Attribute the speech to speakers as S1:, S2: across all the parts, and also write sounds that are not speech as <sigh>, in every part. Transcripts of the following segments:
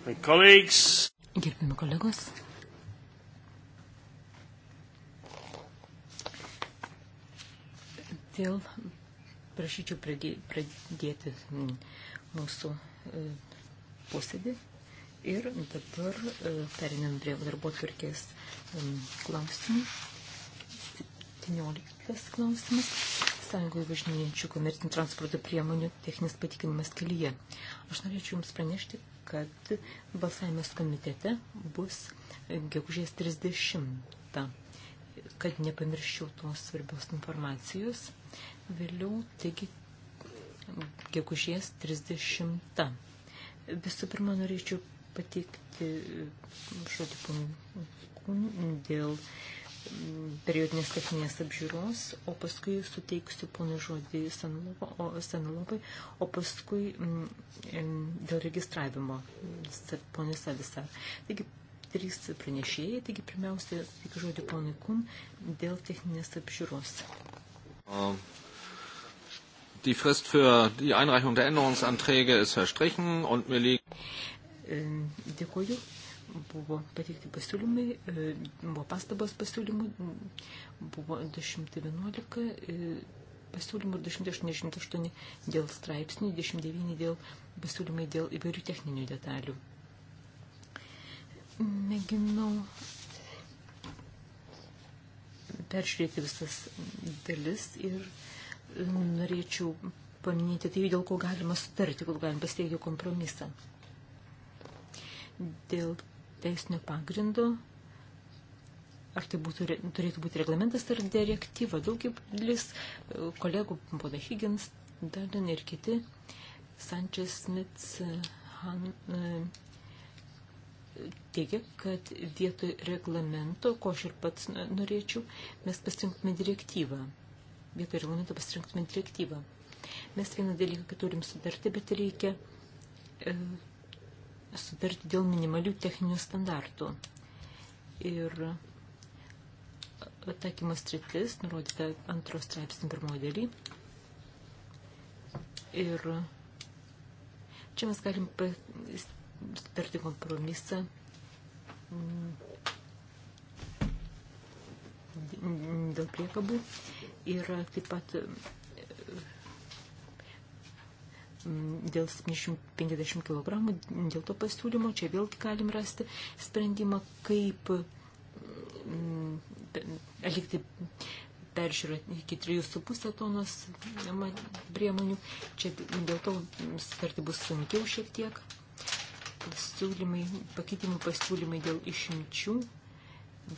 S1: Gerbimi
S2: kolegos. Vėl prašyčiau pradėti mm, mūsų e, posėdį. Ir dabar e, perinam prie darbo tvarkės e, klausimų. 17 klausimas. Sąjungoje važinėjančių komercinių transporto priemonių techninis patikinimas kelyje. Aš norėčiau Jums pranešti, kad balsavimas komitete bus gegužės 30, kad nepamirščiau tos svarbios informacijos. Vėliau, taigi, gegužės 30. Visų pirma, norėčiau pateikti žodį dėl periodinės kasinės apžiūros, o paskui suteiksiu ponui žodį Sanilovai, o paskui m, mm, mm, dėl registravimo ponui Savisa. Taigi, trys pranešėjai, taigi pirmiausia, tik žodį ponui Kun dėl techninės apžiūros.
S3: Äh, die Frist für die Einreichung der Änderungsanträge ist verstrichen und mir liegt. Äh,
S2: Dėkuoju buvo pateikti pasiūlymai, e, buvo pastabos pasiūlymų, buvo 211 e, pasiūlymų ir 288 dėl straipsnių, 29 dėl pasiūlymai dėl įvairių techninių detalių. Mėginau peržiūrėti visas dalis ir e, norėčiau paminėti tai, dėl ko galima sutarti, kol galim pasiekti kompromisą. Dėl teisiniu pagrindu, ar tai būtų, turėtų būti reglamentas ar direktyva. Daugelis e, kolegų, pana Higgins, Dalin ir kiti, Sančias Smits, e, Han, e, teigia, kad vietoj reglamento, ko aš ir pats norėčiau, mes pasirinktume direktyvą. Vietoj reglamento pasirinktume direktyvą. Mes vieną dalyką turim sudarti, bet reikia sutarti dėl minimalių techninių standartų. Ir taikymo stritis nurodyta antros straipsnių per modelį. Ir čia mes galim sutarti kompromisą mm, dėl priekabų. Ir taip pat dėl 750 kg, dėl to pasiūlymo, čia vėlgi galim rasti sprendimą, kaip mm, atlikti peržiūrą iki 3,5 tonos priemonių. Čia dėl to sutarti bus sunkiau šiek tiek. Pasiūlymai, pakeitimų pasiūlymai dėl išimčių,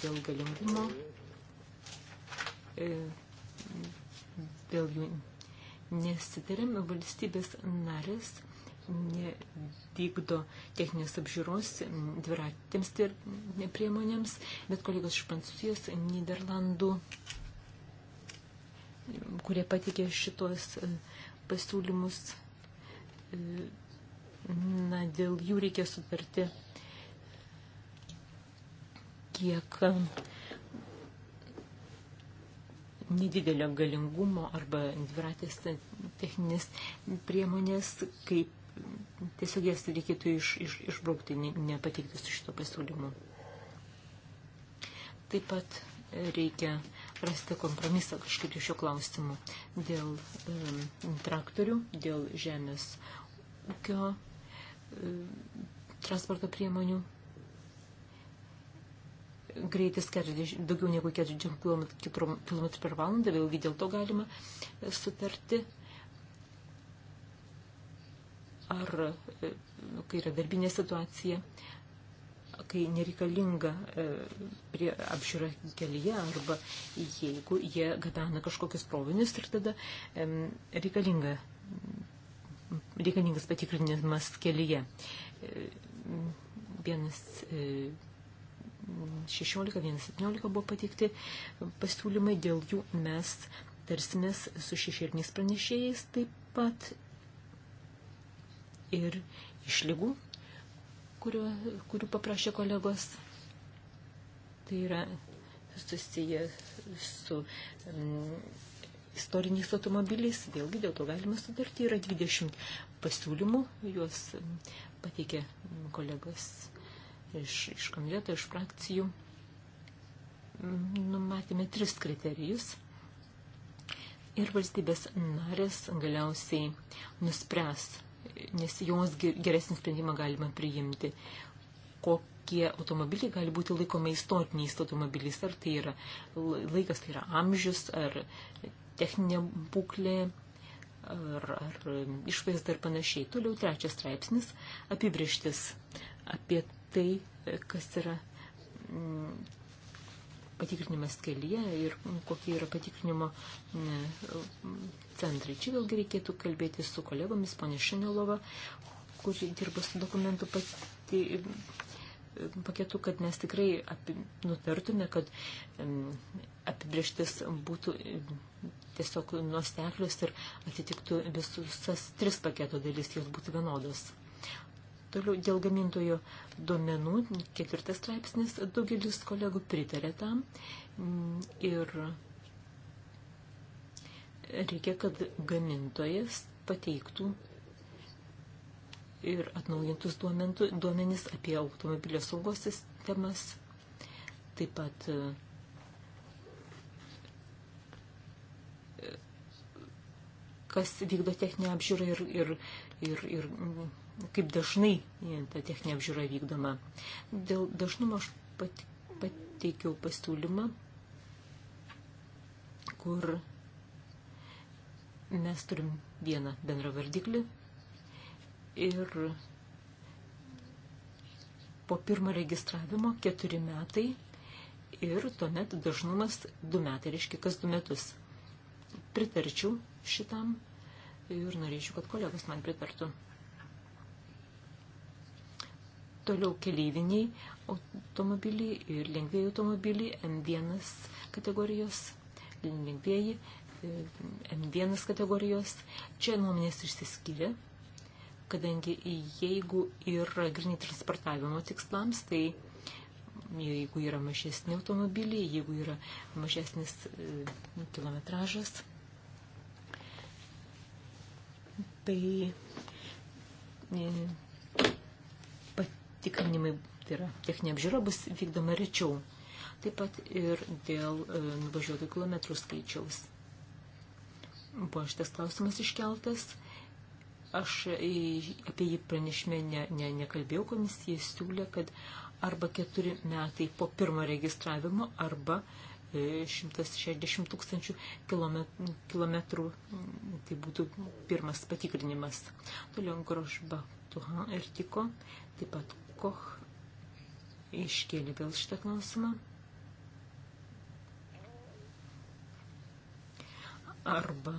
S2: dėl galingumo, e, dėl jų nesitarėm, valstybės narės nevykdo techninės apžiūros dviratėms tai priemonėms, bet kolegos iš Prancūzijos, Niderlandų, kurie patikė šitos e, pasiūlymus, e, na, dėl jų reikia sutarti, kiek nedidelio galingumo arba dviratės techninės priemonės, kaip tiesiog jas reikėtų iš, iš, išbraukti, nepatikti su šito pasiūlymu. Taip pat reikia rasti kompromisą kažkaip iš šio klausimu dėl e, traktorių, dėl žemės ūkio e, transporto priemonių greitis 40, daugiau negu 40 km per valandą, vėlgi dėl to galima e, sutarti. Ar e, kai yra darbinė situacija, kai nereikalinga e, prie apžiūra kelyje arba jeigu jie gabena kažkokius krovinius ir tada reikalinga, reikalingas patikrinimas kelyje. Vienas 116-117 buvo pateikti pasiūlymai, dėl jų mes tarsimės su šešėliniais pranešėjais taip pat ir išlygų, kurio, kurių paprašė kolegos. Tai yra susiję su um, istoriniais automobiliais, vėlgi dėl to galima sudarti, yra 20 pasiūlymų, juos mm, pateikė mm, kolegos iš, iš komiteto, iš frakcijų numatėme tris kriterijus. Ir valstybės narės galiausiai nuspręs, nes jos geresnį sprendimą galima priimti, kokie automobiliai gali būti laikomi istoriniais automobiliais, ar tai yra laikas, tai yra amžius, ar techninė būklė, ar, ar išvaizda ir panašiai. Toliau trečias straipsnis apibrieštis apie tai, kas yra mm, patikrinimas kelyje ir kokie yra patikrinimo centrai. Čia vėlgi reikėtų kalbėti su kolegomis, ponė Šinilova, kuri dirba su dokumentu pati, paketu, kad mes tikrai api, nutartume, kad mm, apibrieštis būtų tiesiog nuoseklius ir atitiktų visus tris paketo dalis, jos būtų vienodos. Toliau dėl gamintojo duomenų, ketvirtas straipsnis, daugelis kolegų pritarė tam ir reikia, kad gamintojas pateiktų ir atnaujintus duomenis apie automobilio saugos sistemas, taip pat e, kas vykdo techninę apžiūrą ir, ir, ir, ir kaip dažnai ta techninė apžiūra vykdoma. Dėl dažnumo aš pat, pateikiau pasiūlymą, kur mes turim vieną bendrą vardiklį ir po pirmo registravimo keturi metai ir tuomet dažnumas du metai, reiškia kas du metus. Pritarčiau šitam ir norėčiau, kad kolegos man pritartų. Toliau keleiviniai automobiliai ir lengvėjai automobiliai M1 kategorijos, lengvėjai e, M1 kategorijos. Čia nuomonės išsiskyrė, kadangi jeigu yra grinai transportavimo tikslams, tai jeigu yra mažesni automobiliai, jeigu yra mažesnis e, kilometražas, tai e, tikrinimai, tai yra techninė apžiūra, bus vykdoma rečiau. Taip pat ir dėl e, nuvažiuotų kilometrų skaičiaus. Buvo šitas klausimas iškeltas. Aš apie jį pranešime ne, ne, nekalbėjau, komisija siūlė, kad arba keturi metai po pirmo registravimo, arba 160 e, tūkstančių kilometrų, tai būtų pirmas patikrinimas. Toliau Grožba Tuhan ir Tiko, taip pat Koch iškėlė vėl šitą klausimą. Arba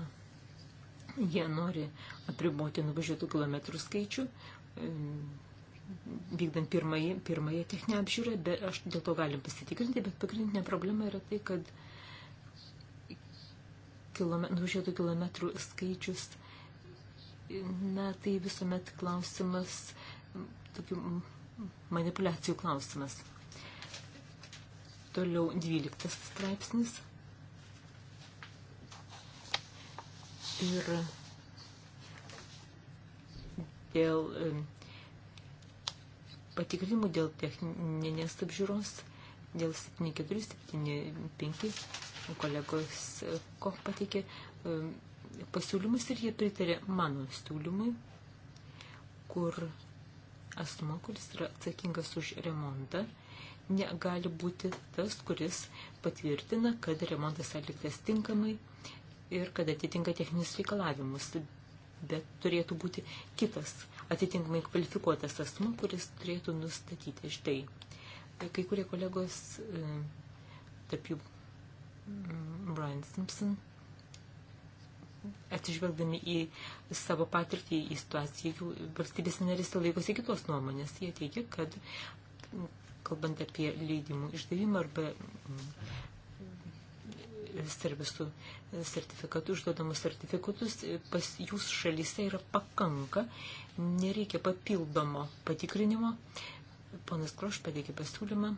S2: jie nori apriboti nuvažiuotų kilometrų skaičių, vykdant pirmąją, pirmąją techninę apžiūrą, bet aš dėl to galim pasitikrinti, bet pagrindinė problema yra tai, kad kilomet, nuvažiuotų kilometrų skaičius, na, tai visuomet klausimas tokių manipulacijų klausimas. Toliau 12 straipsnis. Ir dėl patikrinimų, dėl techninės apžiūros, dėl 7475 kolegos e, Koch pateikė pasiūlymus ir jie pritarė mano siūlymui, kur asmo, kuris yra atsakingas už remontą, negali būti tas, kuris patvirtina, kad remontas atliktas tinkamai ir kad atitinka techninius reikalavimus. Bet turėtų būti kitas atitinkamai kvalifikuotas asmo, kuris turėtų nustatyti štai. Kai kurie kolegos, e, tarp jų Brian Simpson, atsižvelgdami į savo patirtį, į situaciją, jų valstybės narys laikosi kitos nuomonės. Jie teigia, kad kalbant apie leidimų išdavimą arba servisų sertifikatų, išduodamus sertifikatus, pas jūs šalyse yra pakanka, nereikia papildomo patikrinimo. Ponas Kroš pateikė pasiūlymą,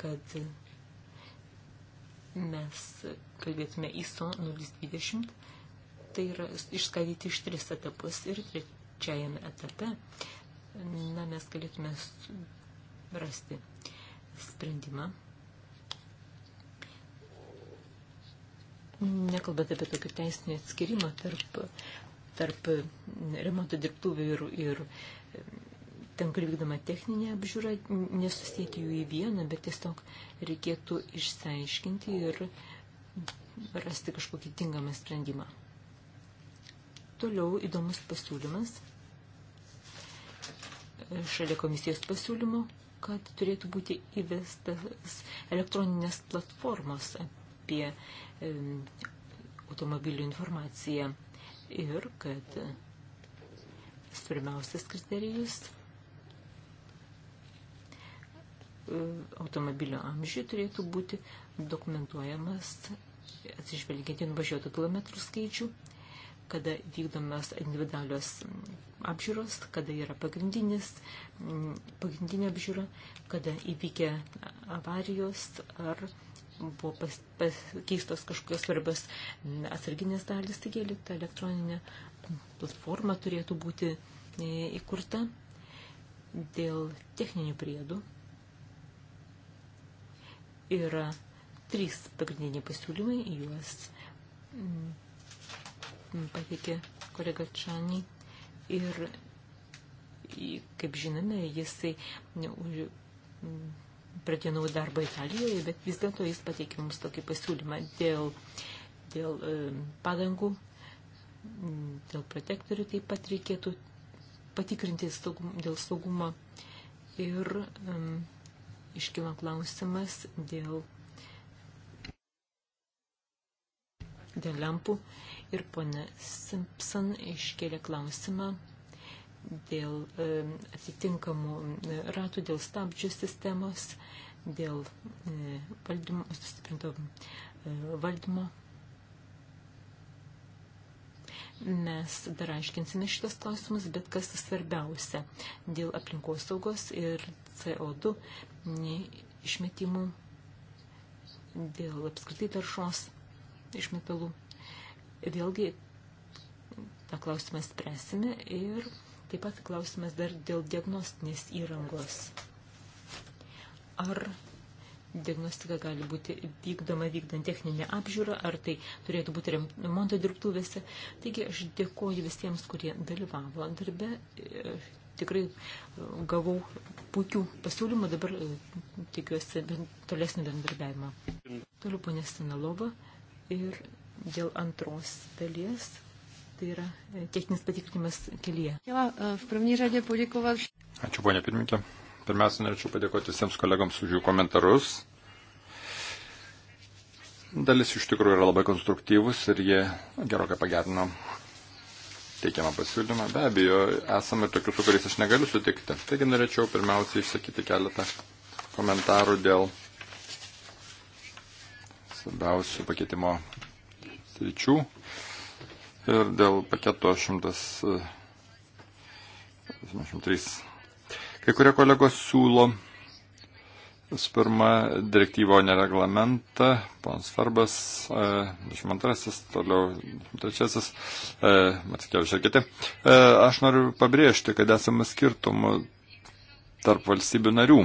S2: kad mes kalbėtume ISO 020, tai yra išskaidyti iš tris etapus ir trečiajame etape, na, mes galėtume rasti sprendimą. Nekalbant apie tokį teisinį atskirimą tarp, tarp remonto dirbtuvių ir, ir ten, kur vykdoma techninė apžiūra, nesusėti jų į vieną, bet tiesiog reikėtų išsiaiškinti ir uh, rasti kažkokį tinkamą sprendimą. Toliau įdomus pasiūlymas. Šalia komisijos pasiūlymo, kad turėtų būti įvestas elektroninės platformos apie e, automobilių informaciją ir kad svarbiausias kriterijus e, automobilio amžiui turėtų būti dokumentuojamas atsižvelgiant į nuvažiuotų kilometrų skaičių, kada vykdomas individualios mm, apžiūros, kada yra pagrindinis, mm, pagrindinė apžiūra, kada įvykę avarijos ar buvo pas, pakeistos kažkokios svarbios mm, atsarginės dalys, taigi ta elektroninė platforma turėtų būti e, įkurta dėl techninių priedų. Yra trys pagrindiniai pasiūlymai, juos mm, pateikė kolega Čani ir, kaip žinome, jisai mm, mm, pradėjo naują darbą Italijoje, bet vis dėlto jis pateikė mums tokį pasiūlymą dėl, dėl e, padangų, dėl protektorių taip pat reikėtų patikrinti saugum, dėl saugumo ir um, iškilo klausimas dėl dėl lempų ir ponė Simpson iškėlė klausimą dėl e, atitinkamų e, ratų, dėl stabdžių sistemos, dėl e, valdymo, sustiprinto valdymo. Mes dar aiškinsime šitos klausimus, bet kas svarbiausia dėl aplinkosaugos ir CO2 išmetimų, dėl apskritai taršos iš metalų. Vėlgi, tą klausimą spręsime ir taip pat klausimas dar dėl diagnostinės įrangos. Ar diagnostika gali būti vykdoma vykdant techninę apžiūrą, ar tai turėtų būti remonto dirbtuvėse. Taigi aš dėkoju visiems, kurie dalyvavo darbe. Tikrai gavau puikių pasiūlymų, dabar e, tikiuosi tolesnį bendradarbiavimą. Toliau ponė Sinalova ir dėl antros dalies, tai yra e, techninis patikrinimas kelyje.
S1: E,
S3: Ačiū, ponė pirmininkė. Pirmiausia, norėčiau padėkoti visiems kolegams už jų komentarus. Dalis iš tikrųjų yra labai konstruktyvus ir jie gerokai pagerino teikiamą pasiūlymą. Be abejo, esame ir tokių, su kuriais aš negaliu sutikti. Taigi norėčiau pirmiausia išsakyti keletą komentarų dėl svarbiausių pakeitimo sričių. Ir dėl paketo 103. Kai kurie kolegos siūlo visų pirma direktyvo nereglamentą, pons Farbas, 22, e, toliau 3, e, Matsikėvičiai ir kiti. E, aš noriu pabrėžti, kad esame skirtumų tarp valstybių narių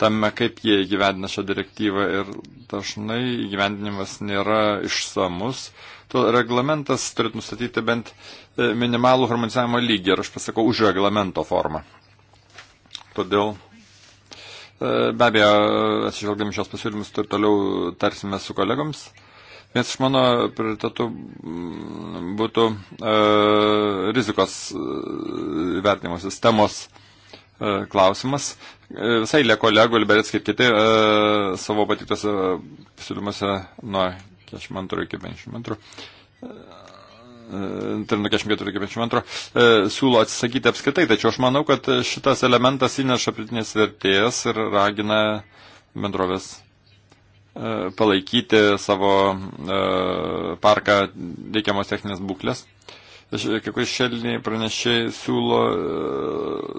S3: tame, kaip jie įgyvendina šią direktyvą ir dažnai įgyvendinimas nėra išsamus. Tuo reglamentas turėtų nustatyti bent e, minimalų harmonizavimo lygį ir aš pasakau už reglamento formą. Todėl e, be abejo, atsižvelgdami šios pasiūlymus, tai toliau tarsime su kolegoms. Vienas iš mano prioritetų būtų e, rizikos e, vertinimo sistemos e, E, klausimas. E, visai lė kolegų, Liberets kaip kiti, e, savo patiktose pasiūlymuose nuo 42 iki 52 tai nuo 44 iki 52 siūlo atsisakyti apskritai, tačiau aš manau, kad šitas elementas įneša pritinės vertės ir ragina bendrovės palaikyti savo parką reikiamos techninės būklės. E, kai kurie šelniai pranešiai siūlo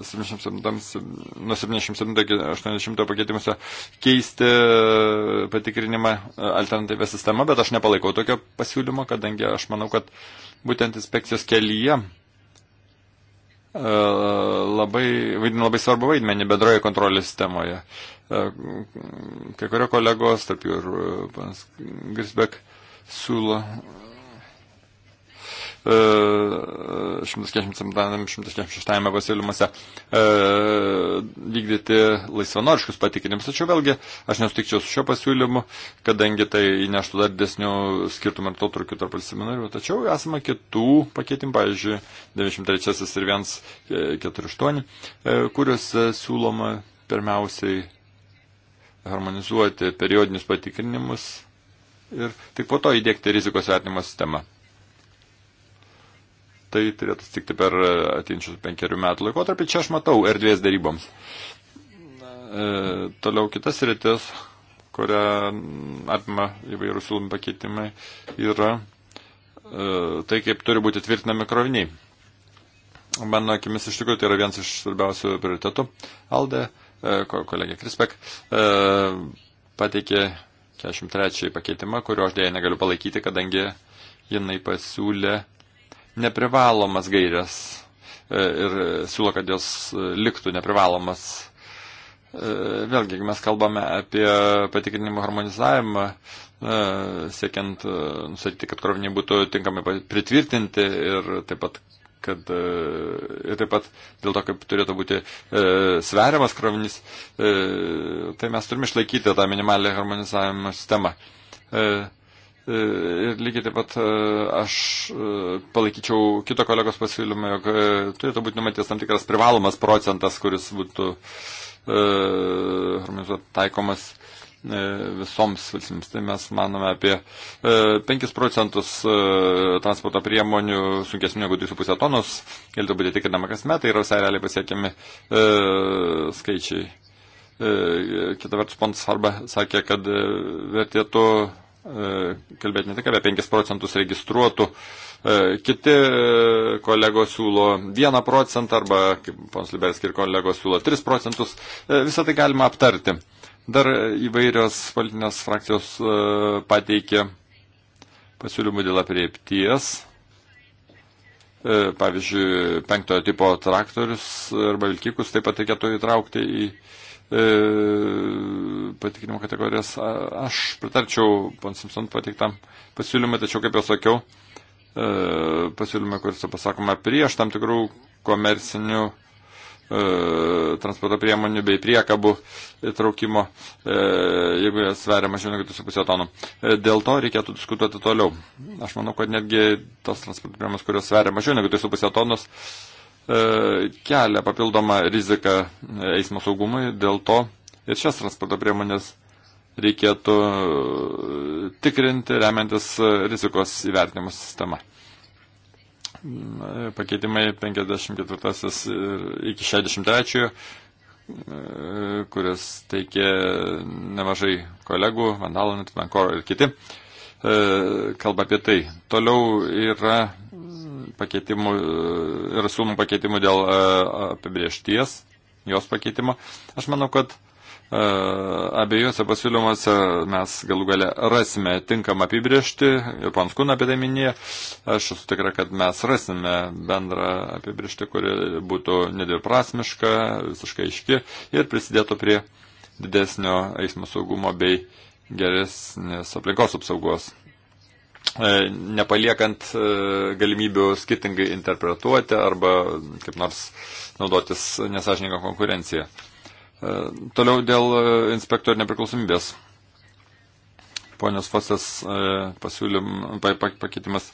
S3: uh, e, 77, nuo 77 iki 80 pakeitimuose keisti e, patikrinimą alternatyvę sistemą, bet aš nepalaikau tokio pasiūlymo, kadangi aš manau, kad būtent inspekcijos kelyje labai, vaidina labai svarbu vaidmenį bedroje kontrolės sistemoje. Kai kurio kolegos, tarp jų ir panas Grisbek, siūlo 147-146 pasiūlymuose vykdyti laisvanoriškus patikinimus. Tačiau vėlgi aš nesutikčiau su šio pasiūlymu, kadangi tai įneštų dar didesnių skirtumų ir to trukių tarp seminarių. Tačiau esame kitų pakeitimų, pavyzdžiui, 93 ir 148, e, e, kurios siūloma pirmiausiai harmonizuoti periodinius patikrinimus ir tik po to įdėkti rizikos vertinimo sistemą tai turėtų stikti per e, atinčius penkerių metų laikotarpį. Čia aš matau erdvės daryboms. E, toliau kitas rytis, kurią apima įvairių siūlymų pakeitimai, yra e, tai, kaip turi būti tvirtinami kroviniai. Mano akimis iš tikrųjų tai yra vienas iš svarbiausių prioritetų. Alde, e, kolegė Krispek, e, pateikė 43 pakeitimą, kurio aš dėja negaliu palaikyti, kadangi jinai pasiūlė neprivalomas gairias e, ir siūlo, kad jos e, liktų neprivalomas. E, vėlgi, jeigu mes kalbame apie patikrinimo harmonizavimą, siekiant nusatyti, kad kroviniai būtų tinkamai pritvirtinti ir taip pat kad ir taip pat dėl to, kaip turėtų būti e, sveriamas krovinys, e, tai mes turime išlaikyti tą minimalę harmonizavimo sistemą. E, E, ir lygiai taip pat e, aš e, palaikyčiau kito kolegos pasiūlymą, jog turėtų būti numatytas tam tikras privalomas procentas, kuris būtų e, taikomas visoms valstybėms. Tai mes manome apie 5 procentus transporto priemonių sunkesnių negu 2,5 tonos, galėtų tai būti tikrinama kas metai ir visai realiai pasiekiami e, skaičiai. E, kita vertus, pons arba sakė, kad vertėtų E, kalbėti ne tik apie 5 procentus registruotų, e, kiti e, kolegos siūlo 1 procentą arba, kaip pons Liberski ir kolegos siūlo 3 procentus. Visą tai galima aptarti. Dar įvairios politinės frakcijos pateikė pasiūlymų dėl apriepties. Pavyzdžiui, penktojo tipo traktorius arba vilkikus taip pat reikėtų įtraukti į E, patikrinimo kategorijas. Aš pritarčiau Ponsimson pateiktam pasiūlymui, tačiau, kaip jau sakiau, e, pasiūlymą, kuris pasakoma prieš tam tikrų komercinių e, transporto priemonių bei priekabų įtraukimo, e, jeigu jie sveria mažiau negu 2,5 tonų. E, dėl to reikėtų diskutuoti toliau. Aš manau, kad netgi tos transporto priemonės, kurios sveria mažiau negu 2,5 tonus, e, E, kelia papildomą riziką eismo saugumui, dėl to ir šias transporto priemonės reikėtų e, tikrinti remiantis rizikos įvertinimo sistema. E, pakeitimai 54 iki 63, kuris teikė nemažai kolegų, Vandalonit, Vankoro ir kiti, kalba apie tai. Toliau yra pakeitimų e, ir siūlomų pakeitimų dėl e, apibriešties, jos pakeitimo. Aš manau, kad e, abiejose pasiūlymuose mes galų galę rasime tinkamą apibriešti ir Panskūną apie tai minėjo. Aš esu tikra, kad mes rasime bendrą apibriešti, kuri būtų nedviprasmiška, visiškai aiški ir prisidėtų prie didesnio eismo saugumo bei geresnės aplinkos apsaugos. E, nepaliekant e, galimybių skirtingai interpretuoti arba kaip nors naudotis nesažininką konkurenciją. E, toliau dėl inspektorių nepriklausomybės. Ponios Fosės pasiūlym, pa, pa, pakeitimas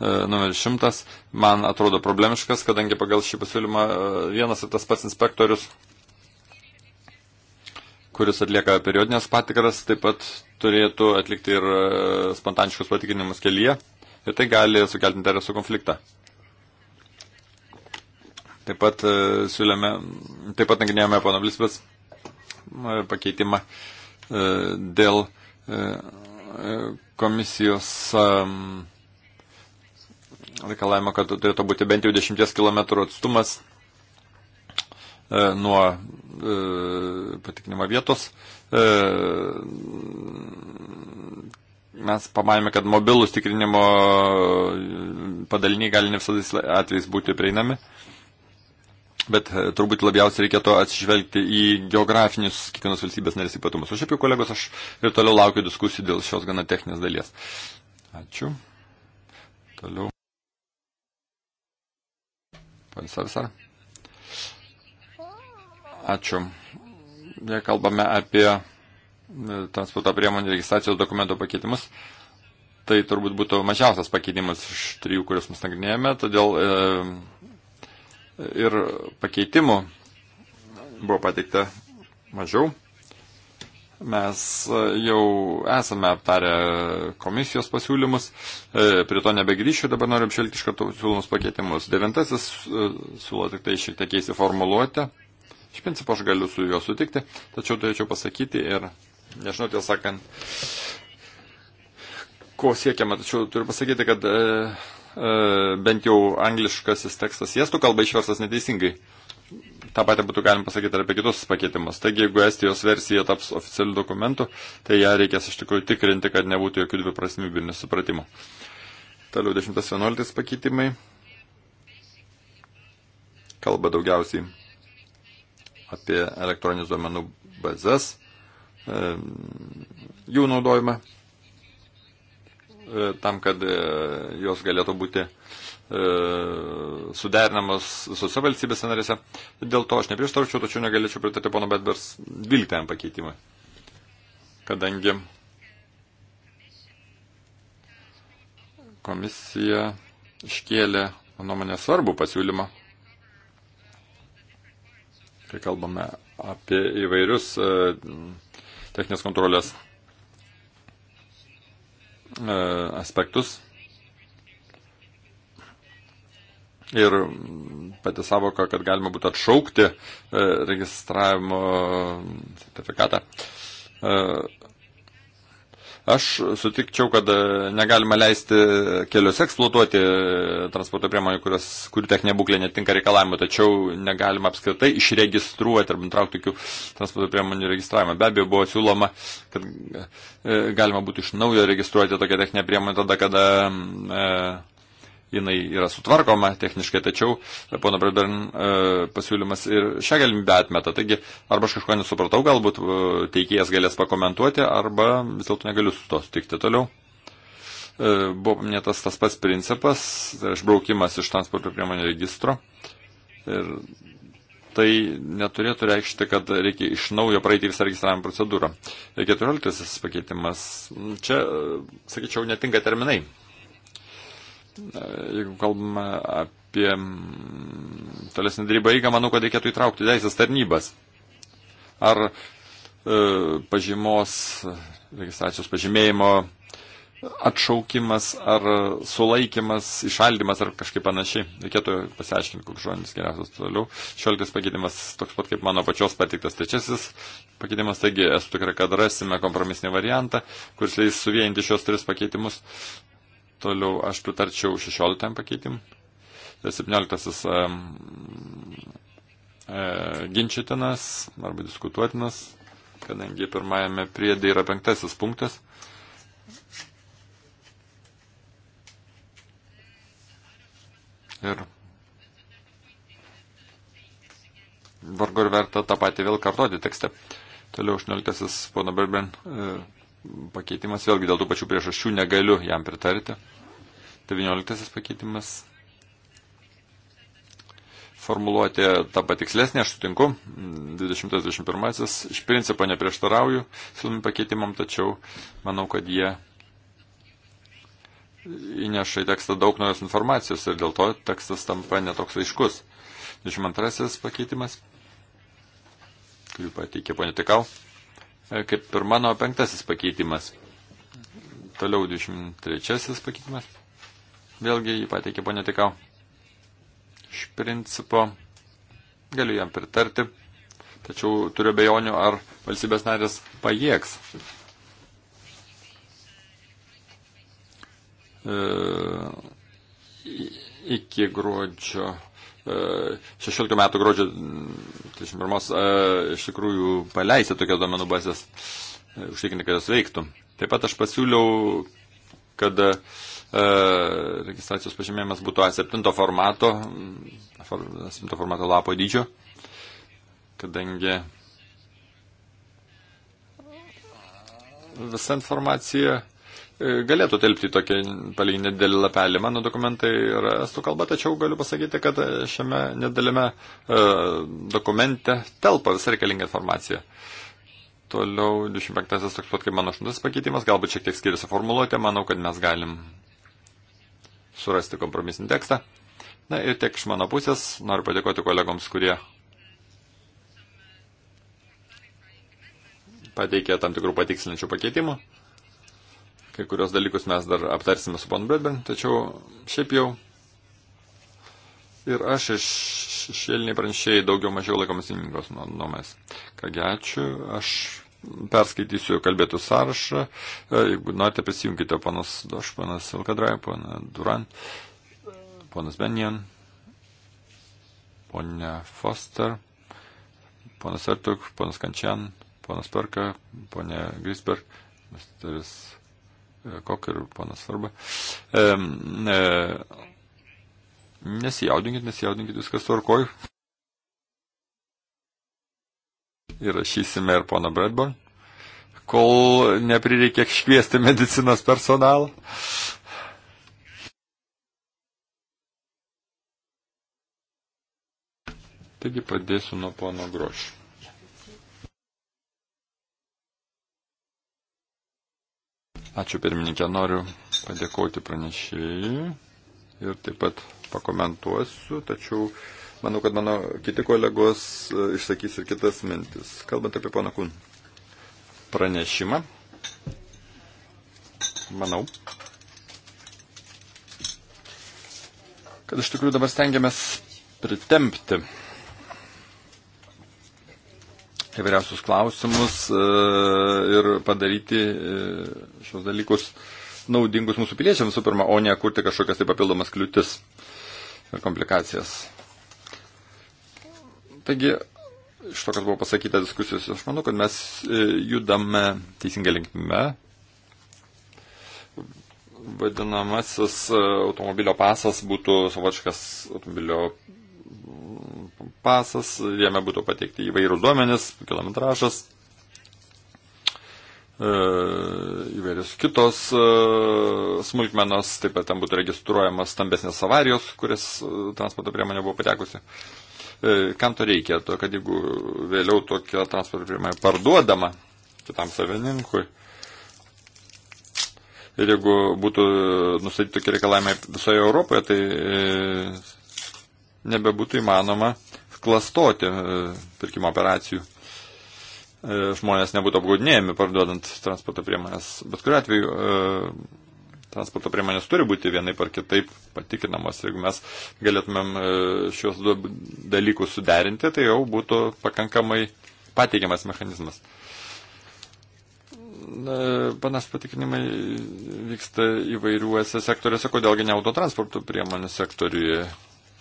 S3: numeris šimtas man atrodo problemiškas, kadangi pagal šį pasiūlymą vienas ir tas pats inspektorius kuris atlieka periodinės patikras, taip pat turėtų atlikti ir e, spontaniškus patikinimus kelyje ir tai gali sukelti interesų konfliktą. Taip pat e, siūlėme, taip pat nagrinėjome pono Blisbės e, pakeitimą dėl komisijos reikalavimo, kad turėtų būti bent jau 10 km atstumas E, nuo e, patikrinimo vietos. E, mes pamanėme, kad mobilus tikrinimo padaliniai gali ne visais atvejais būti prieinami, bet turbūt labiausiai reikėtų atsižvelgti į geografinius kiekvienos valstybės narės ypatumus. O šiaip jau kolegos, aš ir toliau laukiu diskusijų dėl šios gana techninės dalies. Ačiū. Toliau. Pane Savisar. Ačiū. Jei kalbame apie e, transporto priemonių registracijos dokumento pakeitimus, tai turbūt būtų mažiausias pakeitimas iš trijų, kuriuos mes nagrinėjame, todėl e, ir pakeitimų buvo pateikta mažiau. Mes e, jau esame aptarę komisijos pasiūlymus, e, prie to nebegrįšiu, dabar noriu apšvelgti iš karto siūlomus pakeitimus. Devintasis e, siūlo tik tai šiek tiek keisti formuluotę. E, Iš principo aš galiu su juo sutikti, tačiau turėčiau pasakyti ir, nežinau, tiesą sakant, ko siekiama, tačiau turiu pasakyti, kad e, e, bent jau angliškasis tekstas estų kalba išverstas neteisingai. Ta patį būtų galima pasakyti ir apie kitus pakeitimus. Taigi, jeigu Estijos versija taps oficialiu dokumentu, tai ją reikės iš tikrųjų tikrinti, kad nebūtų jokių dviprasmybių ir nesupratimų. Toliau 10.11 pakeitimai. Kalba daugiausiai apie elektroninius duomenų bazės, e, jų naudojimą, e, tam, kad e, jos galėtų būti suderinamas visose valstybėse narėse. Dėl to aš neprieštarčiau, tačiau negalėčiau pritarti pono Bedbers 12 pakeitimui. Kadangi komisija iškėlė, mano manę, svarbų pasiūlymą kai kalbame apie įvairius e, techninės kontrolės e, aspektus. Ir pati savoka, kad galima būtų atšaukti e, registravimo sertifikatą, Aš sutikčiau, kad e, negalima leisti keliuose eksploatuoti e, transporto priemonių, kurios, kurių techninė būklė netinka reikalavimu, tačiau negalima apskritai išregistruoti ar nutraukti tokių transporto priemonių registravimą. Be abejo, buvo siūloma, kad e, galima būtų iš naujo registruoti tokią techninę priemonę tada, kada e, jinai yra sutvarkoma techniškai, tačiau e, pono Bradburn e, pasiūlymas ir šią galimybę atmeta. Taigi, arba aš kažko nesupratau, galbūt e, teikėjas galės pakomentuoti, arba vis dėlto negaliu su to sutikti toliau. E, buvo paminėtas tas pats principas, tai išbraukimas iš transporto priemonių registro. Ir tai neturėtų reikšti, kad reikia iš naujo praeiti visą registravimo procedūrą. 14 e, pakeitimas. Čia, sakyčiau, netinka terminai jeigu kalbame apie tolesnį darybą eigą, manau, kad reikėtų įtraukti teisės tarnybas. Ar e, pažymos, registracijos pažymėjimo atšaukimas, ar sulaikimas, išaldymas, ar kažkaip panašiai. Reikėtų pasiaiškinti, koks žodis geriausias toliau. Šiolkis pakeitimas toks pat kaip mano pačios patiktas trečiasis pakeitimas, taigi esu tikra, kad rasime kompromisinį variantą, kuris leis suvienyti šios tris pakeitimus Toliau aš pritarčiau 16 pakeitim. 17 um, e, ginčytinas arba diskutuotinas, kadangi pirmajame priedė yra penktasis punktas. Ir vargu ir verta tą patį vėl kartoti tekste. Toliau 18 pono Berben. E, pakeitimas, vėlgi dėl tų pačių priežasčių negaliu jam pritarti. 19 pakeitimas. Formuluoti tą patikslesnį, aš sutinku, 20-21, iš principo neprieštarauju siūlomi pakeitimam, tačiau manau, kad jie įneša į tekstą daug naujos informacijos ir dėl to tekstas tampa netoks aiškus. 22 pakeitimas, kurį pateikė ponė Tikau E, kaip ir mano penktasis pakeitimas. Toliau 23 pakeitimas. Vėlgi jį pateikė ponė Tikau. Iš principo galiu jam pritarti, tačiau turiu bejonių, ar valstybės narės pajėgs e, iki gruodžio 16 metų gruodžio 31 e, iš tikrųjų paleisti tokias domenų bazės, e, užtikrinti, kad jos veiktų. Taip pat aš pasiūliau, kad e, registracijos pažymėjimas būtų A7 formato, A7 formato lapo dydžio, kadangi visa informacija galėtų telpti tokį palei nedidelį lapelį. Mano dokumentai yra estų kalba, tačiau galiu pasakyti, kad šiame nedidelėme e, dokumente telpa visą reikalingą informaciją. Toliau 25-asis toks pat kaip mano 8-asis pakeitimas, galbūt šiek tiek skiriasi formuluotė, manau, kad mes galim surasti kompromisinį tekstą. Na ir tiek iš mano pusės, noriu padėkoti kolegoms, kurie pateikė tam tikrų patikslinčių pakeitimų. Kai kurios dalykus mes dar aptarsime su panu Bredben, tačiau šiaip jau ir aš iš šėliniai pranešėjai daugiau mažiau laikomas įmingos nu, nuomės. Kągi ačiū, aš perskaitysiu kalbėtų sąrašą. E, jeigu norite, prisijunkite panas Doš, panas Vilkadrai, panas Duran, panas Benjan, ponia Foster, panas Artuk, panas Kančian, panas Perka, ponia Grisberg, misteris E, kok ir panas Svarba. E, e, nesijaudinkit, nesijaudinkit, viskas tvarkoj. Įrašysime ir poną Bradburn, kol neprireikia iškviesti medicinos personalą. Taigi pradėsiu nuo pono Grošio. Ačiū pirmininkė, noriu padėkoti pranešėjai ir taip pat pakomentuosiu, tačiau manau, kad mano kiti kolegos e, išsakys ir kitas mintis. Kalbant apie pana Kun pranešimą, manau, kad iš tikrųjų dabar stengiamės pritempti įvairiausius klausimus e, ir padaryti e, šios dalykus naudingus mūsų piliečiams, visų pirma, o ne kurti kažkokias tai papildomas kliūtis ir komplikacijas. Taigi, iš to, kas buvo pasakyta diskusijose, aš manau, kad mes e, judame teisinga linkme. Vadinamasis automobilio pasas būtų savotiškas automobilio pasas, jame būtų pateikti įvairūs duomenys, kilometražas, e, įvairios kitos e, smulkmenos, taip pat ten būtų registruojamas stambesnės avarijos, kuris e, transporto priemonė buvo patekusi. Kam to reikia? To, kad jeigu vėliau tokia transporto priemonė parduodama kitam savininkui, ir jeigu būtų nustatyti tokie reikalavimai visoje Europoje, tai nebebūtų įmanoma klastoti e, pirkimo operacijų. E, žmonės nebūtų apgaudinėjami parduodant transporto priemonės. Bet kuriu atveju e, transporto priemonės turi būti vienai par kitaip patikinamos. Jeigu mes galėtumėm šios du dalykus suderinti, tai jau būtų pakankamai pateikiamas mechanizmas. Panas patikinimai vyksta įvairiuose sektoriuose, kodėlgi ne autotransporto priemonių sektoriuje.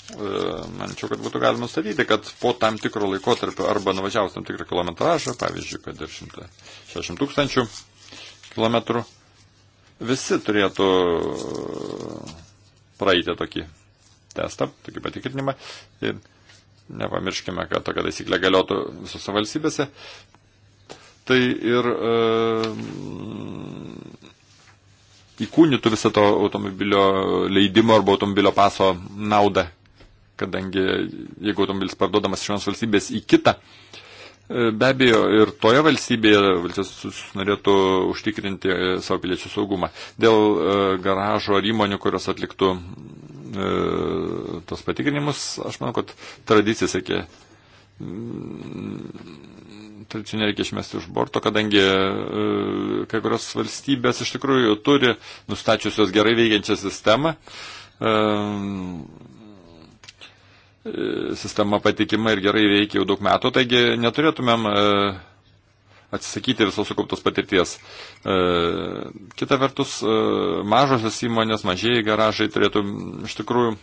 S3: E, manyčiau, kad būtų galima nustatyti, kad po tam tikro laikotarpio arba nuvažiavus tam tikrą kilometražą, pavyzdžiui, kad ir 160 tūkstančių kilometrų, visi turėtų e, praeiti tokį testą, tokį patikrinimą. Ir nepamirškime, kad tokia taisyklė galiotų visose valstybėse. Tai ir e, įkūnytų visą to automobilio leidimo arba automobilio paso naudą kadangi jeigu automobilis parduodamas iš vienos valstybės į kitą, e, Be abejo, ir toje valstybėje valstybės norėtų užtikrinti e, savo piliečių saugumą. Dėl e, garažo ar įmonių, kurios atliktų e, tos patikrinimus, aš manau, kad tradicija, sakė, mm, tradicijų nereikia išmesti už borto, kadangi e, kai kurios valstybės iš tikrųjų turi nustačiusios gerai veikiančią sistemą. E, E, sistema patikima ir gerai veikia jau daug metų, taigi neturėtumėm e, atsisakyti visos sukauptos patirties. E, kita vertus, mažosios įmonės, mažieji garažai turėtų iš tikrųjų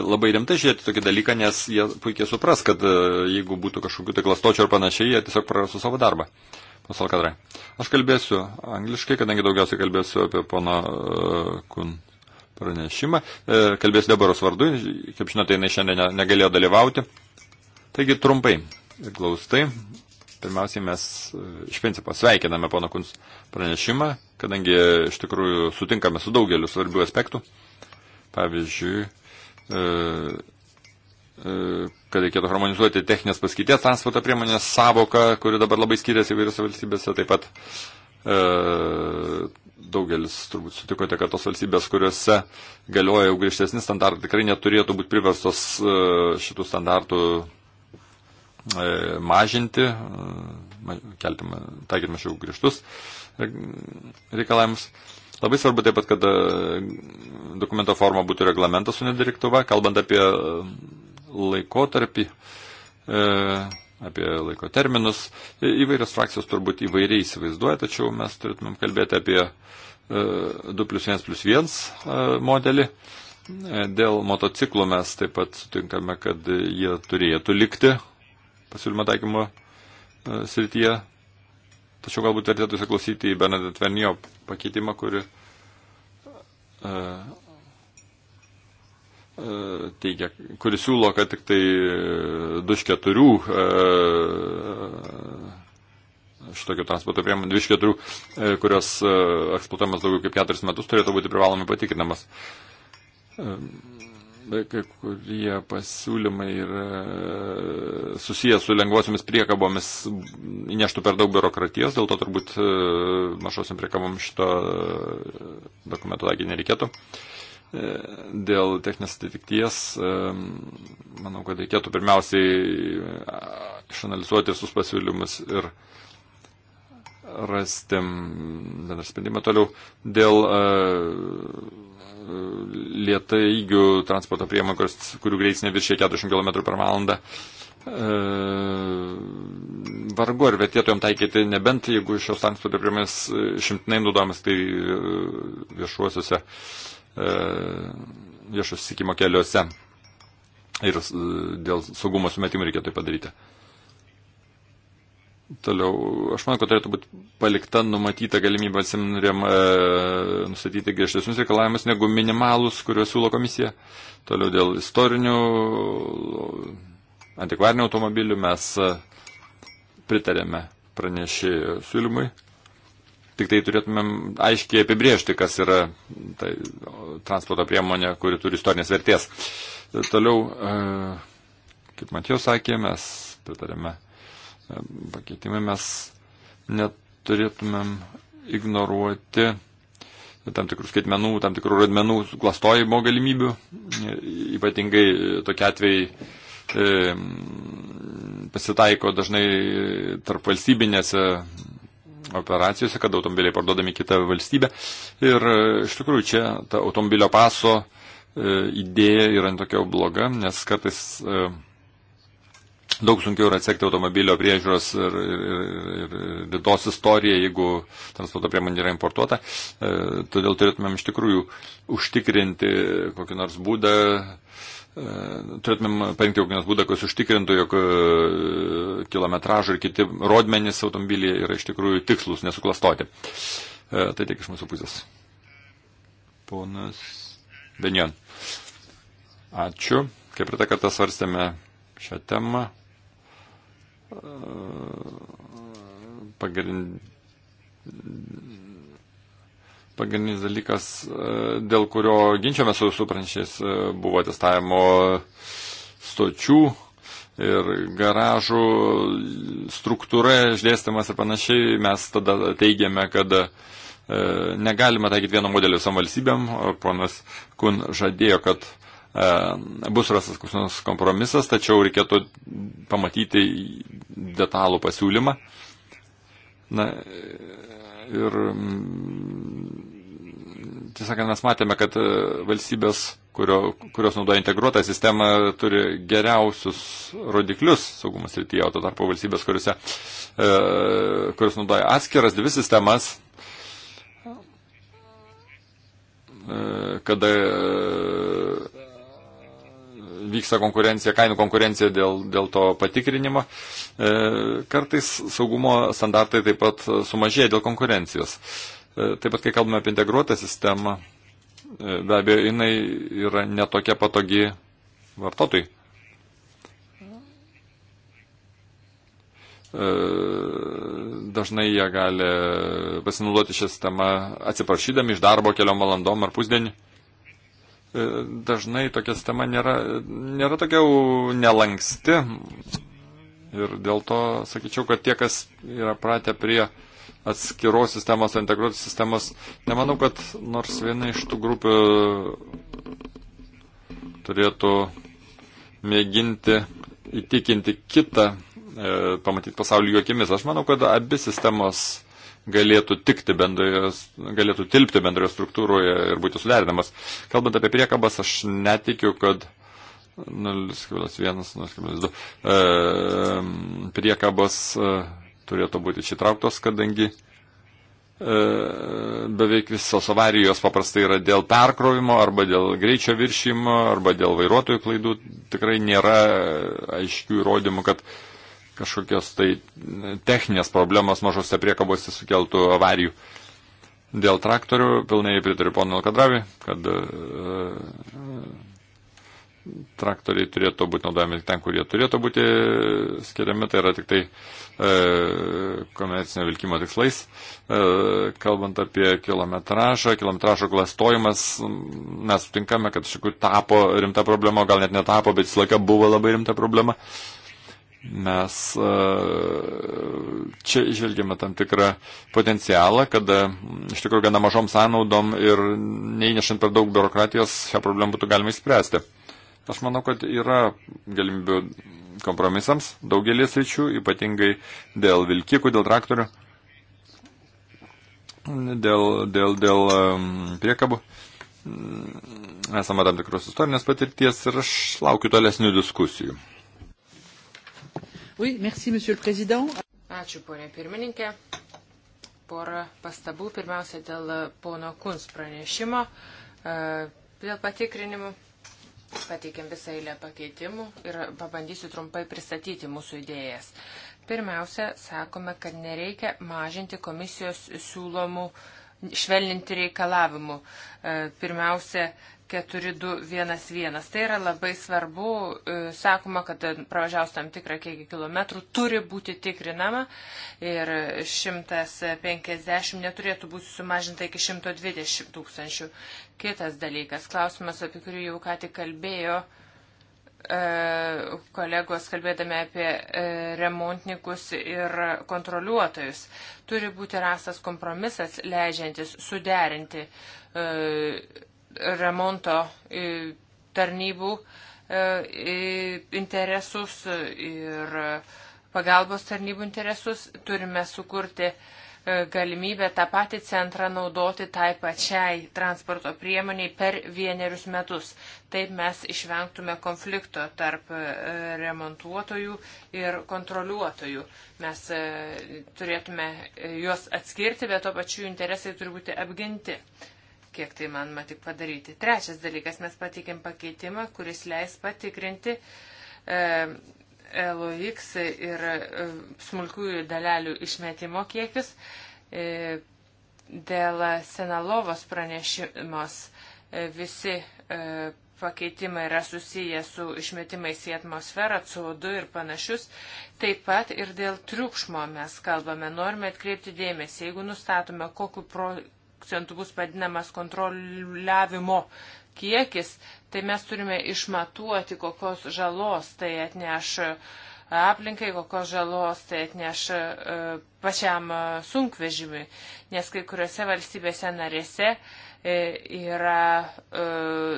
S3: labai rimtai žiūrėti tokį dalyką, nes jie puikiai supras, kad jeigu būtų kažkokių tai klastočių ar panašiai, jie tiesiog prarastų savo darbą. Pasalkadrai. Aš kalbėsiu angliškai, kadangi daugiausiai kalbėsiu apie pono Kun. Uh, pranešimą. E, kalbės Deboros vardu, kaip žinote, jinai šiandien negalėjo dalyvauti. Taigi trumpai ir glaustai. Pirmiausiai mes e, iš principo sveikiname pono Kuns pranešimą, kadangi iš tikrųjų sutinkame su daugeliu svarbių aspektų. Pavyzdžiui, e, kad reikėtų harmonizuoti techninės paskirties transporto priemonės savoką, kuri dabar labai skiriasi įvairiose valstybėse, taip pat daugelis turbūt sutikote, kad tos valstybės, kuriuose galioja jau griežtesni standartai, tikrai neturėtų būti priverstos e, šitų standartų e, mažinti, e, kelti, taikyti mažiau griežtus reikalavimus. Labai svarbu taip pat, kad dokumento forma būtų reglamentas, o ne direktyva, kalbant apie laikotarpį. E, apie laiko terminus. Įvairios frakcijos turbūt įvairiai įsivaizduoja, tačiau mes turėtumėm kalbėti apie 2 e, plus 1 plus 1 e, modelį. E, dėl motociklų mes taip pat sutinkame, kad jie turėtų likti pasiūlymo taikymo srityje. Tačiau galbūt vertėtų įsiklausyti į Bernadette Vernio pakeitimą, kuri teigia, kuris siūlo, kad tik tai e, du iš keturių e, šitokių transporto priemonių, du iš keturių, e, kurios eksploatuojamas daugiau kaip keturis metus, turėtų būti privalomai patikrinamas. Kai kurie pasiūlymai yra susijęs su lengvosiomis priekabomis, įneštų per daug biurokratijos, dėl to turbūt mažosiam priekabom šito dokumento taigi nereikėtų. Uh, Dėl techninės atitikties, manau, kad reikėtų pirmiausiai e, išanalizuoti visus pasiūlymus ir rasti bendrą sprendimą toliau. Dėl e, lietai įgių transporto priemonių, kurių greitis neviršė 40 km per valandą, e, vargu ar vertėtų jam taikyti, nebent jeigu šios transporto priemonės šimtinai naudojamas tai viešuosiuose E, viešo susikimo keliuose. Ir e, dėl saugumo sumetimų reikėtų tai padaryti. Toliau, aš manau, kad turėtų būti palikta numatyta galimybė atsimnurėm e, nustatyti griežtesnius reikalavimus negu minimalus, kuriuos siūlo komisija. Toliau dėl istorinių antikvarinių automobilių mes e, pritarėme pranešėjų siūlymui. Tik tai turėtumėm aiškiai apibriežti, kas yra tai, transporto priemonė, kuri turi istorinės vertės. Toliau, e, kaip Matijos sakė, mes pritarėme e, pakeitimai, mes neturėtumėm ignoruoti tam tikrų skaitmenų, tam tikrų rodmenų klastojimo galimybių, ypatingai tokie atvejai e, pasitaiko dažnai tarp valstybinėse operacijose, kada automobiliai parduodami kitą valstybę. Ir e, iš tikrųjų čia ta automobilio paso e, idėja yra tokia bloga, nes kartais e, daug sunkiau yra atsekti automobilio priežiūros ir, ir, ir, ir didos istoriją, jeigu transporto priemonė yra importuota. Todėl turėtumėm iš tikrųjų užtikrinti kokį nors būdą E, turėtumėm parinkti kokį nors būdą, kuris užtikrintų, jog e, kilometražų ir kiti rodmenys automobilyje yra iš tikrųjų tikslus, nesuklastoti. E, tai tiek iš mūsų pusės. Ponas Benjon. Ačiū. Kaip ir tą kartą svarstėme šią temą. Pagrindinė pagrindinis dalykas, e, dėl kurio ginčiame su suprančiais, e, buvo testavimo stočių ir garažų struktūra, išdėstymas ir panašiai. Mes tada teigiame, kad e, negalima taikyti vieno modelio visam valstybėm. Ponas Kun žadėjo, kad bus rastas koks nors kompromisas, tačiau reikėtų pamatyti detalų pasiūlymą. Na, ir tiesą sakant, mes matėme, kad e, valstybės, kurio, kurios naudoja integruotą sistemą, turi geriausius rodiklius saugumas rytyje, o to tarpo valstybės, kuriuose, e, kurios naudoja atskiras dvi sistemas, e, kada e, vyksta konkurencija, kainų konkurencija dėl, dėl to patikrinimo, e, kartais saugumo standartai taip pat sumažėja dėl konkurencijos. E, E, taip pat, kai kalbame apie integruotą sistemą, e, be abejo, jinai yra netokia patogi vartotojai. E, dažnai jie gali pasinaudoti šią sistemą atsiprašydami iš darbo keliom valandom ar pusdienį. Dažnai tokia sistema nėra, nėra tokia nelanksti ir dėl to sakyčiau, kad tie, kas yra pratę prie uh, atskiros sistemos, integruotos sistemos. Nemanau, kad nors viena iš tų grupių turėtų mėginti įtikinti kitą, e, pamatyti pasaulį juokimis. Aš manau, kad abi sistemos galėtų, bendroje, galėtų tilpti bendroje struktūroje ir būti suderinamas. Kalbant apie priekabas, aš netikiu, kad 0,1, 0,2 e, priekabos. E, turėtų būti įtrauktos, kadangi e, beveik visos avarijos paprastai yra dėl perkrovimo arba dėl greičio viršymo arba dėl vairuotojų klaidų. Tikrai nėra e, aiškių įrodymų, kad kažkokios tai techninės problemos mažose priekabose sukeltų avarijų. Dėl traktorių pilnai pritariu pono Alkadravi, kad e, traktoriai turėtų būti naudojami ten, kur jie turėtų būti skiriami, tai yra tik tai e, komercinio vilkimo tikslais. E, kalbant apie kilometražą, kilometražo klastojimas, mes sutinkame, kad iš tikrųjų tapo rimta problema, gal net netapo, bet visą laiką buvo labai rimta problema. Mes e, čia išvelgiame tam tikrą potencialą, kada e, iš tikrųjų gana mažom sąnaudom ir neįnešant per daug biurokratijos šią problemą būtų galima įspręsti. Aš manau, kad yra galimybių kompromisams daugelį sričių, ypatingai dėl vilkikų, dėl traktorių, dėl, dėl, dėl priekabų. Esame tam tikros istorinės patirties ir aš laukiu tolesnių diskusijų.
S1: Oui, merci, Ačiū, ponė pirmininkė. Porą pastabų, pirmiausia, dėl pono Kuns pranešimo, e, dėl patikrinimų pateikėm visą eilę pakeitimų ir pabandysiu trumpai pristatyti mūsų idėjas. Pirmiausia, sakome, kad nereikia mažinti komisijos siūlomų švelninti reikalavimų. E, pirmiausia, 4211. Tai yra labai svarbu. E, sakoma, kad pravažiaus tam tikrą kiekį kilometrų turi būti tikrinama ir 150 neturėtų būti sumažinta iki 120 tūkstančių. Kitas dalykas, klausimas, apie kurį jau ką tik kalbėjo e, kolegos kalbėdami apie e, remontnikus ir kontroliuotojus. Turi būti rastas kompromisas, leidžiantis suderinti remonto tarnybų e, interesus ir pagalbos tarnybų interesus. Turime sukurti e, galimybę tą patį centrą naudoti tai pačiai transporto priemoniai per vienerius metus. Taip mes išvengtume konflikto tarp e, remontuotojų ir kontroliuotojų. Mes turėtume juos atskirti, bet to pačiu interesai turi būti apginti kiek tai manoma tik padaryti. Trečias dalykas, mes pateikėm pakeitimą, kuris leis patikrinti e, LOX ir e, smulkiųjų dalelių išmetimo kiekis. E, dėl Senalovos pranešimos e, visi e, pakeitimai yra susiję su išmetimais į atmosferą, CO2 ir panašius. Taip pat ir dėl triukšmo mes kalbame. Norime atkreipti dėmesį, jeigu nustatome, kokiu pro, akcentų bus padinamas kontroliavimo kiekis, tai mes turime išmatuoti, kokios žalos tai atneš e, aplinkai, kokios žalos tai atneš e, pačiam e, sunkvežimiui, nes kai kuriuose valstybėse narėse yra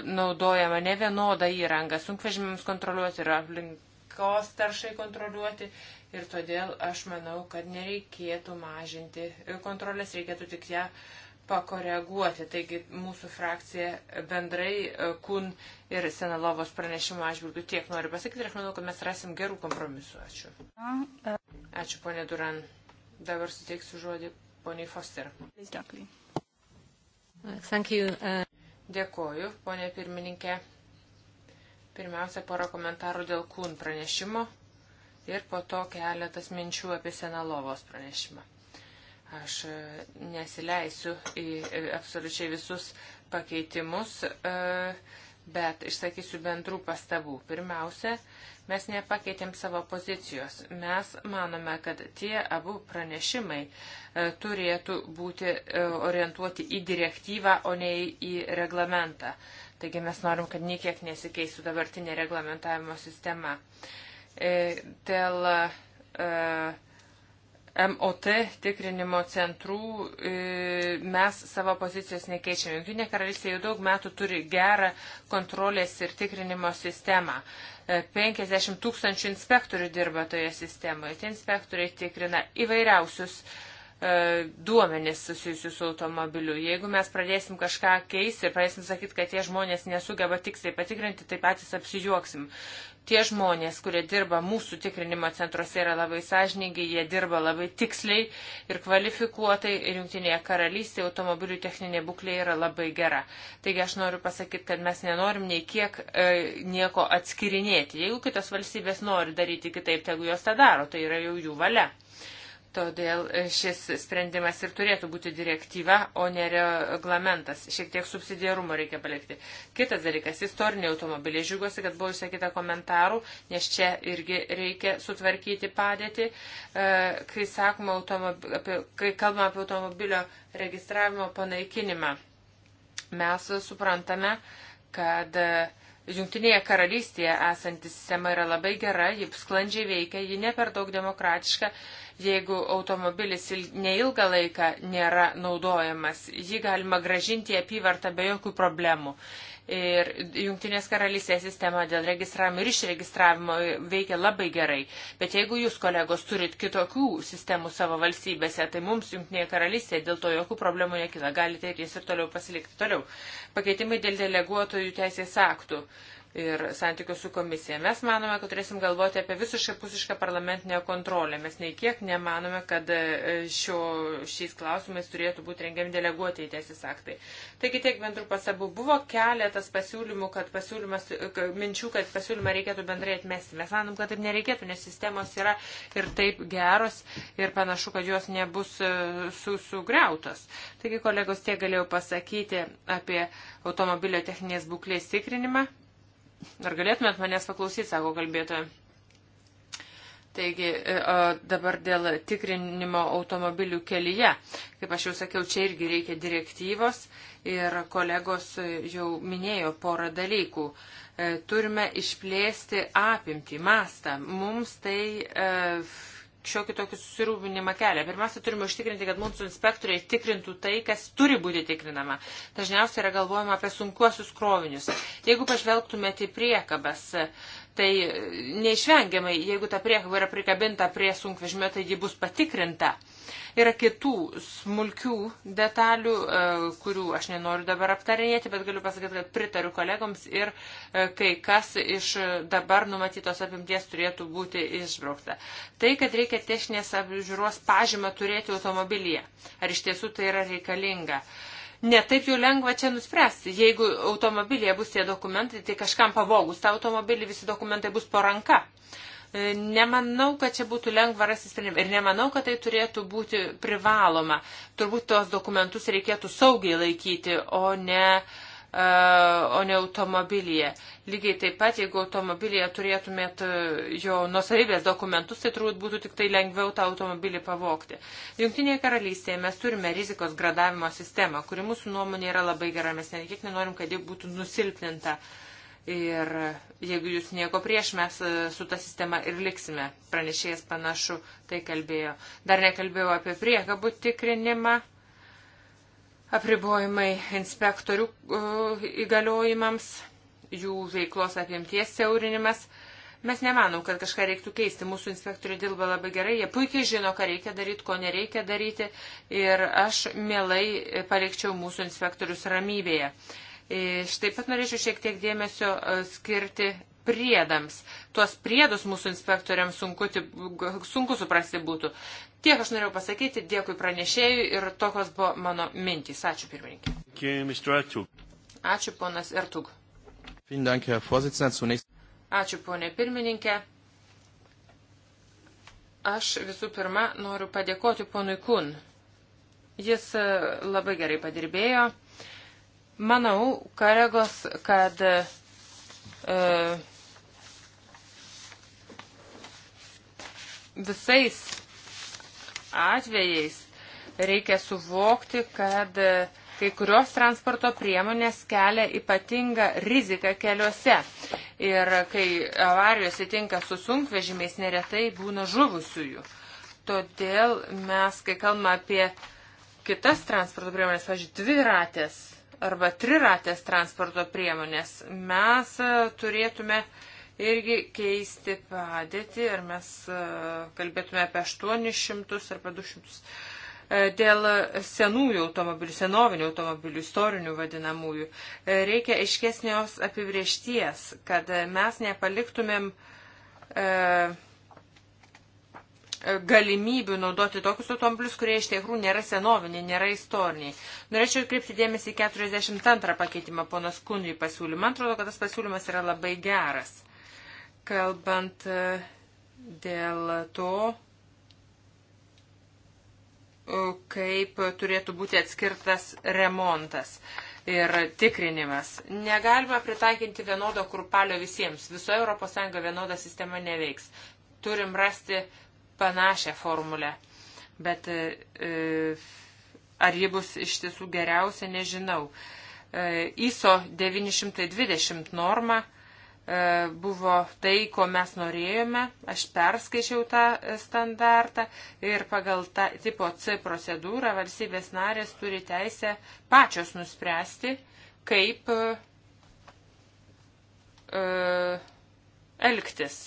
S1: naudojama ne vienoda įranga sunkvežimiams kontroliuoti ir aplinkos taršai kontroliuoti. Ir todėl aš manau, kad nereikėtų mažinti kontrolės, reikėtų tik ją pakoreguoti. Taigi mūsų frakcija bendrai e, Kun ir Senalovos pranešimo atžvilgių tiek noriu pasakyti ir aš manau, kad mes rasim gerų kompromisų.
S2: Ačiū.
S1: Ačiū, ponė Duran. Dabar suteiksiu žodį poniai Foster.
S2: Uh,
S1: Dėkoju, ponė pirmininkė. Pirmiausia, pora komentarų dėl Kun pranešimo ir po to keletas minčių apie Senalovos pranešimą. Aš e, nesileisiu į e, absoliučiai visus pakeitimus, e, bet išsakysiu bendrų pastabų. Pirmiausia, mes nepakeitėm savo pozicijos. Mes manome, kad tie abu pranešimai turėtų būti orientuoti į direktyvą, o ne į reglamentą. Taigi mes norim, kad niekiek nesikeistų dabartinė reglamentavimo sistema. Dėl e, MOT tikrinimo centrų e, mes savo pozicijos nekeičiame. Junktinė karalystė jau daug metų turi gerą kontrolės ir tikrinimo sistemą. 50 e, tūkstančių inspektorių dirba toje sistemoje. Tie inspektoriai tikrina įvairiausius e, duomenis susijusius su automobiliu. Jeigu mes pradėsim kažką keisti ir pradėsim sakyti, kad tie žmonės nesugeba tiksliai patikrinti, tai patys apsijuoksim. Tie žmonės, kurie dirba mūsų tikrinimo centruose, yra labai sąžininkai, jie dirba labai tiksliai ir kvalifikuotai ir Junktinėje karalystėje automobilių techninė būklė yra labai gera. Taigi aš noriu pasakyti, kad mes nenorim nei kiek e, nieko atskirinėti. Jeigu kitos valstybės nori daryti kitaip, tegu jos tą daro, tai yra jau jų valia. Todėl šis sprendimas ir turėtų būti direktyva, o ne reglamentas. Šiek tiek subsidiarumo reikia palikti. Kitas dalykas - istoriniai automobiliai. Žiūriuosi, kad buvo išsakyta komentarų, nes čia irgi reikia sutvarkyti padėtį. E, kai, sakoma, automobil, apie, kai kalbame apie automobilio registravimo panaikinimą, mes suprantame, kad e, Junktinėje karalystėje esanti sistema yra labai gera, ji sklandžiai veikia, ji ne per daug demokratiška jeigu automobilis neilgą laiką nėra naudojamas, jį galima gražinti į apyvartą be jokių problemų. Ir Junktinės karalystės sistema dėl registravimo ir išregistravimo veikia labai gerai. Bet jeigu jūs, kolegos, turit kitokių sistemų savo valstybėse, tai mums Junktinėje karalystėje dėl to jokių problemų nekyla. Galite ir jis ir toliau pasilikti. Toliau. Pakeitimai dėl deleguotojų teisės aktų. Uh, ir santykių su komisija. Mes manome, kad turėsim galvoti apie visiškai pusišką parlamentinę kontrolę. Mes nei kiek nemanome, kad e, šio, šiais klausimais turėtų būti rengiami deleguoti į teisės aktai. Taigi tiek bendrų pasabų. Buvo keletas pasiūlymų, kad pasiūlymas, minčių, kad pasiūlymą reikėtų bendrai atmesti. Mes manom, kad taip nereikėtų, nes sistemos yra ir taip geros ir panašu, kad jos nebus e, su, sugriautos. Taigi, kolegos, tiek galėjau pasakyti apie automobilio techninės būklės tikrinimą. Ar galėtumėt manęs paklausyti, sako kalbėtoja. Taigi e, dabar dėl tikrinimo automobilių kelyje. Kaip aš jau sakiau, čia irgi reikia direktyvos ir kolegos jau minėjo porą dalykų. E, turime išplėsti apimtį, mastą. Mums tai e, šiokį tokį susirūpinimą kelia. Pirmiausia, turime užtikrinti, kad mūsų inspektoriai tikrintų tai, kas turi būti tikrinama. Dažniausiai yra galvojama apie sunkuosius krovinius. Jeigu pažvelgtumėte į priekabas, tai neišvengiamai, jeigu ta priekaba yra prikabinta prie sunkvežimio, tai ji bus patikrinta. Yra kitų smulkių detalių, e, kurių aš nenoriu dabar aptarinėti, bet galiu pasakyti, kad pritariu kolegoms ir e, kai kas iš dabar numatytos apimties turėtų būti išbraukta. Tai, kad reikia techninės apžiūros pažymą turėti automobilyje. Ar iš tiesų tai yra reikalinga? Uh, Netaip jau lengva čia nuspręsti. Jeigu automobilėje bus tie dokumentai, tai kažkam pavogus tą automobilį visi dokumentai bus po ranka. E, nemanau, kad čia būtų lengva rasti sprendimą ir nemanau, kad tai turėtų būti privaloma. Turbūt tos dokumentus reikėtų saugiai laikyti, o ne uh, o ne automobilyje. Lygiai taip pat, jeigu automobilyje turėtumėt jo nusavybės dokumentus, tai turbūt būtų tik tai lengviau tą automobilį pavokti. Junktinėje karalystėje mes turime rizikos gradavimo sistemą, kuri mūsų nuomonė yra labai gera. Mes nekiek nenorim, kad ji būtų nusilpninta. Ir jeigu jūs nieko prieš, mes su ta sistema ir liksime. Pranešėjas panašu tai kalbėjo. Dar nekalbėjau apie priekabų tikrinimą apribojimai inspektorių uh, įgaliojimams, jų veiklos apimties siaurinimas. Mes nemanom, kad kažką reiktų keisti. Mūsų inspektoriai dirba labai gerai, jie puikiai žino, ką reikia daryti, ko nereikia daryti ir aš mielai palikčiau mūsų inspektorius ramybėje. Štai pat norėčiau šiek tiek dėmesio uh, skirti priedams. Tuos priedus mūsų inspektoriams sunku, sunku suprasti būtų. Tiek aš norėjau pasakyti, dėkui pranešėjui ir tokios buvo mano mintys. Ačiū pirmininkė. Ačiū ponas Ertug. Ačiū ponė pirmininkė. Aš visų pirma noriu padėkoti ponui Kun. Jis e, labai gerai padirbėjo. Manau, karegos, kad. Uh, visais atvejais reikia suvokti, kad e, kai kurios transporto priemonės kelia ypatingą riziką keliuose. Ir kai avarijos įtinka su sunkvežimiais, neretai būna žuvusiųjų. Todėl mes, kai kalbame apie kitas transporto priemonės, pažiūrėjau, dvi ratės arba triratės transporto priemonės, mes e, turėtume uh, irgi keisti padėtį, ar mes e, kalbėtume apie 800 ar apie 200. E, dėl senųjų automobilių, senovinių automobilių, istorinių vadinamųjų, e, reikia aiškesnios apibriešties, kad mes nepaliktumėm e, galimybių naudoti tokius automobilius, kurie iš tikrųjų nėra senoviniai, nėra istoriniai. Norėčiau kreipti dėmesį į 42 pakeitimą ponas Kunrį pasiūlymą. Man atrodo, kad tas pasiūlymas yra labai geras. Kalbant e, dėl to, e, kaip turėtų būti atskirtas remontas ir tikrinimas. Negalima pritaikinti vienodo kurpalio visiems. Visoje ES vienoda sistema neveiks. Turim rasti panašią formulę. Bet e, ar ji bus iš tiesų geriausia, nežinau. ISO 920 norma E, buvo tai, ko mes norėjome. Aš perskaičiau tą standartą ir pagal tą tipo C procedūrą valstybės narės turi teisę pačios nuspręsti, kaip uh, elgtis.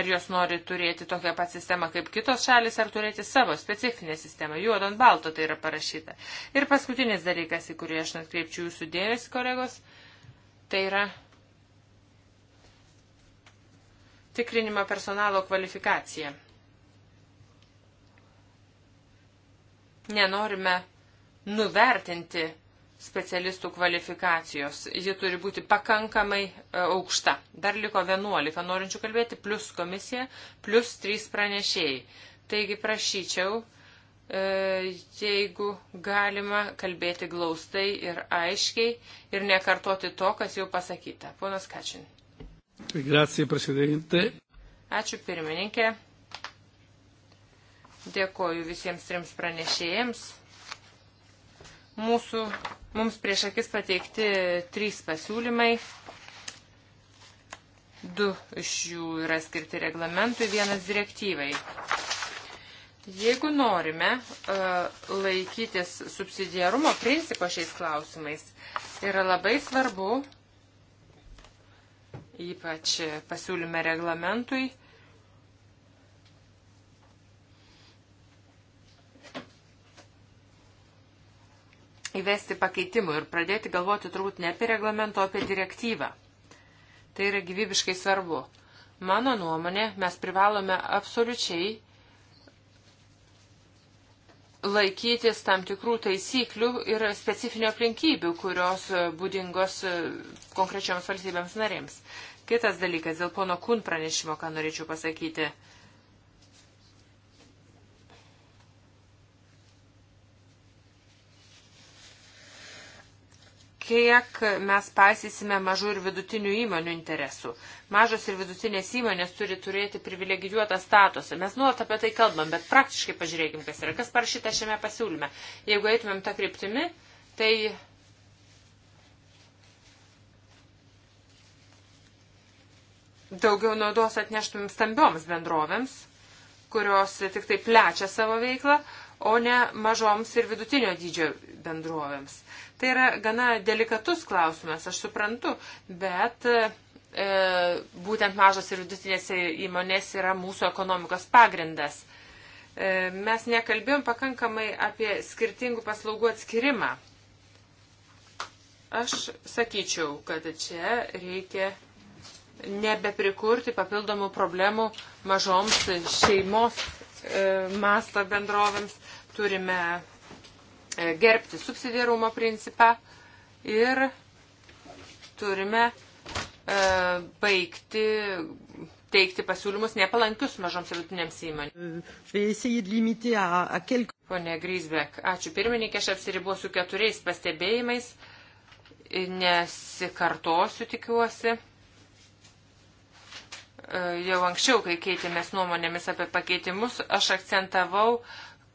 S1: Ar jos nori turėti tokią pat sistemą kaip kitos šalis, ar turėti savo specifinę sistemą. Juod ant balto tai yra parašyta. Ir paskutinis dalykas, į kurį aš atkreipčiau jūsų dėmesį, kolegos, tai yra tikrinimą personalo kvalifikaciją. Nenorime nuvertinti specialistų kvalifikacijos. Ji turi būti pakankamai e, aukšta. Dar liko 11 norinčių kalbėti, plus komisija, plus 3 pranešėjai. Taigi prašyčiau, e, jeigu galima kalbėti glaustai ir aiškiai ir nekartoti to, kas jau pasakyta. Ponas Kačin.
S3: Grazie, prezidente.
S1: Ačiū pirmininkė. Dėkoju visiems trims pranešėjams. Mūsų, mums prieš akis pateikti trys pasiūlymai. Du iš jų yra skirti reglamentui, vienas direktyvai. Jeigu norime uh, laikytis subsidiarumo principo šiais klausimais, yra labai svarbu, ypač pasiūlyme reglamentui. Įvesti pakeitimų ir pradėti galvoti turbūt ne apie reglamentą, o apie direktyvą. Tai yra gyvybiškai svarbu. Mano nuomonė, mes privalome absoliučiai laikytis tam tikrų taisyklių ir specifinio aplinkybių, kurios e, būdingos e, konkrečioms valstybėms narėms. Kitas dalykas, dėl pono Kun pranešimo, ką norėčiau pasakyti. Uh, kiek mes paisysime mažų ir vidutinių įmonių interesų. Mažos ir vidutinės įmonės turi turėti privilegijuotą statusą. Mes nuolat apie tai kalbam, bet praktiškai pažiūrėkim, kas yra, kas parašyta šiame pasiūlyme. Jeigu eitumėm tą kryptimį, tai. Daugiau naudos atneštumėm stambioms bendrovėms, kurios tik tai plečia savo veiklą, o ne mažoms ir vidutinio dydžio bendrovėms. Tai yra gana delikatus klausimas, aš suprantu, bet e, būtent mažos ir vidutinės įmonės yra mūsų ekonomikos pagrindas. E, mes nekalbėjom pakankamai apie skirtingų paslaugų atskirimą. Aš sakyčiau, kad čia reikia nebeprikurti papildomų problemų mažoms šeimos E, mastą bendrovėms, turime e, gerbti subsidiarumo principą ir turime e, baigti teikti pasiūlymus nepalankius mažoms ir vidutinėms
S3: įmonėms. Euh,
S1: Pone Grisbek, ačiū pirmininkė, aš apsiribuosiu keturiais pastebėjimais, nesikartosiu tikiuosi. E, jau anksčiau, kai keitėmės nuomonėmis apie pakeitimus, aš akcentavau,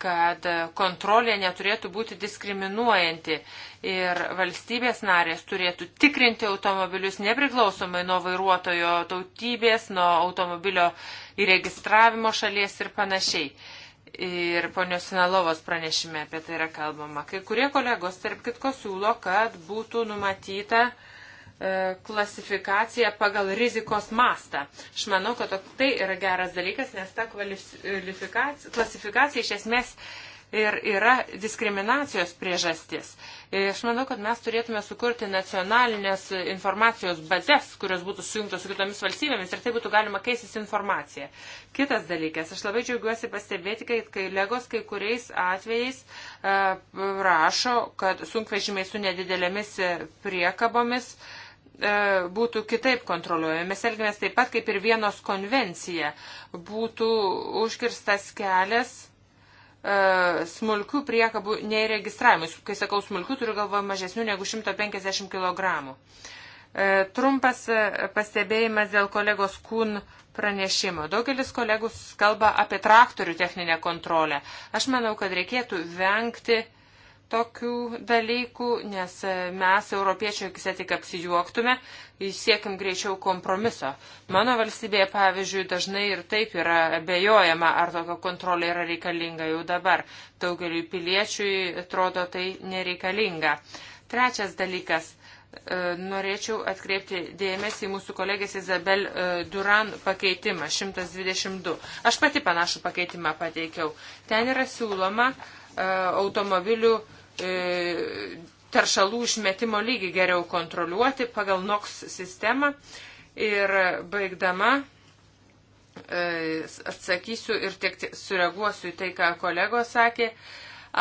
S1: kad kontrolė neturėtų būti diskriminuojanti ir valstybės narės turėtų tikrinti automobilius nepriklausomai nuo vairuotojo tautybės, nuo automobilio įregistravimo šalies ir panašiai. Ir ponios Sinalovos pranešime apie tai yra kalbama. Kai kurie kolegos, tarp kitko, siūlo, kad būtų numatyta uh, E, klasifikaciją pagal rizikos mastą. Aš manau, kad tai yra geras dalykas, nes ta klasifikacija iš esmės ir yra diskriminacijos priežastis. Aš manau, kad mes turėtume sukurti nacionalinės informacijos bazės, kurios būtų sujungtos su kitomis valstybėmis ir tai būtų galima keistis informacija. Kitas dalykas, aš labai džiaugiuosi pastebėti, kad kai legos kai kuriais atvejais e, rašo, kad sunkvežimiai su nedidelėmis priekabomis e, E, būtų kitaip kontroliuojami. Mes elgiamės taip pat, kaip ir vienos konvencija. Būtų užkirstas kelias e, smulkių priekabų neįregistravimui. Kai sakau smulkių, turiu galvoje mažesnių negu 150 kg. E, trumpas pastebėjimas dėl kolegos Kūn pranešimo. Daugelis kolegų kalba apie traktorių techninę kontrolę. Aš manau, kad reikėtų vengti uh, tokių dalykų, nes e, mes, europiečiai, akise tik apsijuoktume, siekim greičiau kompromiso. Mano valstybėje, pavyzdžiui, dažnai ir taip yra abejojama, ar tokia kontrolė yra reikalinga jau dabar. Daugeliu piliečiui atrodo tai nereikalinga. Trečias dalykas. E, norėčiau atkreipti dėmesį į mūsų kolegės Izabel e, Duran pakeitimą 122. Aš pati panašų pakeitimą pateikiau. Ten yra siūloma automobilių uh, E, teršalų išmetimo lygį geriau kontroliuoti pagal NOX sistemą. Ir baigdama e, atsakysiu ir tiek sureaguosiu į tai, ką kolegos sakė.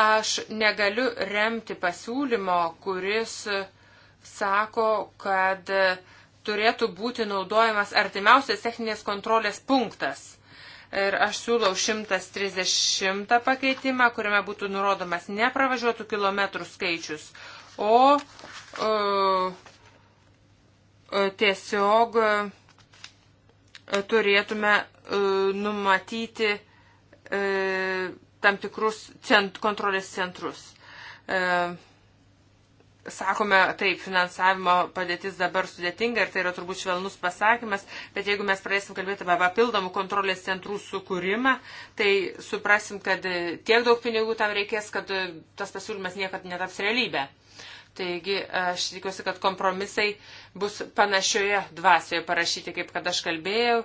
S1: Aš negaliu remti pasiūlymo, kuris sako, kad turėtų būti naudojamas artimiausias techninės kontrolės punktas. Ir aš siūlau 130 pakeitimą, kuriame būtų nurodomas nepravažiuotų kilometrų skaičius, o uh, tiesiog e, turėtume uh, numatyti uh, tam tikrus cent, kontrolės centrus. Uh, sakome, taip, finansavimo padėtis dabar sudėtinga ir tai yra turbūt švelnus pasakymas, bet jeigu mes pradėsim kalbėti apie papildomų kontrolės centrų sukūrimą, tai suprasim, kad e, tiek daug pinigų tam reikės, kad e, tas pasiūlymas niekada netaps realybė. Taigi aš tikiuosi, kad kompromisai bus panašioje dvasioje parašyti, kaip kad aš kalbėjau.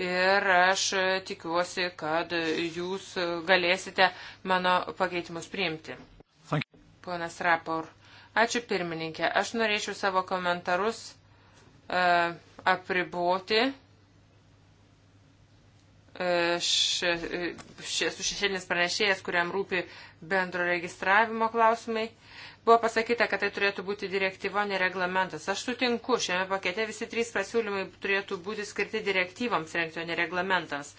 S1: Ir aš e, tikiuosi, kad jūs galėsite mano pakeitimus priimti. Ponas Rapor. Ačiū pirmininkė. Aš norėčiau savo komentarus uh, apriboti. Esu šešėlinis pranešėjas, kuriam rūpi bendro registravimo klausimai. Buvo pasakyta, kad tai turėtų būti direktyva, ne reglamentas. Aš sutinku, šiame pakete visi trys pasiūlymai turėtų būti skirti direktyvams renkti, o ne reglamentams.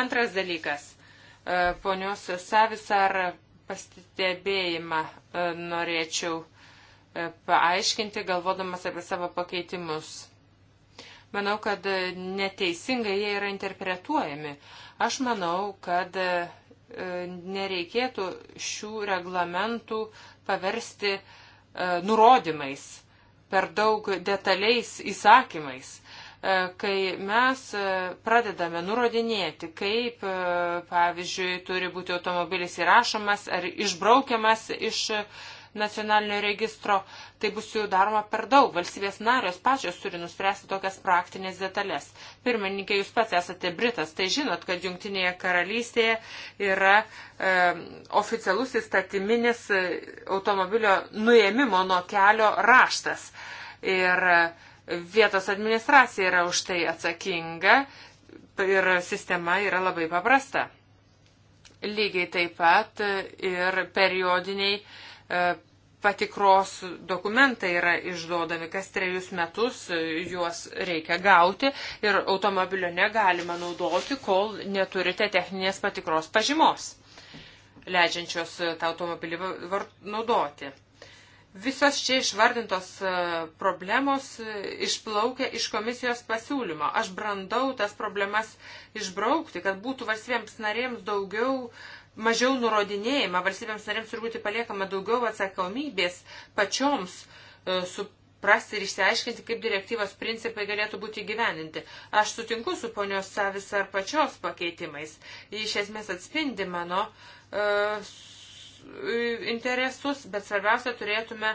S1: Antras dalykas. E, ponios Savisar pastebėjimą e, norėčiau paaiškinti, galvodamas apie savo pakeitimus. Manau, kad neteisingai jie yra interpretuojami. Aš manau, kad e, nereikėtų šių reglamentų paversti e, nurodymais, per daug detaliais įsakymais e, kai mes pradedame nurodinėti, kaip, pavyzdžiui, turi būti automobilis įrašomas ar išbraukiamas iš nacionalinio registro, tai bus jų daroma per daug. Valstybės narios pačios turi nuspręsti tokias praktinės detalės. Pirmininkė, jūs pats esate Britas, tai žinot, kad Junktinėje karalystėje yra e, oficialus įstatyminis e, automobilio nuėmimo nuo kelio raštas. Ir e, vietos administracija yra už tai atsakinga ir sistema yra labai paprasta. Lygiai taip pat ir periodiniai E, patikros dokumentai yra išduodami kas trejus metus, e, juos reikia gauti ir automobilio negalima naudoti, kol neturite techninės patikros pažymos, leidžiančios e, tą automobilį naudoti. Visos čia išvardintos problemos išplaukia iš komisijos pasiūlymo. Aš brandau tas problemas išbraukti, kad būtų valstybėms narėms daugiau uh, mažiau nurodinėjama, valstybėms narėms turi būti paliekama daugiau atsakomybės pačioms e, suprasti ir išsiaiškinti, kaip direktyvos principai galėtų būti gyveninti. Aš sutinku su ponios savis ar pačios pakeitimais. Jis iš esmės atspindi mano uh, interesus, bet svarbiausia turėtume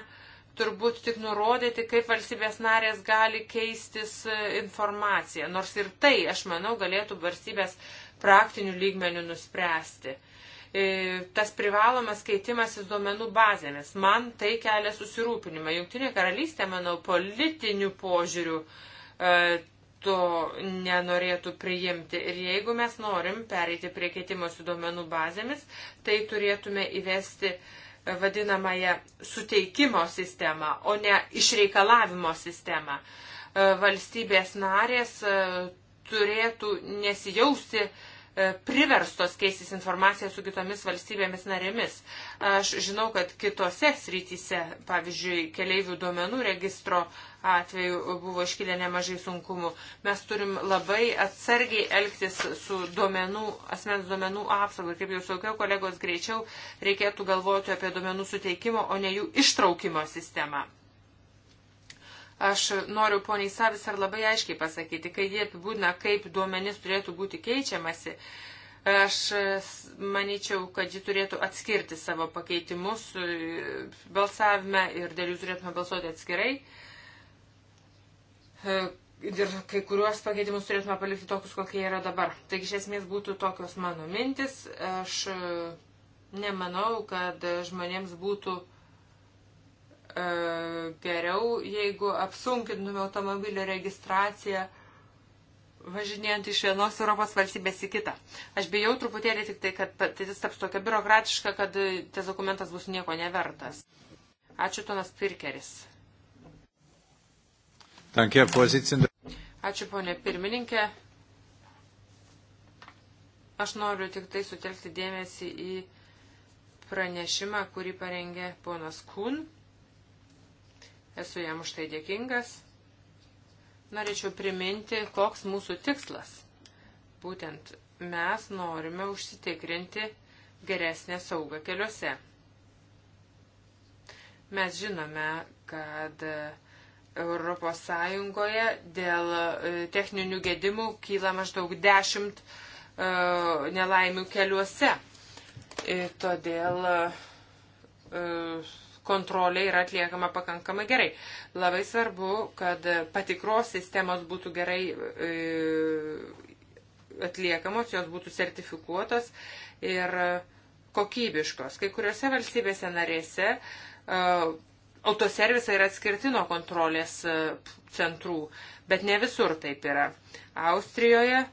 S1: turbūt tik nurodyti, kaip valstybės narės gali keistis e, informacija. Nors ir tai, aš manau, galėtų valstybės praktinių lygmenių nuspręsti. E, tas privalomas keitimasis duomenų bazėmis. Man tai kelia susirūpinimą. Junktinė karalystė, manau, politinių požiūrių e, to nenorėtų priimti. Ir jeigu mes norim pereiti prie keitimosi duomenų bazėmis, tai turėtume įvesti e, vadinamąją suteikimo sistemą, o ne išreikalavimo sistemą. Valstybės narės turėtų nesijausti uh, E, priverstos keistis informaciją su kitomis valstybėmis narėmis. Aš žinau, kad kitose srityse, pavyzdžiui, keliaivių duomenų registro atveju buvo iškilę nemažai sunkumų. Mes turim labai atsargiai elgtis su duomenų, asmens duomenų apsaugai. Kaip jau saugiau, kolegos, greičiau reikėtų galvoti apie duomenų suteikimo, o ne jų ištraukimo sistemą. Aš noriu poniai Savis ar labai aiškiai pasakyti, kai jie apibūdina, kaip duomenis turėtų būti keičiamasi, aš manyčiau, kad ji turėtų atskirti savo pakeitimus e, balsavime ir dėl jų turėtume balsuoti atskirai. E, ir kai kuriuos pakeitimus turėtume palikti tokius, kokie yra dabar. Taigi iš esmės būtų tokios mano mintis. Aš e, nemanau, kad žmonėms būtų uh, E, geriau, jeigu apsunkintume automobilio registraciją važinėjant iš vienos Europos valstybės į kitą. Aš bijau truputėlį tik tai, kad patys taps tokia biurokratiška, kad tas dokumentas bus nieko nevertas. Ačiū, Tonas Pirkeris.
S3: Ačiū,
S1: ponė pirmininkė. Aš noriu tik tai sutelkti dėmesį į pranešimą, kurį parengė ponas Kun Esu jam už tai dėkingas. Norėčiau priminti, koks mūsų tikslas. Būtent mes norime užsitikrinti geresnę saugą keliuose. Mes žinome, kad Europos Sąjungoje dėl e, techninių gedimų kyla maždaug 10 e, nelaimių keliuose. E, todėl kontrolė yra atliekama pakankamai gerai. Labai svarbu, kad patikros sistemos būtų gerai e, atliekamos, jos būtų sertifikuotos ir kokybiškos. Kai kuriuose valstybėse narėse e, autoservisai yra atskirti nuo kontrolės e, centrų, bet ne visur taip yra. Austrijoje e,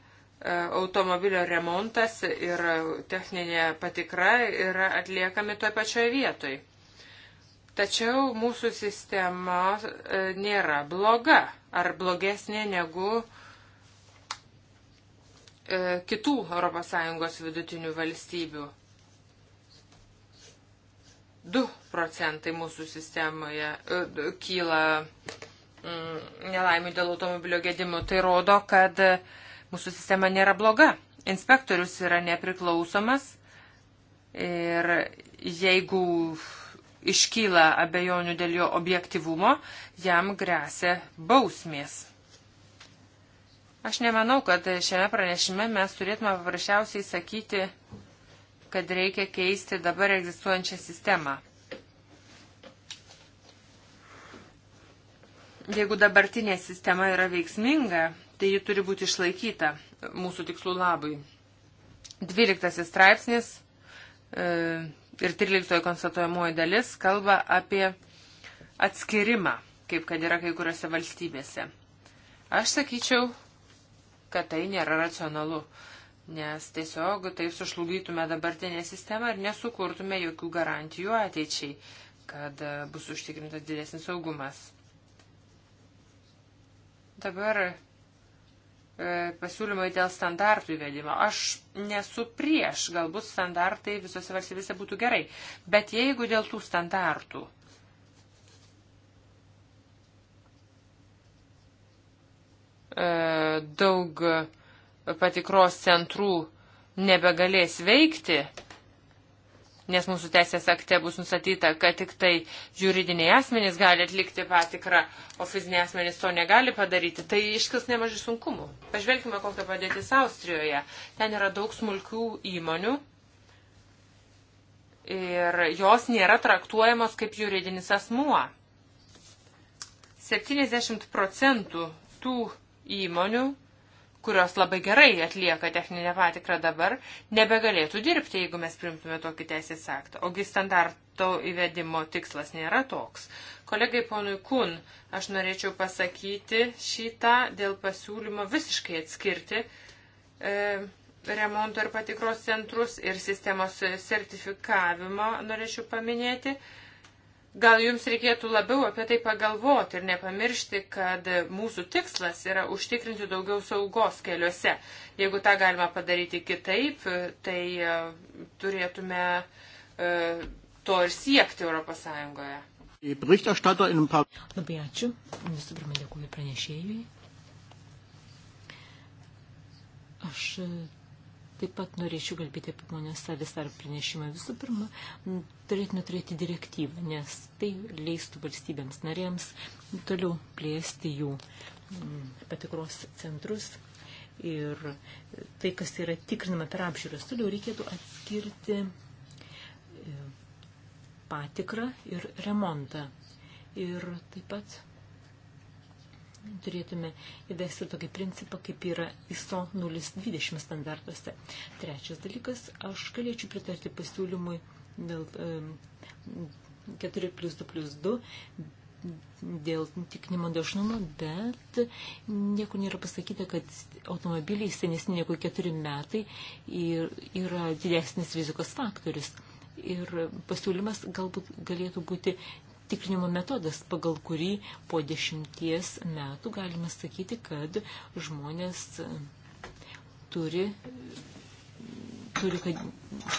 S1: automobilio remontas ir techninė patikra yra atliekami toje pačioje vietoje. Tačiau mūsų sistema e, nėra bloga ar blogesnė negu e, kitų ES vidutinių valstybių. 2 procentai mūsų sistemoje e, kyla mm, nelaimių dėl automobilio gedimų. Tai rodo, kad mūsų sistema nėra bloga. Inspektorius yra nepriklausomas ir jeigu iškyla abejonių dėl jo objektivumo, jam grėsia bausmės. Aš nemanau, kad šiame pranešime mes turėtume paprasčiausiai sakyti, kad reikia keisti dabar egzistuojančią sistemą. Jeigu dabartinė sistema yra veiksminga, tai ji turi būti išlaikyta mūsų tikslų labui. 12 straipsnis, e, ir 13 konstatuojamoji dalis kalba apie atskirimą, kaip kad yra kai kuriuose valstybėse. Aš sakyčiau, kad tai nėra racionalu, nes tiesiog taip sušlugytume dabartinę sistemą ir nesukurtume jokių garantijų ateičiai, kad e, bus užtikrintas didesnis saugumas. Dabar E, pasiūlymui dėl standartų įvedimo. Aš nesu prieš, galbūt standartai visose valstybėse būtų gerai, bet jeigu dėl tų standartų e, daug patikros centrų nebegalės veikti, nes mūsų teisės akte bus nustatyta, kad tik tai juridiniai asmenys gali atlikti patikrą, o fiziniai asmenys to negali padaryti, tai iškils nemažai sunkumų. Pažvelkime, kokia padėtis Austrijoje. Ten yra daug smulkių įmonių. Ir jos nėra traktuojamos kaip juridinis asmuo. 70 procentų tų įmonių kurios labai gerai atlieka techninę patikrą dabar, nebegalėtų dirbti, jeigu mes primtume tokį teisės aktą. Ogi standarto įvedimo tikslas nėra toks. Kolegai ponui Kun, aš norėčiau pasakyti šitą dėl pasiūlymo visiškai atskirti e, remonto ir patikros centrus ir sistemos sertifikavimą norėčiau paminėti. E, Gal jums reikėtų labiau apie tai pagalvoti ir nepamiršti, kad mūsų tikslas yra užtikrinti daugiau saugos keliuose. Jeigu tą galima padaryti kitaip, tai e, turėtume e, to ir siekti ES.
S2: Labai ačiū. Visų pirma, dėkuoju pranešėjui. Aš Taip pat norėčiau kalbėti apie ponios savisar pranešimą. Visų pirma, turėtume turėti direktyvą, nes tai leistų valstybėms narėms toliau plėsti jų patikros centrus. Ir tai, kas yra tikrinama per apžiūras, toliau reikėtų atskirti e, patikrą ir remontą. Ir taip pat turėtume įvesti tokį principą, kaip yra ISO 020 standartuose. Trečias dalykas, aš galėčiau pritarti pasiūlymui dėl e, 4 plus 2 plus 2 dėl tikrinimo dažnumo, bet niekur nėra pasakyta, kad automobiliai senesni negu 4 metai yra didesnis rizikos faktorius. Ir pasiūlymas galbūt galėtų būti tikrinimo metodas, pagal kurį po dešimties metų galima sakyti, kad žmonės e, turi, turi kad,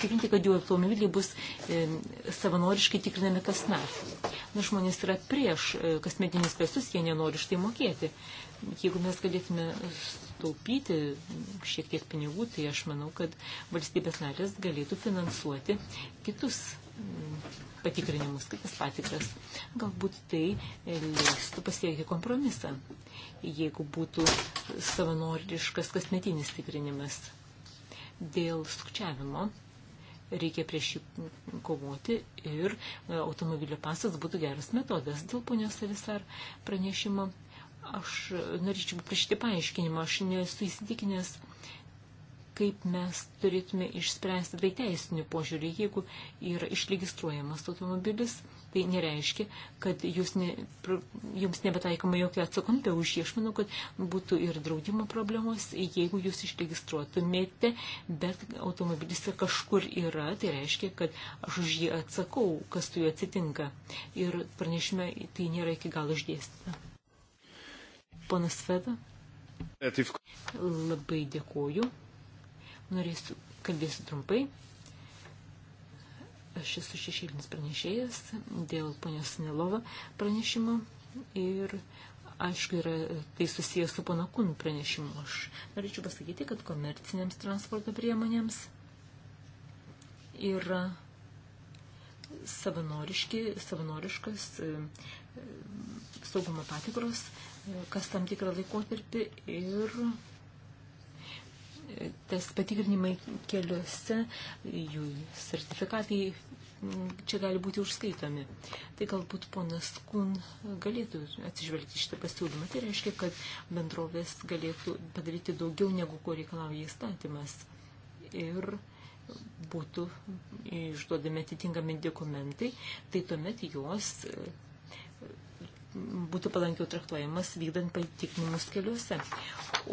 S2: tikrinti, kad jų automobiliai bus e, savanoriškai tikrinami kasmet. Na, žmonės yra prieš e, kasmetinius testus, jie nenori štai mokėti. Jeigu mes galėtume taupyti šiek tiek pinigų, tai aš manau, kad valstybės narės galėtų finansuoti kitus patikrinimus, kitas patikras. Galbūt tai leistų pasiekti kompromisą, jeigu būtų savanoriškas kasmetinis tikrinimas. Dėl sukčiavimo reikia prieš jį kovoti ir automobilio pasas būtų geras metodas. Dėl ponios Savisar pranešimo aš norėčiau prašyti paaiškinimą, aš nesu įsitikinęs kaip mes turėtume išspręsti tai teisinių požiūrį. Jeigu yra išregistruojamas automobilis, tai nereiškia, kad jūs ne, jums nebetaikoma jokia atsakomybė už jį. Aš manau, kad būtų ir draudimo problemos, jeigu jūs išregistruotumėte, bet automobilis kažkur yra, tai reiškia, kad aš už jį atsakau, kas tu juo atsitinka. Ir pranešime, tai nėra iki galo išdėstyta. Ponas Sveda. Labai dėkuoju. Norėsiu, kalbėsiu trumpai. Aš esu šešėlinis pranešėjas dėl ponios Nelova pranešimo ir aišku yra tai susijęs su pono Kun pranešimu. Aš norėčiau pasakyti, kad komercinėms transporto priemonėms yra savanoriški, savanoriškas e, saugumo patikros e, kas tam tikrą laikotarpį ir tas patikrinimai keliuose, jų sertifikatai čia gali būti užskaitomi. Tai galbūt ponas Kun galėtų atsižvelgti šitą pasiūlymą. Tai reiškia, kad bendrovės galėtų padaryti daugiau negu ko reikalauja įstatymas. Ir būtų išduodami atitinkami dokumentai, tai tuomet jos būtų palankiau traktuojamas vykdant patikrinimus keliuose.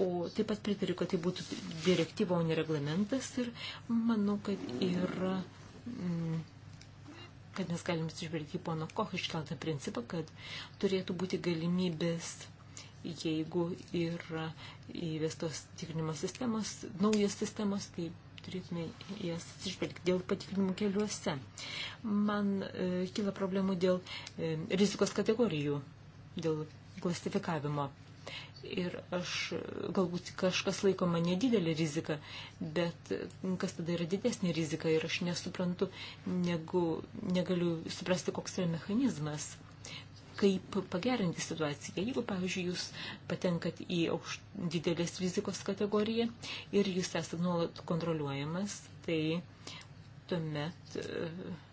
S2: O taip pat pritariu, kad tai būtų direktyva, o ne reglamentas ir manau, kad yra mm, kad mes galim atsižvelgti pono Koch iškeltą principą, kad turėtų būti galimybės, jeigu yra įvestos tikrinimo sistemos, naujos sistemos, tai turėtume jas atsižvelgti dėl patikrinimų keliuose. Man e, kyla problemų dėl e, rizikos kategorijų dėl klasifikavimo. Ir aš, galbūt kažkas laikoma nedidelė rizika, bet kas tada yra didesnė rizika ir aš nesuprantu, negu negaliu suprasti, koks yra mechanizmas, kaip pagerinti situaciją. Jeigu, pavyzdžiui, jūs patenkat į aukšt, didelės rizikos kategoriją ir jūs esate nuolat kontroliuojamas, tai tuomet. Uh,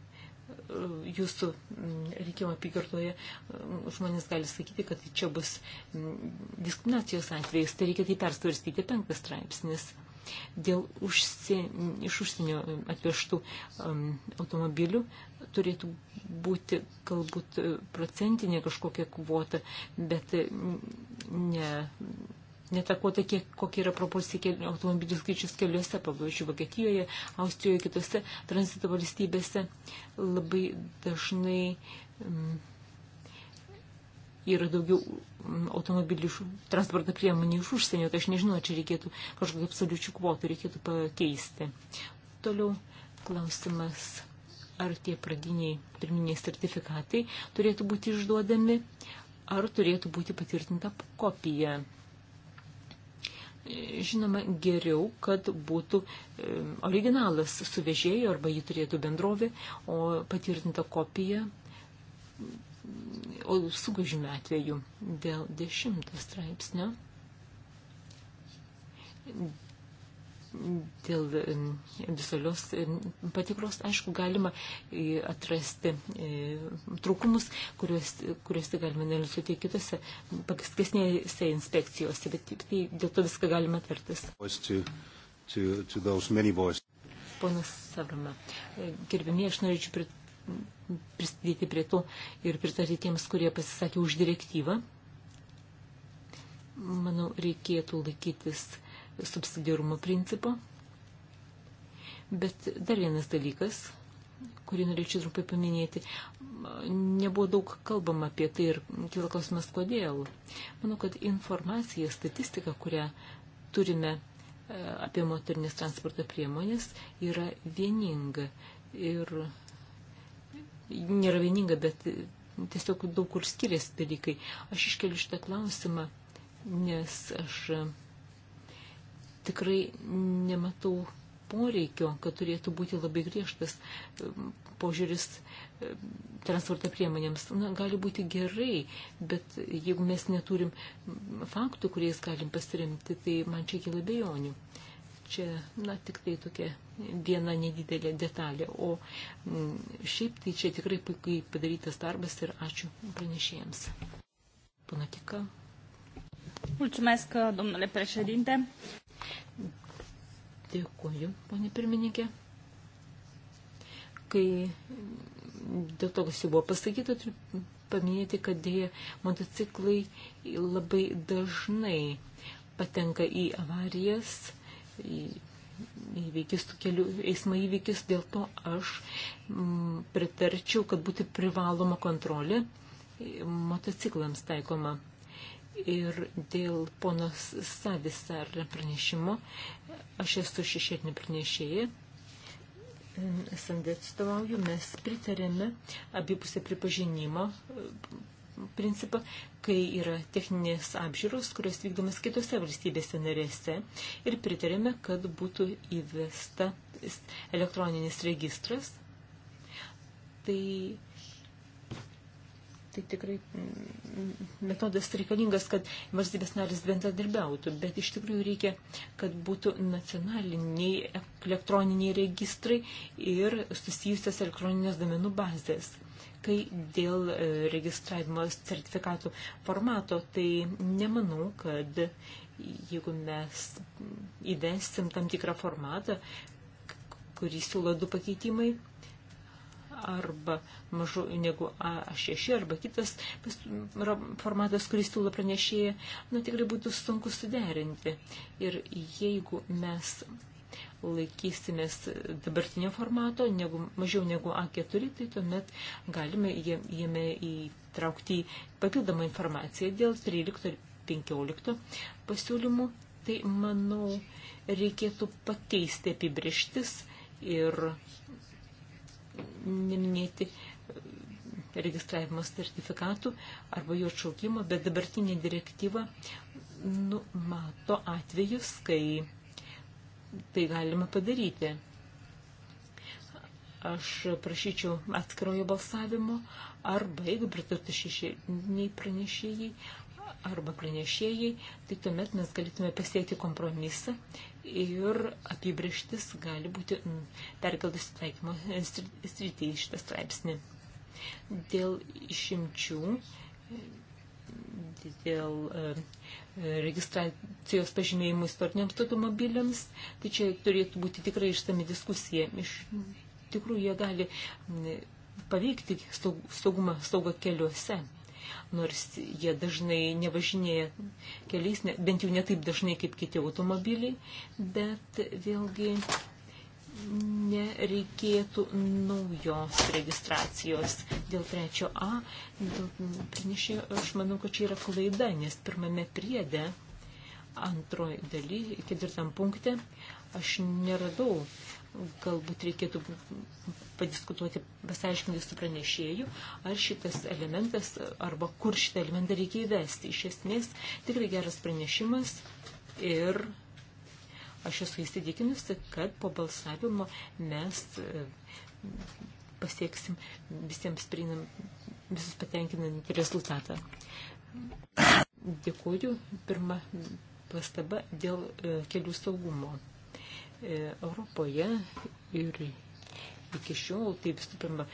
S2: jūsų mm, reikimo apygardoje mm, žmonės gali sakyti, kad čia bus mm, diskriminacijos atvejais, tai reikia tai persvarstyti penktas straipsnis. Dėl užsien, iš užsienio atvežtų um, automobilių turėtų būti galbūt e, procentinė kažkokia kvota, bet ne netakota, kiek, kokia yra proporcija automobilių skaičius keliuose, pavyzdžiui, Vokietijoje, Austrijoje, kitose tranzito valstybėse. Labai dažnai m, mm, yra daugiau mm, automobilių transporto priemonių iš užsienio, tai aš nežinau, čia reikėtų kažkokį absoliučių kvotų, reikėtų pakeisti. Toliau klausimas, ar tie pradiniai pirminiai sertifikatai turėtų būti išduodami, ar turėtų būti patvirtinta kopija žinoma, geriau, kad būtų e, originalas su vežėjai arba jį turėtų bendrovė, o patvirtinta kopija o sugužime atveju dėl dešimto straipsnio dėl visolios patikros, aišku, galima e, atrasti e, trūkumus, kuriuos, kuriuos galima analizuoti kitose pakistesnėse inspekcijose, bet tai, dėl to viską galima atvertis. Ponas Savrama, e, gerbimi, aš norėčiau prit, prisidėti prie to ir pritarti tiems, kurie pasisakė už direktyvą. Manau, reikėtų laikytis subsidiarumo principo. Bet dar vienas dalykas, kurį norėčiau trumpai paminėti, nebuvo daug kalbama apie tai ir kila klausimas, kodėl. Manau, kad informacija, statistika, kurią turime e, apie motorinės transporto priemonės, yra vieninga. Ir nėra vieninga, bet tiesiog daug kur skiriasi dalykai. Aš iškeliu šitą klausimą, nes aš tikrai nematau poreikio, kad turėtų būti labai griežtas požiūris transporto priemonėms. Na, gali būti gerai, bet jeigu mes neturim faktų, kuriais galim pasiremti, tai man čia kyla bejonių. Čia, na, tik tai tokia viena nedidelė detalė. O šiaip tai čia tikrai puikiai padarytas darbas ir ačiū pranešėjams. Pana Tika. Mulțumesc, domnule președinte. Dėkuoju, ponė pirmininkė. Kai dėl to, kas jau buvo pasakyta, turiu paminėti, kad dėja motociklai labai dažnai patenka į avarijas, į įvykis, kelių, eismo įvykis, dėl to aš m, mm, pritarčiau, kad būtų privaloma kontrolė motociklams taikoma ir dėl ponos Savisar pranešimo. Aš esu šešėtinė pranešėja. SND atstovauju, mes pritarėme abipusę pripažinimą e, principą, kai yra techninės apžiūros, kurios vykdomas kitose valstybėse narėse ir pritarėme, kad būtų įvesta elektroninis registras. Tai tai tikrai mm, metodas reikalingas, kad valstybės narės bendradarbiautų, bet iš tikrųjų reikia, kad būtų nacionaliniai elektroniniai registrai ir susijusios elektroninės domenų bazės. Kai dėl e, registravimo sertifikatų formato, tai nemanau, kad jeigu mes įvesim tam tikrą formatą, kurį siūlo du pakeitimai, arba mažu negu A6 arba kitas formatas, kuris siūlo pranešėja, nu tikrai būtų sunku suderinti. Ir jeigu mes laikysimės dabartinio formato, negu, mažiau negu A4, tai tuomet galime jame įtraukti papildomą informaciją dėl 13 ir 15 pasiūlymų. Tai, manau, reikėtų pakeisti apibrieštis ir neminėti e, registravimo sertifikatų arba jų atšaukimo, bet dabartinė direktyva numato atvejus, kai tai galima padaryti. Aš prašyčiau atskirojo balsavimo arba, jeigu pritartų šešėliniai pranešėjai arba pranešėjai, tai tuomet mes galėtume pasiekti kompromisą ir apibrieštis gali būti mm, perkeltas į taikymo sritį į šitą straipsnį. Dėl išimčių, dėl e, registracijos pažymėjimų istoriniams automobiliams, tai čia turėtų būti tikrai išsami diskusija. Iš tikrųjų, jie gali mm, paveikti saugumą saugo keliuose nors jie dažnai nevažinėja keliais, ne, bent jau ne taip dažnai kaip kiti automobiliai, bet vėlgi nereikėtų naujos registracijos dėl trečio A. Dėl pranešėjo, aš manau, kad čia yra klaida, nes pirmame priede, antroji daly, ketvirtam punkte, aš neradau galbūt reikėtų padiskutuoti, pasiaiškinti su pranešėju, ar šitas elementas, arba kur šitą elementą reikia įvesti. Iš esmės, tikrai geras pranešimas ir aš esu įsitikinusi, kad po balsavimo mes e, pasieksim visiems prieinam, visus patenkinantį rezultatą. Dėkuoju. Pirma pastaba dėl e, kelių saugumo. E, Europoje ir iki šiol, taip visų pirma,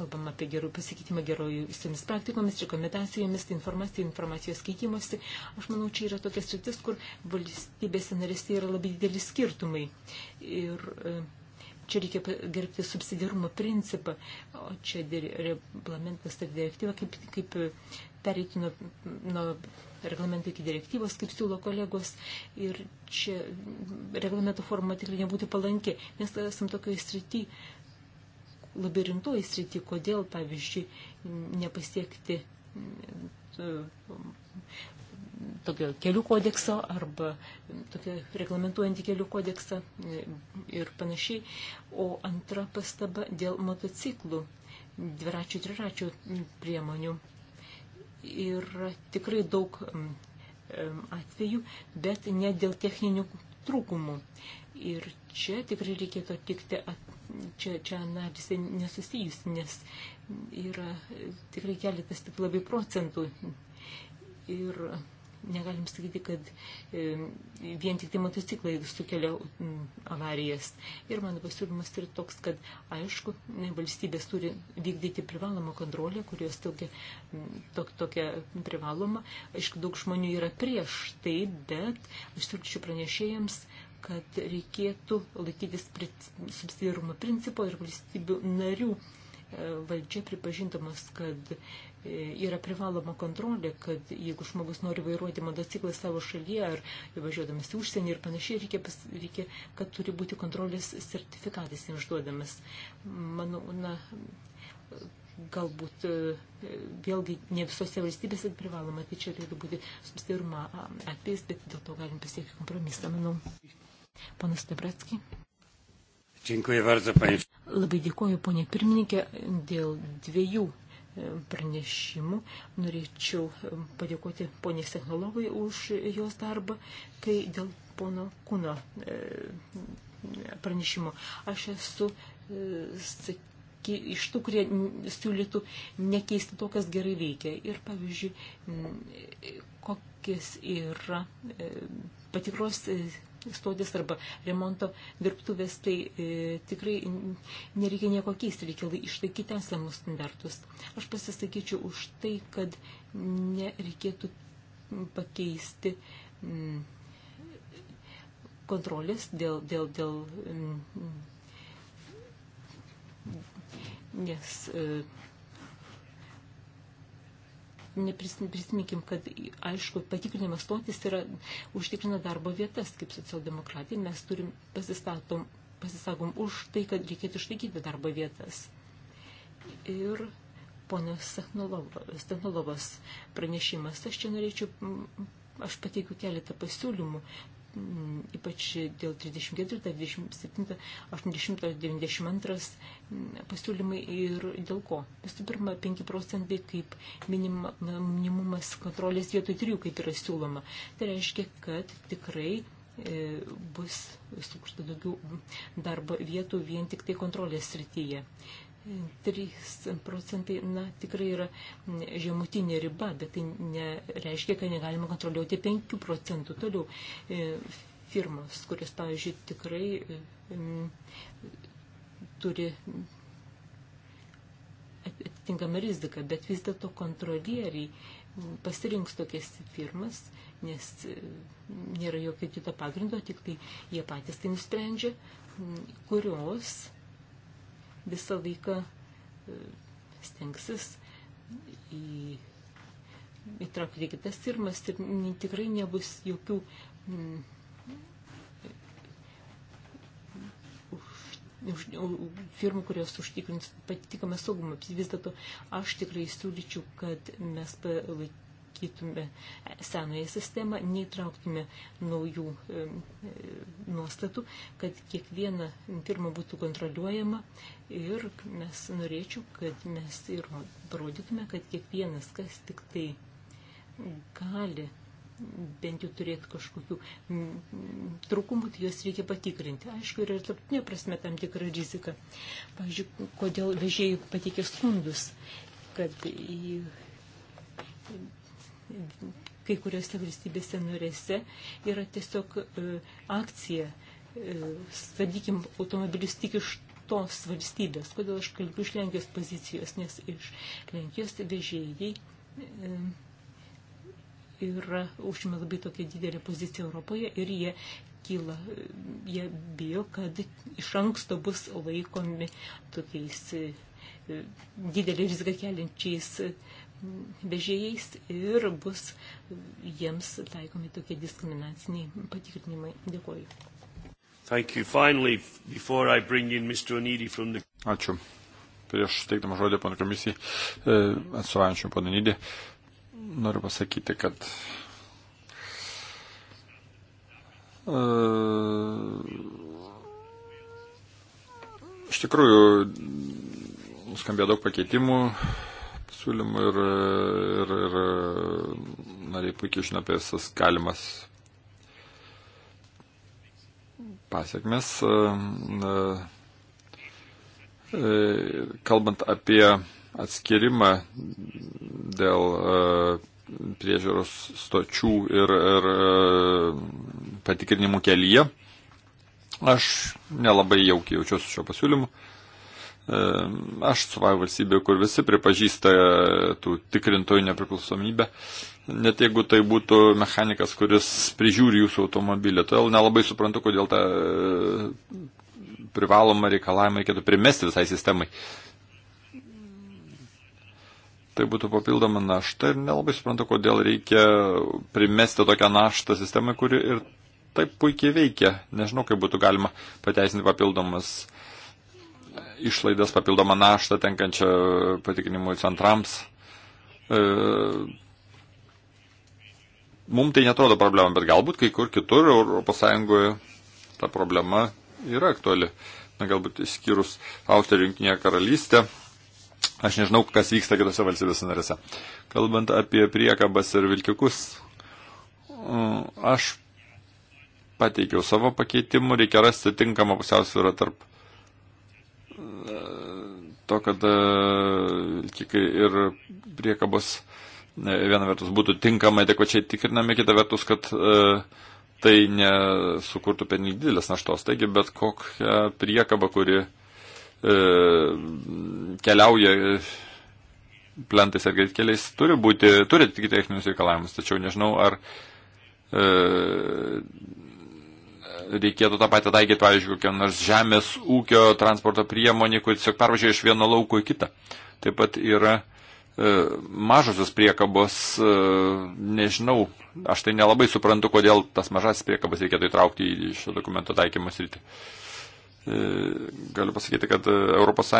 S2: kalbam apie gerų pasikeitimą gerojusiamis praktikomis, rekomendacijomis, tai informacija, informacijos keitimosi. Aš manau, čia yra tokia sritis, kur valstybėse narėse yra labai dideli skirtumai. Ir, e, čia reikia gerbti subsidiarumo principą, o čia reglamentas ir direktyva kaip, kaip pereiti nuo, nuo reglamento iki direktyvos, kaip siūlo kolegos, ir čia reglamento forma tikrai nebūtų palanki, nes esam tokioje srity, labai rimtoje srity, kodėl, pavyzdžiui, nepasiekti mm, tokio kelių kodekso arba tokio reglamentuojantį kelių kodeksą e, ir panašiai. O antra pastaba dėl motociklų, dviračių, triračių priemonių. Yra tikrai daug atvejų, bet ne dėl techninių trūkumų. Ir čia tikrai reikėtų atlikti, čia, čia analizė nesusijus, nes yra tikrai keletas tik labai procentų. Ir negalim sakyti, kad vien tik tai motociklai sukelia avarijas. Ir mano pasiūlymas yra toks, kad aišku, valstybės turi vykdyti privalomą kontrolę, kurios tokia, tok, tokia privaloma. Aišku, daug žmonių yra prieš tai, bet aš siūlyčiau pranešėjams kad reikėtų laikytis subsidiarumo principo ir valstybių narių e, valdžia pripažintamas, kad E, yra privaloma kontrolė, kad jeigu žmogus nori vairuoti motociklą savo šalyje ar važiuodamas į užsienį ir panašiai, reikia, pas, reikia kad turi būti kontrolės sertifikatas jiems duodamas. Manau, na, galbūt e, vėlgi ne visose valstybėse privaloma, tai čia turėtų būti sustarimo atvejs, bet dėl to galim pasiekti kompromisą, manau. Panas Tebratski.
S3: Dziękuję bardzo, panie.
S2: Labai dėkoju, ponė pirmininkė, dėl dviejų pranešimų. Norėčiau padėkoti poniais technologai už jos darbą, kai dėl pono kūno e, pranešimo. Aš esu e, saky, iš tų, kurie siūlytų nekeisti to, kas gerai veikia. Ir pavyzdžiui, e, kokias yra patikros stotis arba remonto dirbtuvės, tai e, tikrai nereikia nieko keisti, reikia išlaikyti esamus standartus. Aš pasisakyčiau už tai, kad nereikėtų pakeisti m, kontrolės dėl, dėl, dėl m, nes e, prisiminkim, kad aišku, patikrinimas stotis yra užtikrina darbo vietas, kaip socialdemokratai, mes turim pasistatom, pasisakom už tai, kad reikėtų išlaikyti darbo vietas. Ir ponas Stanulovas pranešimas, aš čia norėčiau, aš pateikiu keletą pasiūlymų, Mm, ypač dėl 34, 27, 80, 92 pasiūlymai ir dėl ko. Visų pirma, 5 procentai kaip minim, minimumas kontrolės vietoj 3, kaip yra siūloma. Tai reiškia, kad tikrai e, bus sukurta daugiau darbo vietų vien tik tai kontrolės srityje. 3 procentai, na, tikrai yra žemutinė riba, bet tai nereiškia, kad negalima kontroliuoti 5 procentų toliau e, firmas, kuris, pavyzdžiui, tikrai e, turi atitinkamą riziką, bet vis dėlto kontrolieriai pasirinks tokias firmas, nes e, nėra jokio kito pagrindo, tik tai jie patys tai nusprendžia, kurios visą laiką e, stengsis į, įtraukti kitas firmas ir tikrai nebus jokių m, mm, už, firmų, kurios užtikrins patikimą saugumą. Vis dėlto aš tikrai siūlyčiau, kad mes palaik, išlaikytume senoje sistemą, neįtrauktume naujų e, nuostatų, kad kiekviena firma būtų kontroliuojama ir mes norėčiau, kad mes ir parodytume, kad kiekvienas, kas tik tai gali bent jau turėti kažkokių trūkumų, tai juos reikia patikrinti. Aišku, yra ir tarptinė prasme tam tikra rizika. Pavyzdžiui, kodėl vežėjai patikė skundus, kad į kai kuriuose valstybėse norėse yra tiesiog e, akcija, e, statykim automobilius tik iš tos valstybės. Kodėl aš kalbu iš Lenkijos pozicijos, nes iš Lenkijos vežėjai e, yra užima labai tokia didelė pozicija Europoje ir jie kyla, jie bijo, kad iš anksto bus laikomi tokiais didelį riziką keliančiais vežėjais ir bus jiems taikomi tokie diskriminaciniai patikrinimai. Dėkuoju.
S1: Thank you. Finally, before I bring in Mr. Onidi from the...
S3: Ačiū. Prieš teikdama žodį pana komisijai, e, atstovaujančiam pana Nidį, noriu pasakyti, kad e, iš tikrųjų nuskambėjo daug pakeitimų, pasiūlymų ir, ir, ir nariai puikiai žino apie visas galimas pasiekmes. E, kalbant apie atskirimą dėl e, priežiūros stočių ir, ir e, patikrinimų kelyje, aš nelabai jaukiai jaučiuosi šio pasiūlymu. E, aš atstovauju valstybė, kur visi pripažįsta tų tikrintojų nepriklausomybę, net jeigu tai būtų mechanikas, kuris prižiūri jūsų automobilį. Todėl nelabai suprantu, kodėl tą e, privalomą reikalavimą reikėtų primesti visai sistemai. Tai būtų papildoma našta ir nelabai suprantu, kodėl reikia primesti tokią naštą sistemai, kuri ir taip puikiai veikia. Nežinau, kaip būtų galima pateisinti papildomas uh, išlaidas, papildomą naštą tenkančią patikinimui centrams. E, Mums tai netrodo problema, bet galbūt kai kur kitur ES ta problema yra aktuali. Na, galbūt išskyrus Austriją ir Junktinėje karalystę. Aš nežinau, kas vyksta kitose valstybėse narėse. Kalbant apie priekabas ir vilkikus, e, aš pateikiau savo pakeitimų, reikia rasti tinkamą pusiausvyrą tarp to, kad vilkikai e, ir priekabos e, viena vertus būtų tinkamai adekvačiai tikrinami, kita vertus, kad e, tai nesukurtų pernelyg didelės naštos. Taigi, bet kokia priekaba, kuri keliauja plentais ar greitkeliais, turi būti, turi atitikti techninius reikalavimus. Tačiau nežinau, ar reikėtų tą patį taikyti, pavyzdžiui, kokią nors žemės ūkio transporto priemonį, kur tiesiog pervažiuoja iš vieno lauko į kitą. Taip pat yra e, mažosios priekabos, e, nežinau, aš tai nelabai suprantu, kodėl tas mažasis priekabas reikėtų įtraukti į šio dokumento taikymą sritį. E, galiu pasakyti, kad ES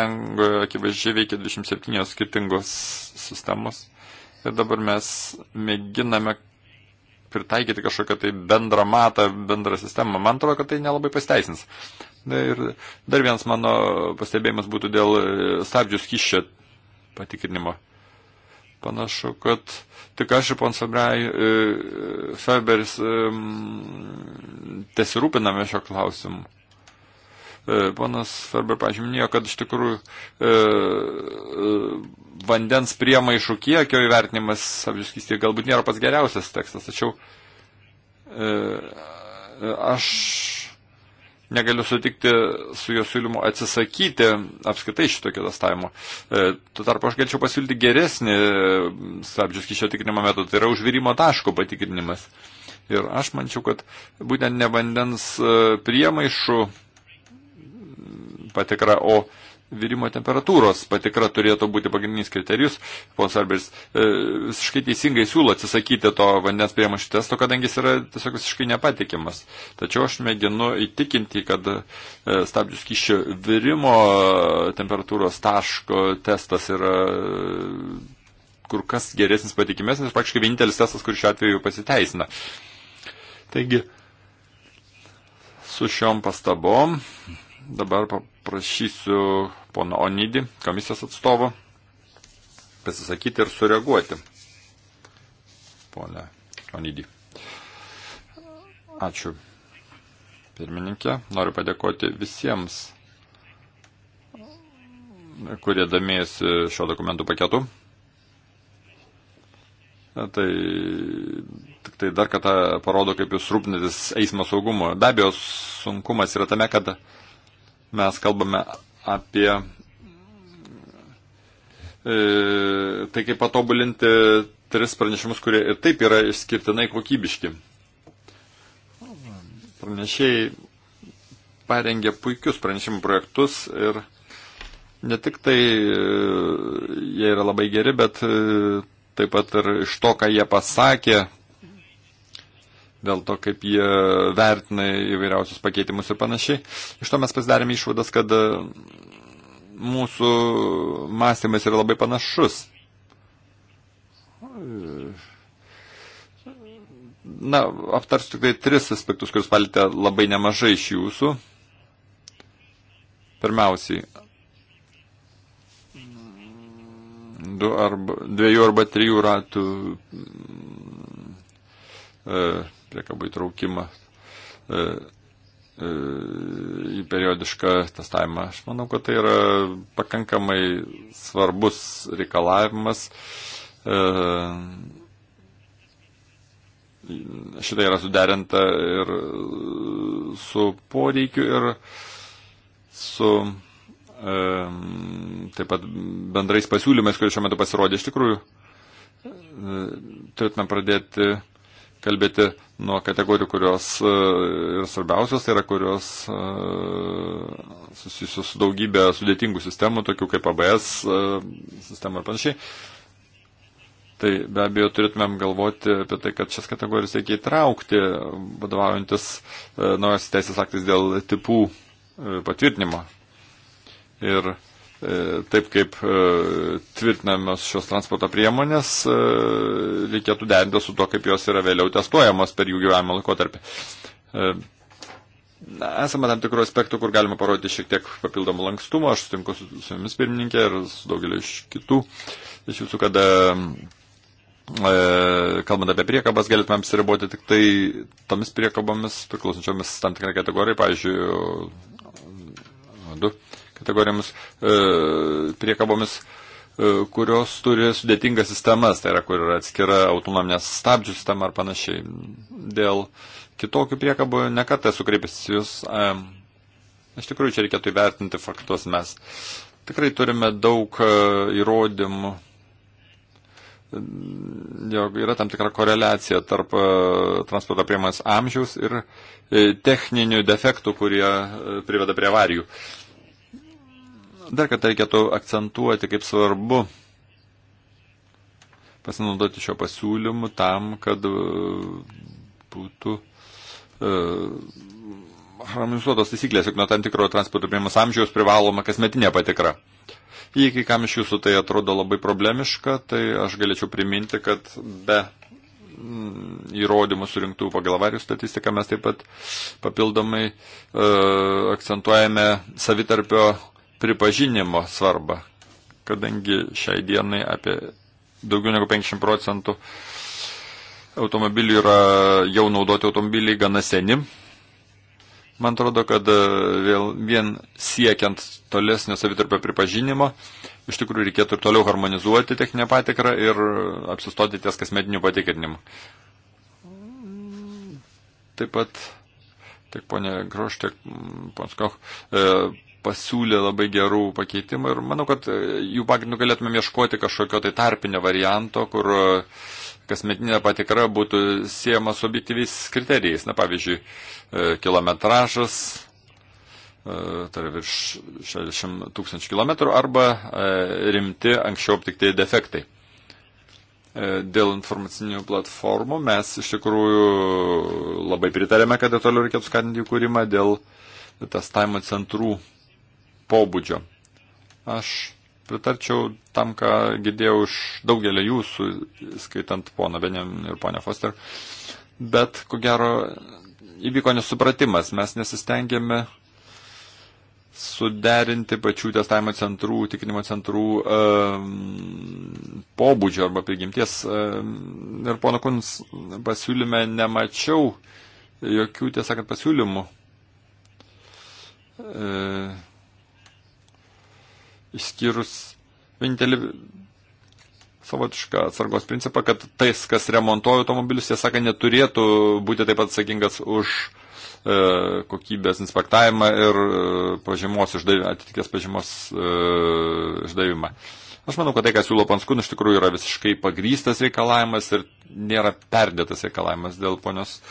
S3: akivaizdžiai veikia 27 skirtingos sistemos ir dabar mes mėginame pritaikyti kažkokią tai bendrą matą, bendrą sistemą. Man atrodo, kad tai nelabai pasteisins. Ir dar vienas mano pastebėjimas būtų dėl e, stabdžių skyščio patikrinimo. Panašu, kad tik aš ir pon e, Feberis tesirūpiname šio klausimu. E, ponas Ferber pažymėjo, kad iš tikrųjų e, e, vandens priemaišų kiekio įvertinimas apžiūrskystėje galbūt nėra pats geriausias tekstas, tačiau aš negaliu sutikti su jo siūlymu atsisakyti apskaitai šito katastavimo. Tuo tarpu aš galėčiau pasiūlyti geresnį stabdžius kišio tikrinimo metodą, tai yra užvirimo taško patikrinimas. Ir aš mančiau, kad būtent ne vandens priemaišų patikra, o virimo temperatūros patikra turėtų būti pagrindinis kriterijus. Pons Arberis e, visiškai teisingai siūlo atsisakyti to vandens priemašų testo, kadangi jis yra tiesiog visiškai nepatikimas. Tačiau aš mėginu įtikinti, kad e, stabdžių skyščio virimo temperatūros taško testas yra e, kur kas geresnis patikimesnis, praktiškai vienintelis testas, kuris šiuo atveju pasiteisina. Taigi, su šiom pastabom Dabar paprašysiu pono Onidį, komisijos atstovo, pasisakyti ir sureaguoti. Pone Onidį. Ačiū. Pirmininkė, noriu padėkoti visiems, kurie domėjosi šio dokumentų paketu. Na, tai tik tai dar kartą parodo, kaip jūs rūpinatės eismo saugumo. Be abejo, sunkumas yra tame, kad mes kalbame apie e, tai kaip patobulinti tris pranešimus, kurie ir taip yra išskirtinai kokybiški. Pranešėjai parengė puikius pranešimų projektus ir ne tik tai e, jie yra labai geri, bet e, taip pat ir iš to, ką jie pasakė, dėl to, kaip jie vertina įvairiausius pakeitimus ir panašiai. Iš to mes pasidarėme išvadas, kad e, mūsų mąstymas yra labai panašus. Na, aptarsiu tik tai tris aspektus, kuriuos palite labai nemažai iš jūsų. Pirmiausiai, du arba, dviejų arba trijų ratų e, priekabų įtraukimą e, e, į periodišką testavimą. Aš manau, kad tai yra pakankamai svarbus reikalavimas. E, Šitai yra suderinta ir su poreikiu ir su taip pat bendrais pasiūlymais, kurie šiuo metu pasirodė. Iš tikrųjų, turėtume pradėti kalbėti nuo kategorijų, kurios e, yra svarbiausios, tai yra kurios e, susijusios su daugybė sudėtingų sistemų, tokių kaip ABS e, sistema ir panašiai. Tai be abejo turėtumėm galvoti apie tai, kad šias kategorijas reikia įtraukti, vadovaujantis naujas teisės aktais dėl tipų patvirtinimo. Ir taip kaip tvirtinamos šios transporto priemonės, reikėtų derinti su to, kaip jos yra vėliau testuojamos per jų gyvenimo laikotarpį. Na, esame tam tikrų aspektų, kur galima parodyti šiek tiek papildomų lankstumo. Aš sutinku su, su jumis pirmininkė ir su daugeliu iš kitų iš jūsų, kad e, kalbant apie priekabas, galėtume apsiriboti tik tai tomis priekabomis, priklausančiomis tam tikrai kategorijai, pavyzdžiui, du. E, kategorijomis e, priekabomis, e, kurios turi sudėtingas sistemas, tai yra, kur yra atskira autonominė stabdžių sistema ar panašiai. Dėl kitokių priekabų nekartą esu kreipęs jūs. E, iš tikrųjų, čia reikėtų įvertinti faktus. Mes tikrai turime daug įrodymų jog yra tam tikra koreliacija tarp transporto priemonės amžiaus ir techninių defektų, kurie priveda prie avarijų. Uh, Dar kartą reikėtų akcentuoti, kaip svarbu pasinaudoti šio pasiūlymu tam, kad e, būtų e, harmonizuotos taisyklės, juk nuo tam tikro transporto priemonės amžiaus privaloma kasmetinė patikra. Jei kai kam iš jūsų tai atrodo labai problemiška, tai aš galėčiau priminti, kad be mm, įrodymų surinktų pagal avarijų statistiką mes taip pat papildomai e, akcentuojame savitarpio pripažinimo svarbą, kadangi šiai dienai apie daugiau negu 50 procentų automobilių yra jau naudoti automobiliai gana seni. Man atrodo, kad e, vėl, vien siekiant tolesnio savitarpio pripažinimo, iš tikrųjų reikėtų ir toliau harmonizuoti techninę patikrą ir apsistoti ties kasmetiniu patikrinimu. Taip pat tiek ponė Groš, tiek pons Koch e, pasiūlė labai gerų pakeitimų ir manau, kad e, jų pagrindų galėtume ieškoti kažkokio tai tarpinio varianto, kur e, kasmetinė patikra būtų siejama su objektyviais kriterijais. Na, pavyzdžiui, e, kilometražas, tai yra virš 60 tūkstančių kilometrų, arba rimti anksčiau aptikti defektai. Dėl informacinių platformų mes iš tikrųjų labai pritarėme, kad toliau reikėtų skatinti jų kūrimą dėl testavimo centrų pobūdžio. Aš pritarčiau tam, ką girdėjau iš daugelio jūsų, skaitant poną Benėm ir ponę Foster, bet ko gero įvyko nesupratimas, mes nesistengėme suderinti pačių testavimo centrų, tikinimo centrų e, pobūdžio arba prigimties. E, ir pono Kuns pasiūlyme nemačiau jokių, tiesą sakant, pasiūlymų. E, išskyrus vienintelį savotišką atsargos principą, kad tais, kas remontuoja automobilius, jie sako, neturėtų būti taip pat atsakingas už e, kokybės inspektavimą ir e, pažymos išdavimą, atitikės pažymos e, išdavimą. Aš manau, kad tai, ką siūlo Panskun, iš tikrųjų yra visiškai pagrystas reikalavimas ir nėra perdėtas reikalavimas dėl ponios e,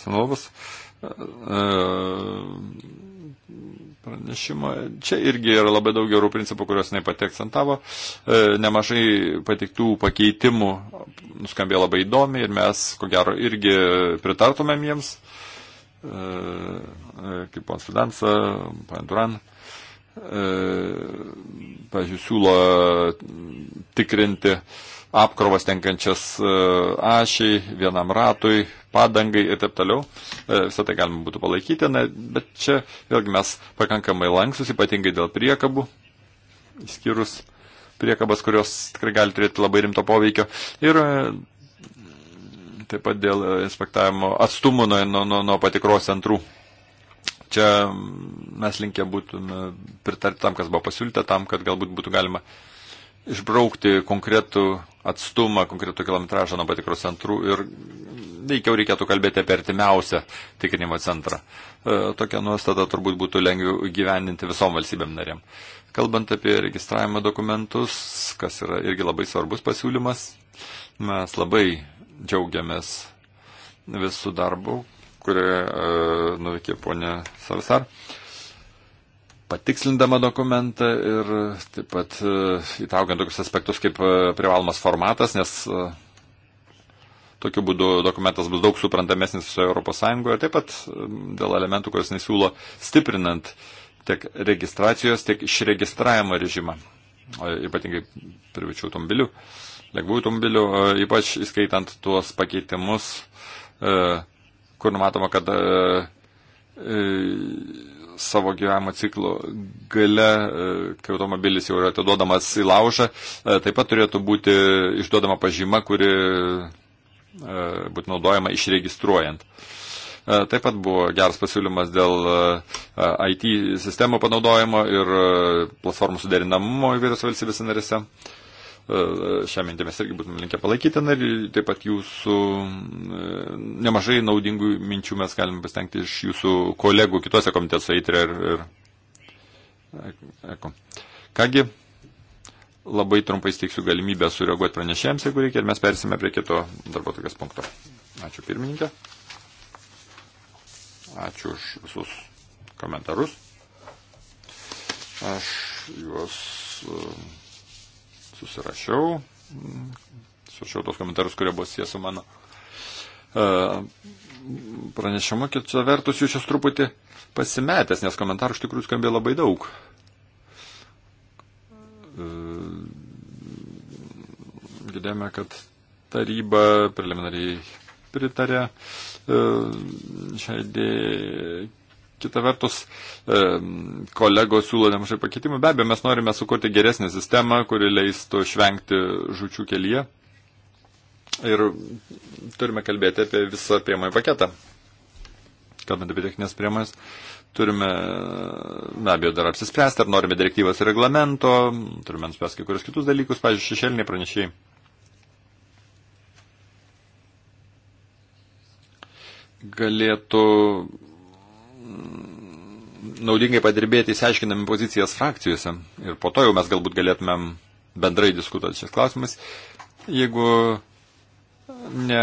S3: Senovas. E, e, pranešimo. Čia irgi yra labai daug gerų principų, kuriuos jinai pati akcentavo. E, nemažai patiktų pakeitimų nuskambėjo labai įdomi ir mes, ko gero, irgi pritartumėm jiems, e, e, kaip pons Fidansa, Panduran. Pavyzdžiui, siūlo tikrinti apkrovas tenkančias ašiai vienam ratui, padangai ir taip toliau. E, Visą tai galima būtų palaikyti, na, bet čia vėlgi mes pakankamai lanksus, ypatingai dėl priekabų, išskyrus priekabas, kurios tikrai gali turėti labai rimto poveikio. Ir e, taip pat dėl inspektavimo atstumų nuo, nuo, nuo, nuo patikros centrų. Čia mes linkę būtume pritarti tam, kas buvo pasiūlyta, tam, kad galbūt būtų galima išbraukti konkretų atstumą, konkretų kilometražą nuo patikros centrų ir veikiau reikėtų kalbėti apie artimiausią tikrinimo centrą. E, tokia nuostata turbūt būtų lengviau gyveninti visom valstybėm narėm. Kalbant apie registravimo dokumentus, kas yra irgi labai svarbus pasiūlymas, mes labai džiaugiamės visų darbų, kurį e, nuveikė ponė Sarsar. E, patikslindama dokumentą ir taip pat e, įtraukiant tokius aspektus kaip e, privalomas formatas, nes e, tokiu būdu dokumentas bus daug suprantamesnis visoje Europos Sąjungoje ir taip pat dėl elementų, kuriuos nesiūlo stiprinant tiek registracijos, tiek išregistravimo režimą, ypatingai privačių automobilių, lengvųjų automobilių, ypač įskaitant tuos pakeitimus, kur numatoma, kad savo gyvenimo ciklo gale, e, kai automobilis jau yra atiduodamas į laužą, e, taip pat turėtų būti išduodama pažyma, kuri e, būtų naudojama išregistruojant. Taip pat buvo geras pasiūlymas dėl IT sistemų panaudojimo ir platformų suderinamumo įvairios valstybės narėse. E, šią mintį mes irgi būtume linkę palaikyti ir taip pat jūsų e, nemažai naudingų minčių mes galime pasitengti iš jūsų kolegų kitose komitetuose įtrė ir, ir eko. Kągi, labai trumpai steiksiu galimybę sureaguoti pranešėjams, jeigu reikia, ir mes persime prie kito darbo tokias punkto. Ačiū pirmininkė. Ačiū už visus komentarus. Aš juos e, susirašiau, susirašiau tos komentarus, kurie buvo sies su mano e, pranešimu, kita vertus jų šis truputį pasimetęs, nes komentarų iš tikrųjų skambėjo labai daug. E, girdėjome, kad taryba preliminariai pritarė e, šiai idėjai Kita vertus, kolegos siūlo nemažai pakeitimų. Be abejo, mes norime sukurti geresnę sistemą, kuri leistų išvengti žučių kelyje. Ir turime kalbėti apie visą priemonių paketą. Kalbant apie techninės priemonės, turime, be abejo, dar apsispręsti, ar norime direktyvos ir reglamento, turime nuspręsti kai kurios kitus dalykus, pavyzdžiui, šešėliniai pranešėjai. galėtų naudingai padirbėti įsiaiškinami pozicijas frakcijose ir po to jau mes galbūt galėtumėm bendrai diskutuoti šis klausimas, jeigu ne,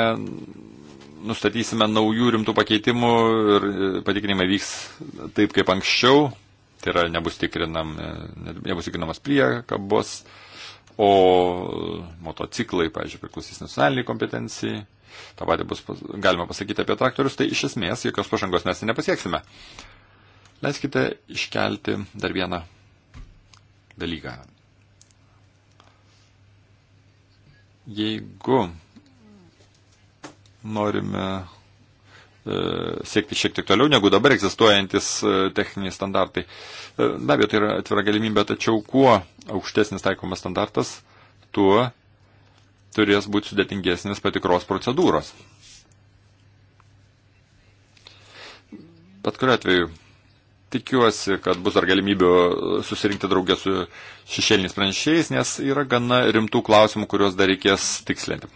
S3: nustatysime naujų rimtų pakeitimų ir e, patikrinimai vyks taip kaip anksčiau, tai yra nebus, tikrinam, e, nebus tikrinamas priekabos, o motociklai, pažiūrėjau, priklausys nacionaliniai kompetencijai tą patį bus pas, galima pasakyti apie traktorius, tai iš esmės jokios pažangos mes nepasieksime. Leiskite iškelti dar vieną dalyką. Jeigu norime e, siekti šiek tiek toliau negu dabar egzistuojantis e, techniniai standartai. E, be abejo, tai yra atvira galimybė, tačiau kuo aukštesnis taikomas standartas, tuo turės būti sudėtingesnės patikros procedūros. Bet kuriu atveju, tikiuosi, kad bus dar galimybių susirinkti draugę su šešėliniais pranešėjais, nes yra gana rimtų klausimų, kuriuos dar reikės tikslinti.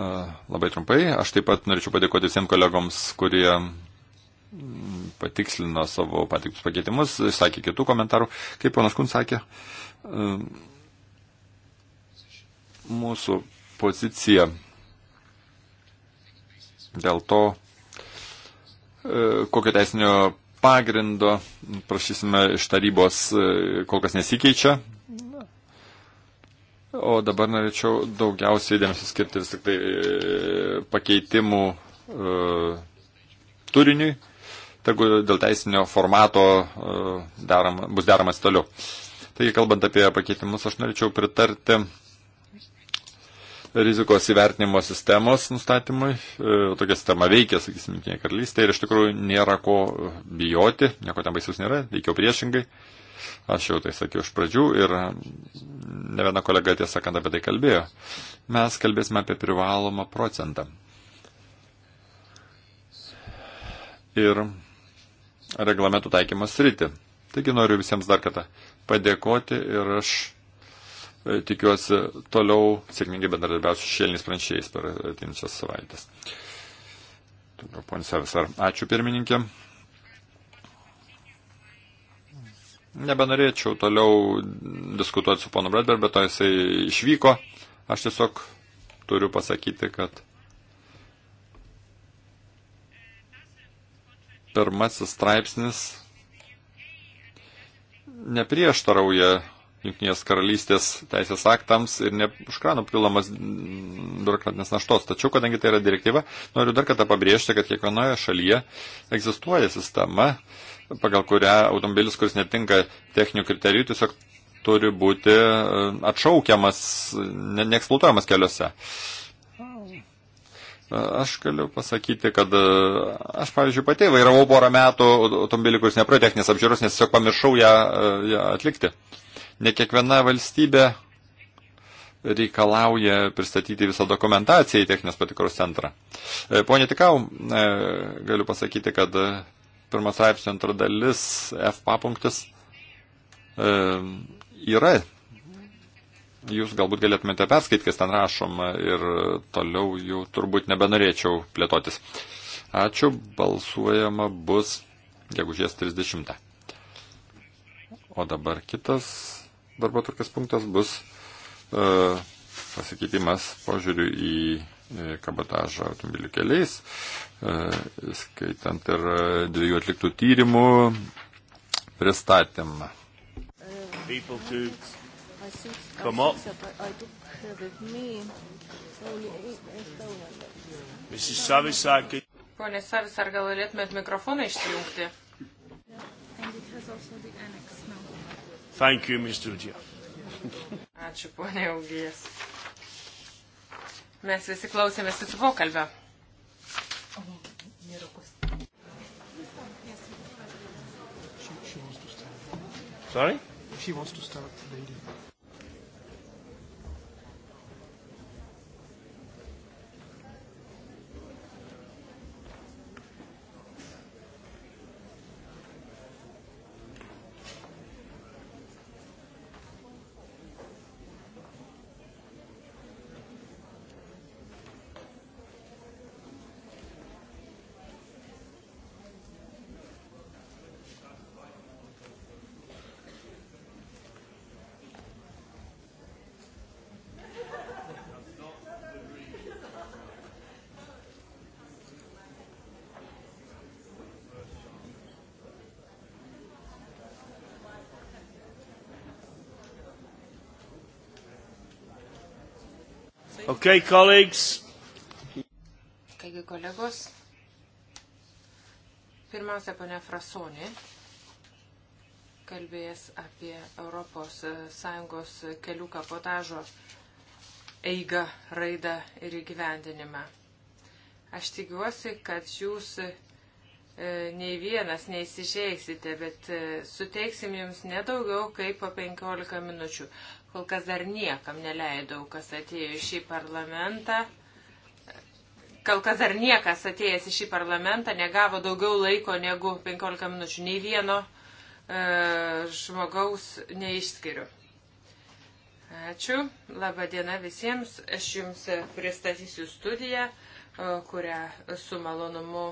S3: Labai trumpai, aš taip pat norėčiau padėkoti visiems kolegoms, kurie mm, patikslino savo patiktus pakeitimus, sakė kitų komentarų, kaip ponas Kun sakė, mūsų pozicija dėl to, e, kokio teisinio pagrindo prašysime iš tarybos e, kol kas nesikeičia. O dabar norėčiau daugiausiai dėmesio skirti vis tik tai e, pakeitimų turiniui, tegu dėl teisinio formato daram, bus deramas toliau. Taigi, kalbant apie pakeitimus, aš norėčiau pritarti rizikos įvertinimo sistemos nustatymui. E, tokia sistema veikia, sakysim, Junktinė karalystė ir iš tikrųjų nėra ko bijoti, nieko ten baisus nėra, veikiau priešingai. Aš jau tai sakiau iš pradžių ir ne viena kolega tiesą sakant apie tai kalbėjo. Mes kalbėsime apie privalomą procentą. Ir reglamentų taikymas rytį. Taigi noriu visiems dar kartą padėkoti ir aš E, tikiuosi toliau sėkmingai bendradarbiausiu šėliniais pranešėjais per atinčias savaitės. Pone Savisar, ačiū pirmininkė. Nebenorėčiau toliau diskutuoti su ponu Bradber, bet to jisai išvyko. Aš tiesiog turiu pasakyti, kad pirmasis straipsnis neprieštarauja Junktinės karalystės teisės aktams ir neužkrano pilamas biurokratinės naštos. Tačiau, kadangi tai yra direktyva, noriu dar kartą pabrėžti, kad kiekvienoje šalyje egzistuoja sistema, pagal kurią automobilis, kuris netinka techninių kriterijų, tiesiog turi būti e, atšaukiamas, ne, neeksploatuojamas keliuose. Aš galiu pasakyti, kad e, aš, pavyzdžiui, pati vairavau porą metų automobilį, kuris nepraėjo techninės apžiūros, nes tiesiog pamiršau ją, e, ją atlikti. Uh, Ne kiekviena valstybė reikalauja pristatyti visą dokumentaciją į techninės patikros centrą. E, Pone Tikau, e, galiu pasakyti, kad pirmas straipsnio antra dalis, F papunktis, e, yra. Jūs galbūt galėtumėte perskaityti, kas ten rašoma ir toliau jau turbūt nebenorėčiau plėtotis. Ačiū, balsuojama bus gegužės 30. O dabar kitas darbo turkės punktas bus e, pasikeitimas požiūriu į e, kabotažą automobilių keliais, e, skaitant ir dviejų atliktų tyrimų pristatymą.
S1: Oh, Pone Savis, ar galėtumėt mikrofoną išsijungti? Yeah. Thank you, Mr. Udžija. Ačiū, ponė Augijas. Mes visi klausėmės jūsų pokalbio. Sorry? She wants to start the Okay, colleagues. Taigi, kolegos, pirmiausia, ponia Frasonė kalbėjęs apie ES kelių kapotažo eigą, raidą ir įgyvendinimą. Aš tikiuosi, kad jūs E, nei vienas neįsižeisite, bet e, suteiksim jums nedaugiau kaip po 15 minučių. Kol kas dar niekam neleidau, kas atėjo į šį parlamentą. Kol kas dar niekas atėjęs į šį parlamentą negavo daugiau laiko negu 15 minučių. Nei vieno e, žmogaus neišskiriu. Ačiū. Labą dieną visiems. Aš jums pristatysiu studiją, e, kurią su malonumu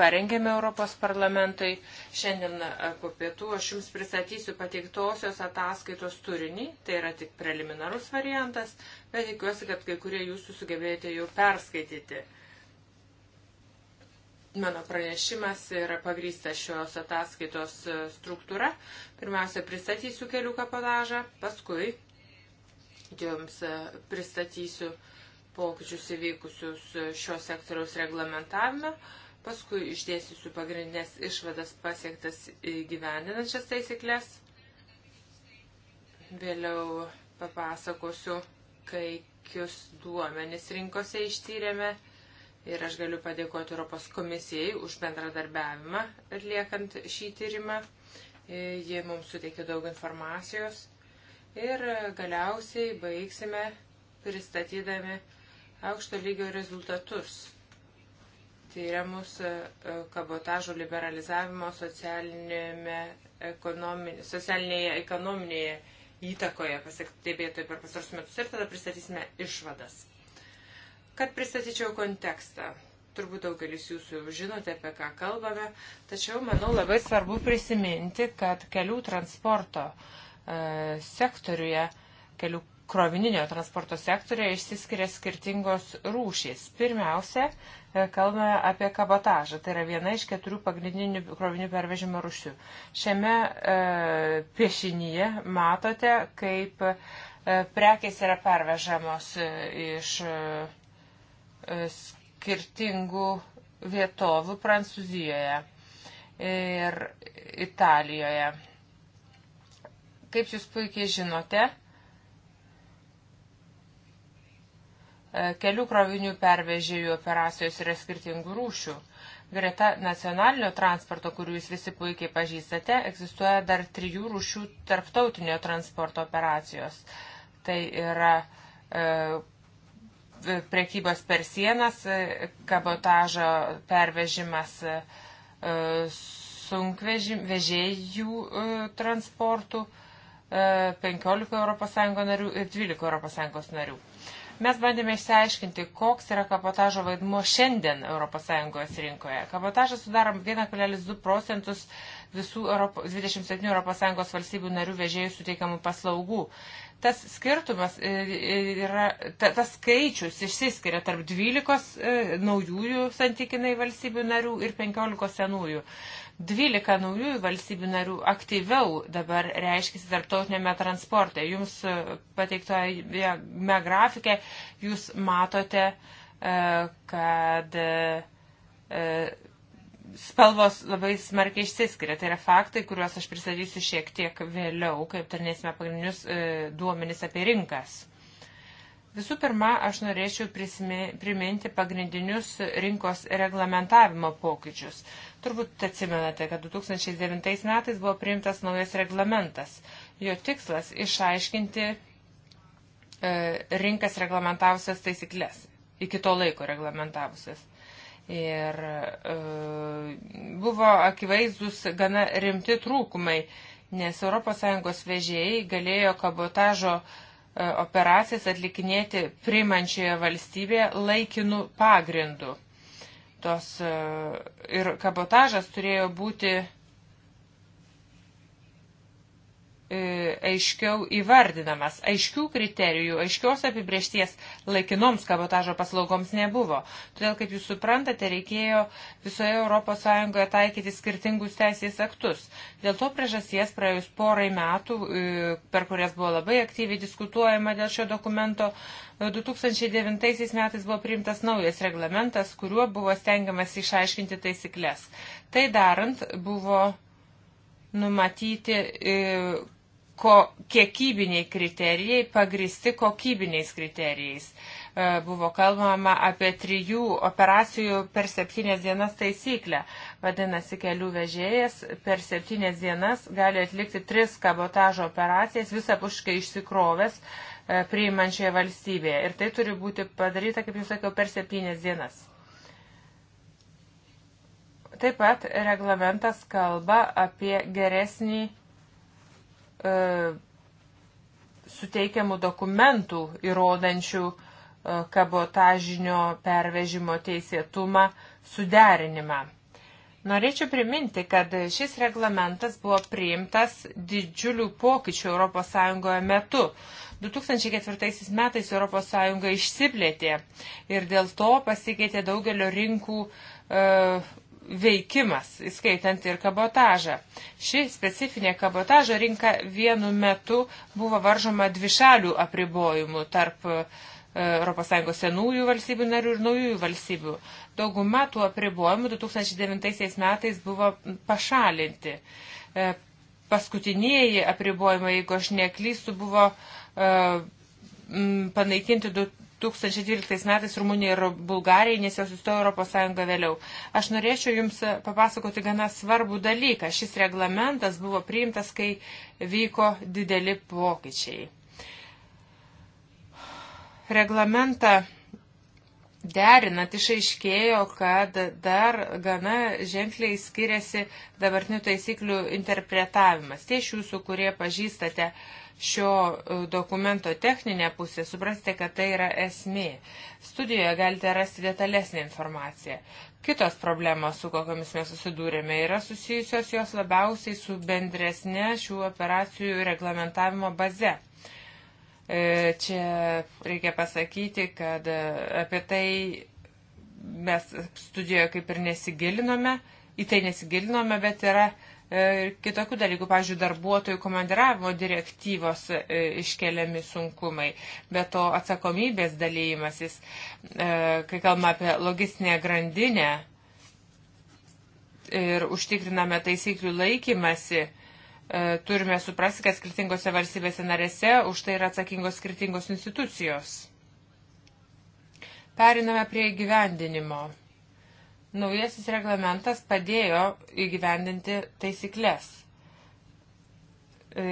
S1: parengėme Europos parlamentui. Šiandien e, po pietų aš jums pristatysiu pateiktosios ataskaitos turinį. Tai yra tik preliminarus variantas, bet tikiuosi, kad kai kurie jūsų sugebėjote jau perskaityti. Mano pranešimas yra pagrįstas šios ataskaitos e, struktūra. Pirmiausia, pristatysiu kelių kapodažą, paskui jums e, pristatysiu uh, pokyčius įvykusius šio sektoriaus reglamentavime, paskui išdėstysiu pagrindinės išvadas pasiektas gyvendinančias taisyklės, vėliau papasakosiu, kaikius duomenis rinkose ištyrėme ir aš galiu padėkoti Europos komisijai už bendradarbiavimą atliekant šį tyrimą. Ji mums suteikė daug informacijos ir galiausiai baigsime pristatydami aukšto lygio rezultatus tyriamus e, e, kabotažo liberalizavimo ekonomi, socialinėje ekonominėje įtakoje pasiktebėtoje per pasarus metus ir tada pristatysime išvadas. Kad pristatyčiau kontekstą, turbūt daugelis jūsų jau žinote, apie ką kalbame, tačiau manau labai svarbu prisiminti, kad kelių transporto e, sektoriuje, kelių krovininio transporto sektorėje išsiskiria skirtingos rūšys. Pirmiausia, e, kalbame apie kabotažą. Tai yra viena iš keturių pagrindinių krovinių pervežimo rūšių. Šiame e, piešinyje matote, kaip e, prekės yra pervežamos e, iš e, skirtingų vietovių Prancūzijoje ir Italijoje. Kaip jūs puikiai žinote, E, kelių krovinių pervežėjų operacijos yra skirtingų rūšių. Greta nacionalinio transporto, kurį jūs visi puikiai pažįstate, egzistuoja dar trijų rūšių tarptautinio transporto operacijos. Tai yra e, prekybos per sienas, e, kabotažo pervežimas e, sunkvežėjų e, transportų e, 15 ES narių ir 12 ES narių. Mes bandėme išsiaiškinti, koks yra kabotažo vaidmuo šiandien ES rinkoje. Kabotažas sudaro 1,2 procentus visų Europo, 27 ES valstybių narių vežėjų suteikiamų paslaugų. Tas skirtumas e, e, yra, ta, tas skaičius išsiskiria tarp 12 e, naujųjų santykinai valstybių narių ir 15 senųjų. 12 naujųjų valstybių narių aktyviau dabar reiškisi tarptautinėme transporte. Jums e, pateiktojame grafikė, jūs matote, e, kad e, spalvos labai smarkiai išsiskiria. Tai yra faktai, kuriuos aš pristatysiu šiek tiek vėliau, kai aptarnėsime pagrindinius duomenis apie rinkas. Visų pirma, aš norėčiau prisimi, priminti pagrindinius rinkos reglamentavimo pokyčius. Turbūt atsimenate, kad 2009 metais buvo priimtas naujas reglamentas. Jo tikslas - išaiškinti e, rinkas reglamentavusias taisyklės, iki to laiko reglamentavusias. Ir e, buvo akivaizdus gana rimti trūkumai, nes ES vežėjai galėjo kabotažo e, operacijas atlikinėti priimančioje valstybėje laikinų pagrindų tos e, ir kabotažas turėjo būti E, aiškiau įvardinamas. Aiškių kriterijų, aiškios apibriešties laikinoms kabotažo paslaugoms nebuvo. Todėl, kaip jūs suprantate, reikėjo visoje ES taikyti skirtingus teisės aktus. Dėl to priežasties praėjus porai metų, e, per kurias buvo labai aktyviai diskutuojama dėl šio dokumento, 2009 e, metais buvo priimtas naujas reglamentas, kuriuo buvo stengiamas išaiškinti taisyklės. Tai darant buvo numatyti ko, kiekybiniai kriterijai pagristi kokybiniais kriterijais. E, buvo kalbama apie trijų operacijų per septynės dienas taisyklę. Vadinasi, kelių vežėjas per septynės dienas gali atlikti tris kabotažo operacijas visapuškai išsikrovęs e, priimančioje valstybėje. Ir tai turi būti padaryta, kaip jūs sakiau, per septynės dienas. Taip pat reglamentas kalba apie geresnį E, suteikiamų dokumentų įrodančių e, kabotažinio pervežimo teisėtumą suderinimą. Norėčiau priminti, kad šis reglamentas buvo priimtas didžiulių pokyčių ES metu. 2004 metais ES išsiplėtė ir dėl to pasikeitė daugelio rinkų e, veikimas, įskaitant ir kabotažą. Ši specifinė kabotažo rinka vienu metu buvo varžoma dvišalių apribojimų tarp e, ES senųjų valstybių narių ir naujųjų valstybių. Dauguma tų apribojimų 2009 metais buvo pašalinti. E, paskutinieji apribojimai, jeigu aš neklystu, buvo e, panaikinti 2012 metais Rumunijai ir Bulgarijai, nes jos įstojo Europos Sąjungą vėliau. Aš norėčiau Jums papasakoti gana svarbų dalyką. Šis reglamentas buvo priimtas, kai vyko dideli pokyčiai. Reglamentą derinant išaiškėjo, kad dar gana ženkliai skiriasi dabartinių taisyklių interpretavimas. Tie iš jūsų, kurie pažįstate šio e, dokumento techninę pusę, suprastė, kad tai yra esmė. Studijoje galite rasti detalesnį informaciją. Kitos problemos, su kokiamis mes susidūrėme, yra susijusios jos labiausiai su bendresne šių operacijų reglamentavimo baze. E, čia reikia pasakyti, kad e, apie tai mes studijoje kaip ir nesigilinome, į tai nesigilinome, bet yra e, kitokių dalykų, pavyzdžiui, darbuotojų komandiravimo direktyvos iškeliami sunkumai, bet to atsakomybės dalymasis, kai kalbame apie logistinę grandinę ir užtikriname taisyklių laikymasi, E, turime suprasti, kad skirtingose valstybėse narėse už tai yra atsakingos skirtingos institucijos. Periname prie įgyvendinimo. Naujasis reglamentas padėjo įgyvendinti taisyklės. E,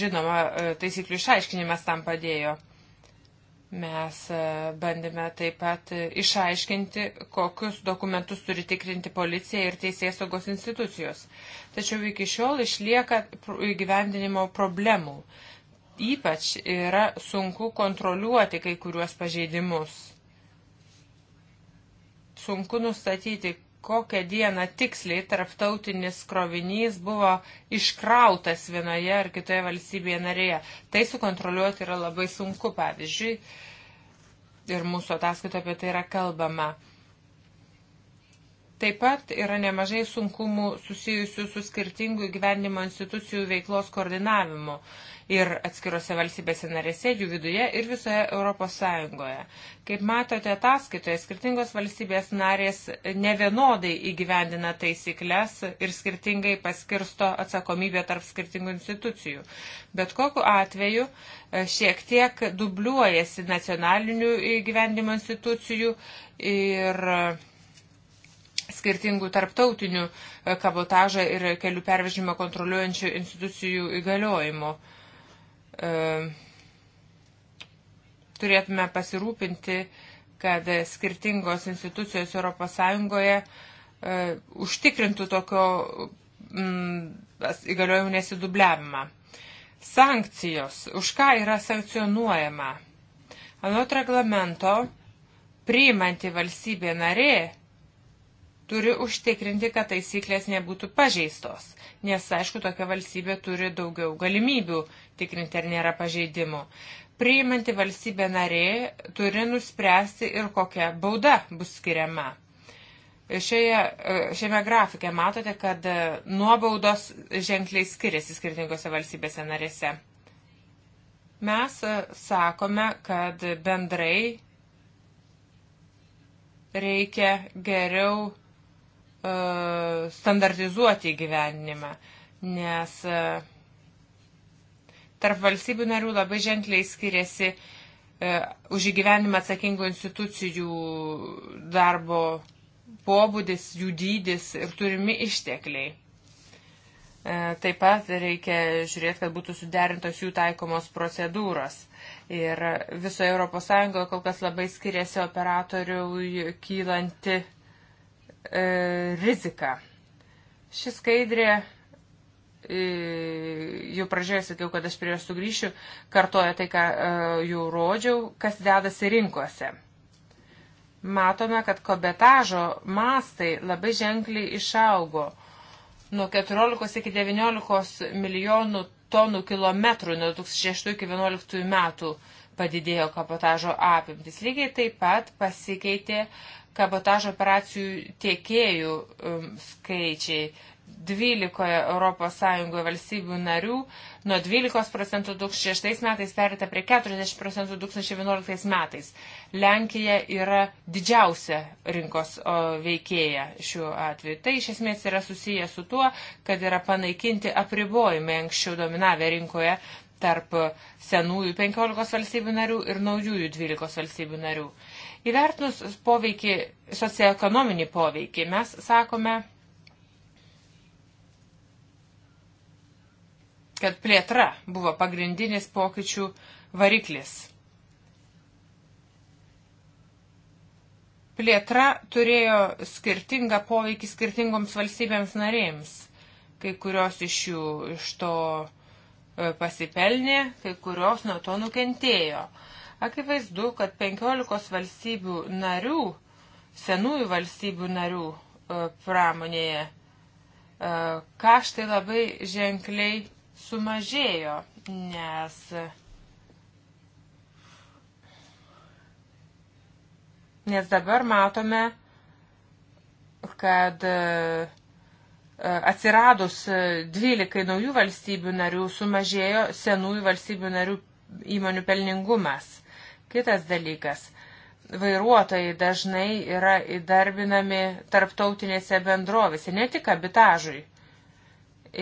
S1: žinoma, e, taisyklių išaiškinimas tam padėjo. Mes bandėme taip pat išaiškinti, kokius dokumentus turi tikrinti policija ir teisės saugos institucijos tačiau iki šiol išlieka įgyvendinimo problemų. Ypač yra sunku kontroliuoti kai kuriuos pažeidimus. Sunku nustatyti, kokią dieną tiksliai tarptautinis krovinys buvo iškrautas vienoje ar kitoje valstybėje narėje. Tai sukontroliuoti yra labai sunku, pavyzdžiui, ir mūsų ataskaito apie tai yra kalbama. Taip pat yra nemažai sunkumų susijusių su skirtingų gyvenimo institucijų veiklos koordinavimu ir atskirose valstybėse narėse, jų viduje ir visoje Europos Sąjungoje. Kaip matote ataskaitoje, skirtingos valstybės narės nevienodai įgyvendina taisyklės ir skirtingai paskirsto atsakomybę tarp skirtingų institucijų. Bet kokiu atveju e, šiek tiek dubliuojasi nacionalinių įgyvendimo institucijų ir e, skirtingų tarptautinių e, kabotažą ir kelių pervežimą kontroliuojančių institucijų įgaliojimų. E, turėtume pasirūpinti, kad skirtingos institucijos ES e, užtikrintų tokio mm, įgaliojimų nesidubliavimą. Sankcijos. Už ką yra sankcionuojama? Anot reglamento, priimanti valstybė narė turi užtikrinti, kad taisyklės nebūtų pažeistos, nes, aišku, tokia valstybė turi daugiau galimybių tikrinti, ar nėra pažeidimų. Priimanti valstybė narė turi nuspręsti ir kokia bauda bus skiriama. Šioje, šiame grafike matote, kad nuobaudos ženkliai skiriasi skirtingose valstybėse narėse. Mes e, sakome, kad bendrai reikia geriau standartizuoti gyvenimą, nes e, tarp valstybių narių labai ženkliai skiriasi e, už įgyvenimą atsakingų institucijų darbo pobūdis, jų dydis ir turimi ištekliai. E, taip pat reikia žiūrėti, kad būtų suderintos jų taikomos procedūros. Ir visoje ES kol kas labai skiriasi operatorių kylanti e, riziką. Ši skaidrė, e, jau pradžioje sakiau, kad aš prie jos sugrįšiu, kartoja tai, ką e, jau rodžiau, kas dedasi rinkose. Matome, kad kobetažo mastai labai ženkliai išaugo nuo 14 iki 19 milijonų tonų kilometrų nuo 2006 iki 2011 metų padidėjo kapotažo apimtis. Lygiai taip pat pasikeitė uh, kabotažo operacijų tiekėjų um, skaičiai. 12 ES valstybių narių nuo 12 procentų 2006 metais perėta prie 40 procentų 2011 metais. Lenkija yra didžiausia rinkos veikėja šiuo atveju. Tai iš esmės yra susiję su tuo, kad yra panaikinti apribojimai anksčiau dominavę rinkoje tarp senųjų 15 valstybių narių ir naujųjų 12 valstybių narių. Įvertinus poveikį, socioekonominį poveikį, mes sakome, kad plėtra buvo pagrindinis pokyčių variklis. Plėtra turėjo skirtingą poveikį skirtingoms valstybėms narėms. Kai kurios iš jų iš to e, pasipelnė, kai kurios nuo to nukentėjo. Akivaizdu, kad 15 valstybių narių, senųjų valstybių narių e, pramonėje e, kaštai labai ženkliai sumažėjo, nes Nes dabar matome, kad e, atsiradus 12 naujų valstybių narių sumažėjo senųjų valstybių narių įmonių pelningumas. Kitas dalykas. Vairuotojai dažnai yra įdarbinami tarptautinėse bendrovėse, ne tik abitažui.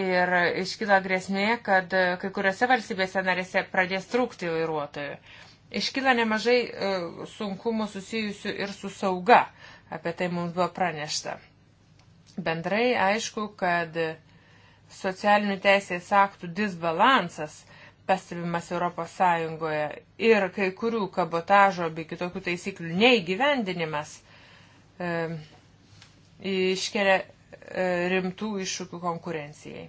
S1: Ir iškyla grėsmė, kad kai kuriuose valstybėse narėse pradės trūkti vairuotojų. Iškyla nemažai e, sunkumų susijusių ir su sauga. Apie tai mums buvo pranešta. Bendrai aišku, kad socialinių teisės aktų disbalansas pastebimas Europos Sąjungoje ir kai kurių kabotažo bei kitokių taisyklių neįgyvendinimas e, iškelia e, rimtų iššūkių konkurencijai.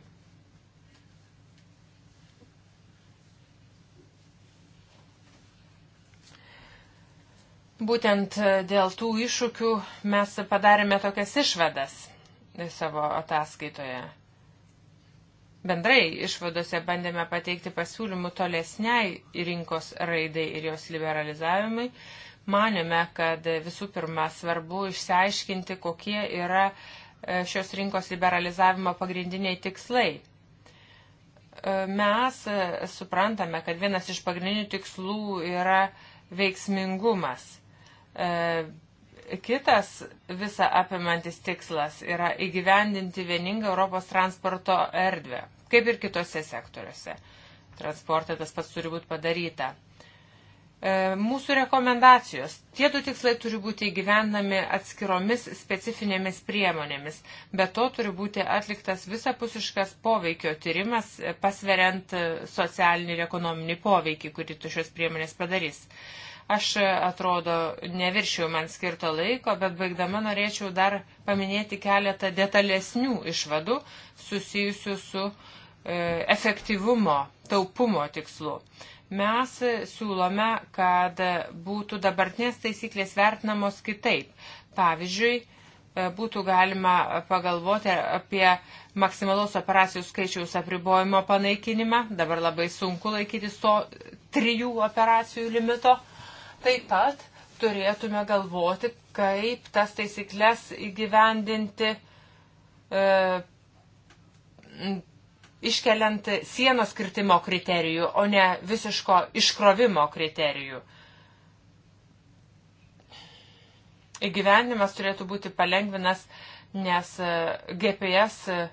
S1: Būtent e, dėl tų iššūkių mes padarėme tokias išvadas savo ataskaitoje bendrai išvadose bandėme pateikti pasiūlymų tolesniai rinkos raidai ir jos liberalizavimui, manėme, kad visų pirma svarbu išsiaiškinti, kokie yra e, šios rinkos liberalizavimo pagrindiniai tikslai. E, mes e, suprantame, kad vienas iš pagrindinių tikslų yra veiksmingumas Kitas visą apimantis tikslas yra įgyvendinti vieningą Europos transporto erdvę, kaip ir kitose sektoriuose. Transporte tas pats turi būti padaryta. E, mūsų rekomendacijos. Tie du tikslai turi būti įgyvendami atskiromis specifinėmis priemonėmis. Be to turi būti atliktas visapusiškas poveikio tyrimas, e, pasveriant e, socialinį ir ekonominį poveikį, kurį tu šios priemonės padarys. Aš e, atrodo neviršiau man skirto laiko, bet baigdama norėčiau dar paminėti keletą detalesnių išvadų susijusių su e, efektyvumo, taupumo tikslu. Mes siūlome, kad būtų dabartinės taisyklės vertinamos kitaip. Pavyzdžiui, e, būtų galima pagalvoti apie maksimalaus operacijų skaičiaus apribojimo panaikinimą. Dabar labai sunku laikytis to trijų operacijų limito. Taip pat turėtume galvoti, kaip tas taisyklės įgyvendinti, e, iškeliant sienos kirtimo kriterijų, o ne visiško iškrovimo kriterijų. Įgyvendimas turėtų būti palengvinas, nes e, GPS e,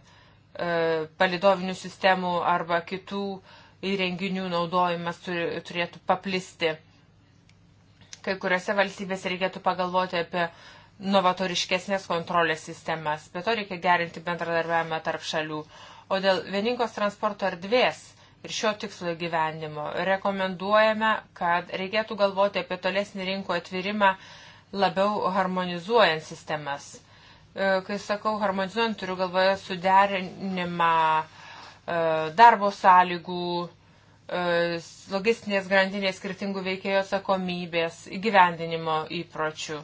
S1: palidovinių sistemų arba kitų įrenginių naudojimas turėtų paplisti Kai kuriuose valstybėse reikėtų pagalvoti apie novatoriškesnės kontrolės sistemas, bet to reikia gerinti bendradarbiavimą tarp šalių. O dėl vieningos transporto erdvės ir šio tikslo gyvenimo rekomenduojame, kad reikėtų galvoti apie tolesnį rinkų atvirimą labiau harmonizuojant sistemas. E, kai sakau harmonizuojant, turiu galvoje suderinimą e, darbo sąlygų, E, logistinės grandinės skirtingų veikėjų atsakomybės, įgyvendinimo įpročių.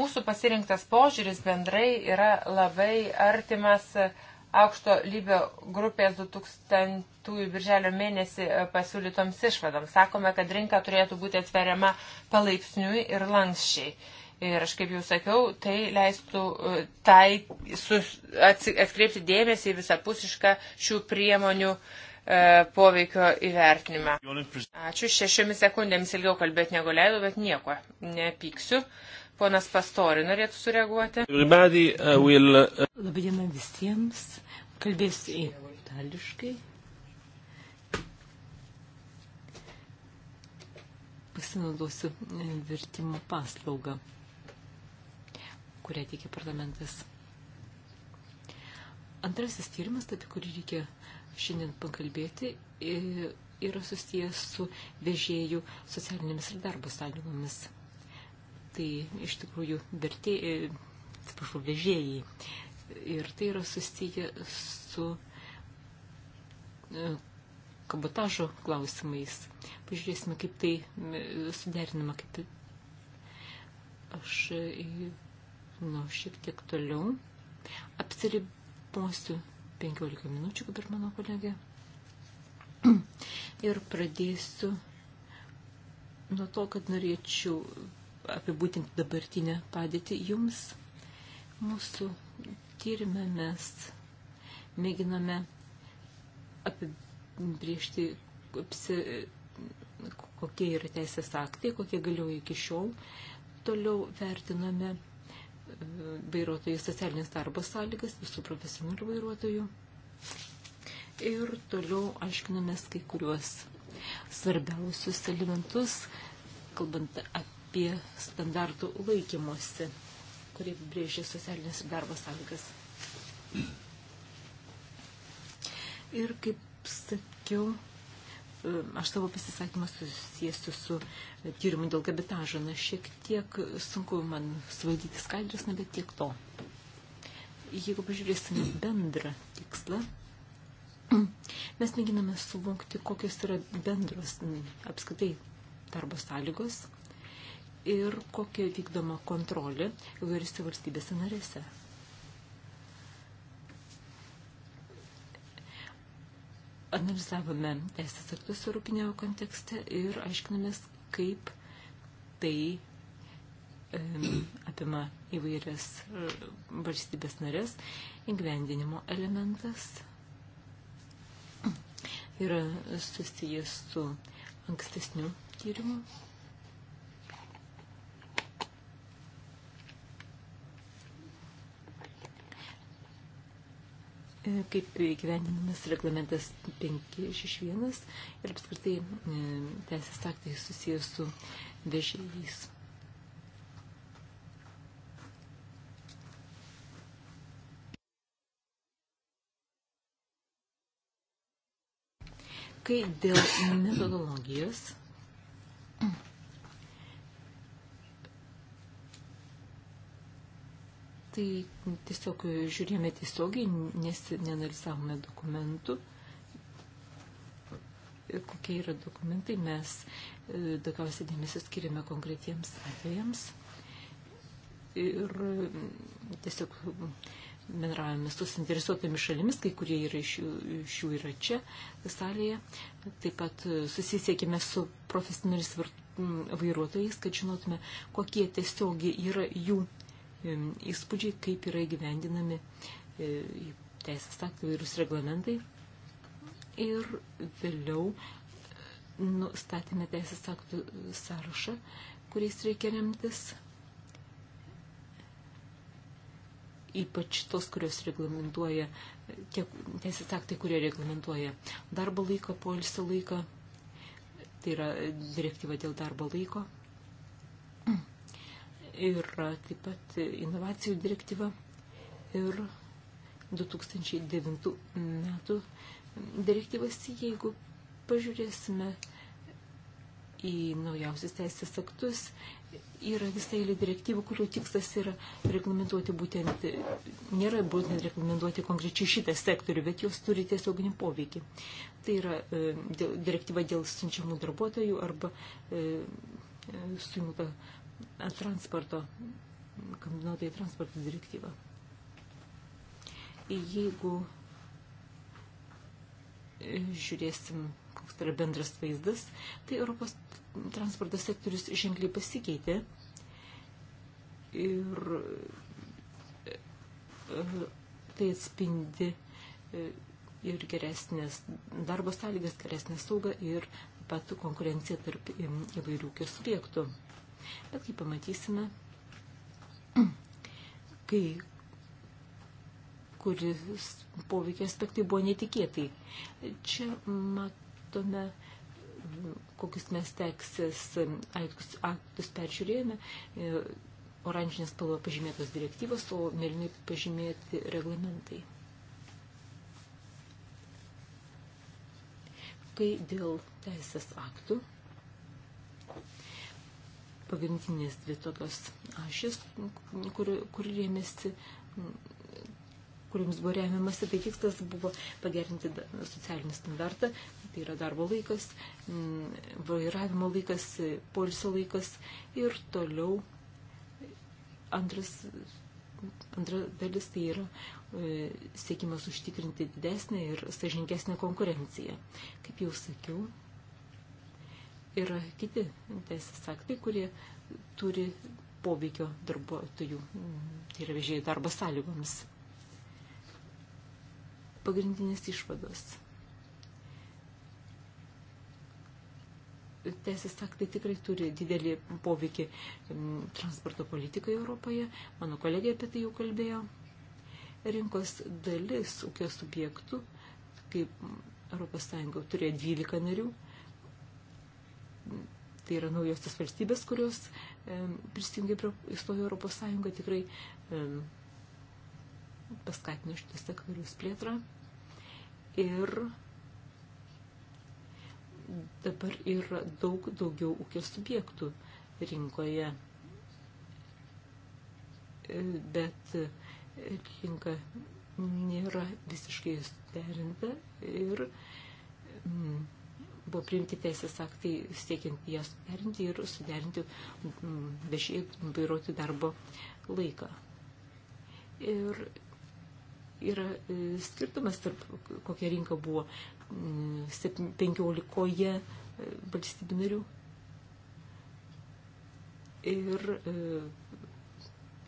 S1: Mūsų pasirinktas požiūris bendrai yra labai artimas aukšto lygio grupės 2000 birželio mėnesį e, pasiūlytoms išvadoms. Sakome, kad rinka turėtų būti atveriama palaipsniui ir lankščiai. Ir aš kaip jau sakiau, tai leistų e, tai, sus, atkreipti dėmesį į visapusišką šių priemonių uh, E, poveikio įvertinimą. Ačiū, šešiomis sekundėmis ilgiau kalbėti negu leidau, bet nieko, nepyksiu. Ponas Pastori norėtų sureaguoti.
S2: Uh, will... Uh, Labadiena visiems, kalbėsiu itališkai. Pasinaudosiu e, vertimo paslaugą, kurią teikia parlamentas. Antrasis tyrimas, tai apie kurį reikia šiandien pakalbėti e, yra susijęs su vežėjų socialinėmis ir darbo sąlygomis. Tai iš tikrųjų vertė, e, atsiprašau, vežėjai. Ir tai yra susiję su e, kabotažo klausimais. Pažiūrėsime, kaip tai suderinama, kaip tai- aš nu, šiek tiek toliau apsiribosiu 15 minučių, kaip ir mano kolegė. <clears throat> Ir pradėsiu nuo to, kad norėčiau apibūtinti dabartinę padėtį jums. Mūsų tyrimę mes mėginame apibriežti, apsi, kokie yra teisės aktai, kokie galioja iki šiol. Toliau vertiname vairuotojų socialinės darbo sąlygas, visų profesionalių vairuotojų. Ir toliau aiškinamės kai kuriuos svarbiausius elementus, kalbant apie standartų laikymosi, kurie brėžia socialinės darbo sąlygas. Ir kaip sakiau, aš savo pasisakymą susijęsiu su tyrimu dėl kabitažo. Na, šiek tiek sunku man suvaldyti skaidrės, na, bet tiek to. Jeigu pažiūrėsime bendrą tikslą, mes mėginame suvokti, kokios yra bendros apskaitai darbo sąlygos ir kokia vykdoma kontrolė įvairiose valstybėse narėse. analizavome teisės aktus Europinio kontekste ir aiškinamės, kaip tai apima įvairias e, valstybės narės, įgyvendinimo elementas yra susijęs su ankstesniu tyrimu E, kaip gyvenimas reglamentas 561 ir apskritai e, teisės aktai susijęs su vežėjais. Kai dėl metodologijos tai tiesiog žiūrėjome tiesiogiai, nes nenalizavome dokumentų. Kokie yra dokumentai, mes e, daugiausiai dėmesio skiriame konkretiems atvejams ir mm, tiesiog mm, bendravome su suinteresuotomis šalimis, kai kurie yra iš jų, iš jų yra čia salėje. Taip pat e, susisiekime su profesionaliais mm, vairuotojais, kad žinotume, kokie tiesiogiai yra jų E, įspūdžiai, kaip yra įgyvendinami e, teisės aktai vairūs reglamentai. Ir vėliau e, nustatėme teisės aktų sąrašą, kuriais reikia remtis. Ypač tos, kurios reglamentuoja, tie teisės aktai, kurie reglamentuoja darbo laiką, poilsio laiką, tai yra direktyva dėl darbo laiko yra taip pat inovacijų direktyva ir 2009 metų direktyvas, jeigu pažiūrėsime į naujausius teisės aktus, yra visai eilė direktyvų, kurių tikslas yra reglamentuoti būtent, nėra būtent reglamentuoti konkrečiai šitą sektorių, bet jos turi tiesioginį poveikį. Tai yra e, direktyva dėl siunčiamų darbuotojų arba e, e suimta transporto, kombinuotą į transporto direktyvą. Jeigu e, žiūrėsim, koks yra bendras vaizdas, tai Europos transporto sektorius ženkliai pasikeitė ir e, tai atspindi e, ir geresnės darbo sąlygas, geresnės saugą ir pat konkurenciją tarp įvairių subjektų. Bet kaip pamatysime, kai kuris poveikia aspektai buvo netikėtai. Čia matome, kokius mes teksės aktus, aktus peržiūrėjome. Oranžinė spalva pažymėtos direktyvos, o mėlynai pažymėti reglamentai. Kai dėl teisės aktų pagrindinės dvi tokios ašis, kur, kur rėmėsi kuriems buvo remiamasi, tai tikslas buvo pagerinti socialinį standartą, tai yra darbo laikas, mm, vairavimo laikas, polisio laikas ir toliau antras, antra dalis tai yra e, siekimas užtikrinti didesnį ir sažinkesnį konkurenciją. Kaip jau sakiau, yra kiti teisės aktai, kurie turi poveikio darbuotojų, mm, tai yra vežėjų darbo sąlygomis. Pagrindinės išvados. Teisės aktai tikrai turi didelį poveikį mm, transporto politikai Europoje. Mano kolegė apie tai jau kalbėjo. Rinkos dalis ūkio subjektų, kaip ES turėjo 12 narių, tai yra naujosios valstybės, kurios prisijungė prie įstojų Europos Sąjungą, tikrai paskatino šitą sektorius plėtrą. Ir dabar yra daug daugiau ūkio subjektų rinkoje. E, bet e, rinka nėra visiškai suderinta ir mm, buvo priimti teisės aktai, siekiant jas derinti ir suderinti vežėjų mm, vairuoti darbo laiką. Ir yra e, skirtumas tarp, kokia rinka buvo 15 mm, e, valstybių narių. Ir e,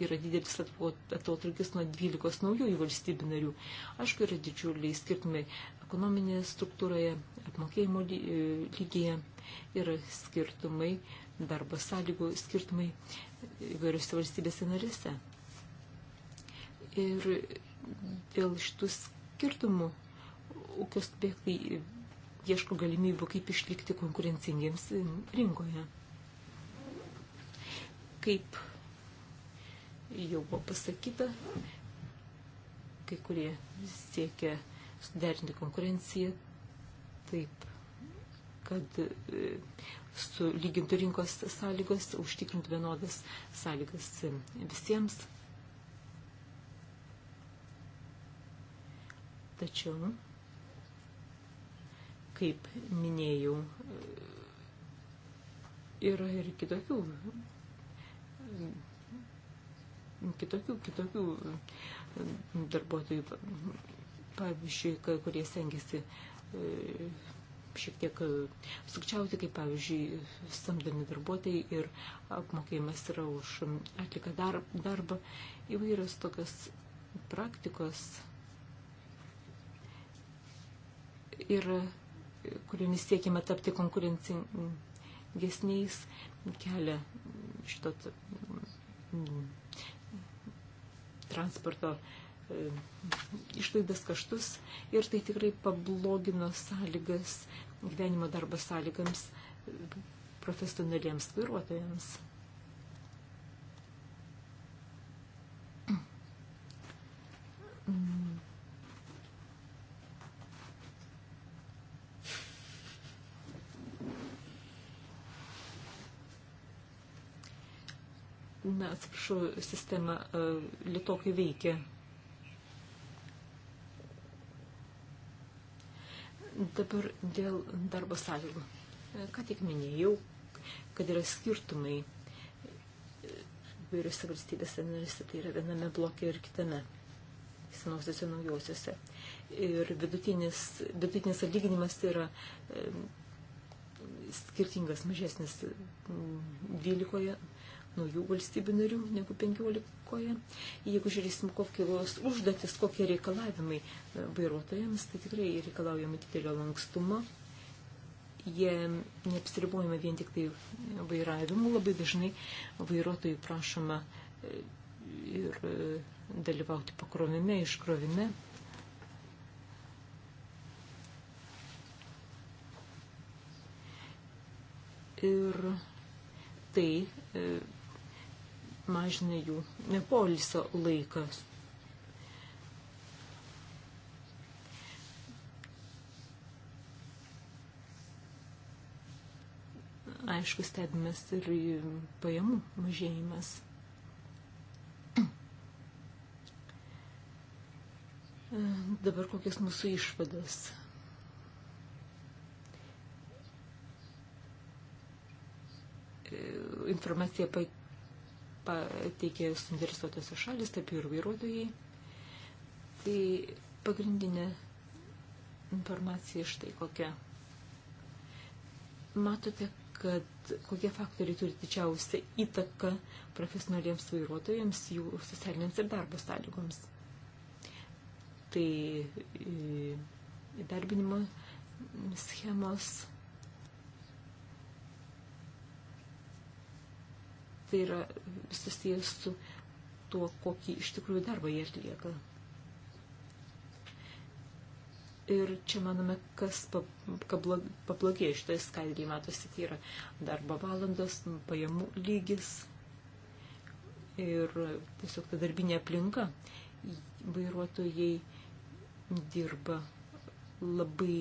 S2: yra didelis atotrukis nuo 12 naujųjų valstybių narių. Aišku, yra didžiuliai skirtumai ekonominėje struktūroje, apmokėjimo e, lygyje yra skirtumai, darbo sąlygų skirtumai įvairiose valstybėse narėse. Ir dėl šitų skirtumų ūkio subjektai ieško galimybių, kaip išlikti konkurencingiems rinkoje. Kaip jau buvo pasakyta, kai kurie siekia suderinti konkurenciją taip, kad e, su lygintų rinkos sąlygos užtikrintų vienodas sąlygas e, visiems. Tačiau, kaip minėjau, e, yra ir kitokių kitokių, kitokių darbuotojų pavyzdžiui, kurie stengiasi e, šiek tiek e, sukčiauti, kaip pavyzdžiui, samdomi darbuotojai ir apmokėjimas yra už atliką darbą. Įvairios tokios praktikos ir kuriomis siekime tapti konkurencingesniais, kelia šito mm, transporto uh, E, išlaidas kaštus ir tai tikrai pablogino sąlygas, gyvenimo darbo sąlygams e, profesionaliems vairuotojams. Na, atsiprašau, sistema uh, litokai veikia. Dabar dėl darbo sąlygų. E, ką tik minėjau, kad yra skirtumai e, vairiose valstybėse narėse, tai yra viename bloke ir kitame, senosiuose ir naujausiuose. Ir vidutinis, vidutinis atlyginimas yra e, skirtingas, mažesnis 12 naujų valstybių narių negu 15. Jeigu žiūrėsim, kokios užduotis, kokie reikalavimai e, vairuotojams, tai tikrai reikalaujama didelio lankstumo. Jie neapsiribuojama vien tik tai vairavimu, labai dažnai vairuotojų prašoma e, ir e, dalyvauti pakrovime, iškrovime. Ir tai mažina jų poliso laikas. Aišku, stebimas ir pajamų mažėjimas. Dabar kokias mūsų išvadas. informacija pateikė suinteresuotose šalis, taip ir vairuotojai. Tai pagrindinė informacija štai kokia. Matote, kad kokie faktoriai turi didžiausią įtaką profesionaliems vairuotojams, jų socialiniams ir darbo sąlygoms. Tai e, įdarbinimo schemos tai yra susijęs su tuo, kokį iš tikrųjų darbą jie atlieka. Ir čia manome, kas pablogėjo šitoje skaidrėje, matosi, tai yra darbo valandos, pajamų lygis ir tiesiog ta darbinė aplinka. Vairuotojai dirba labai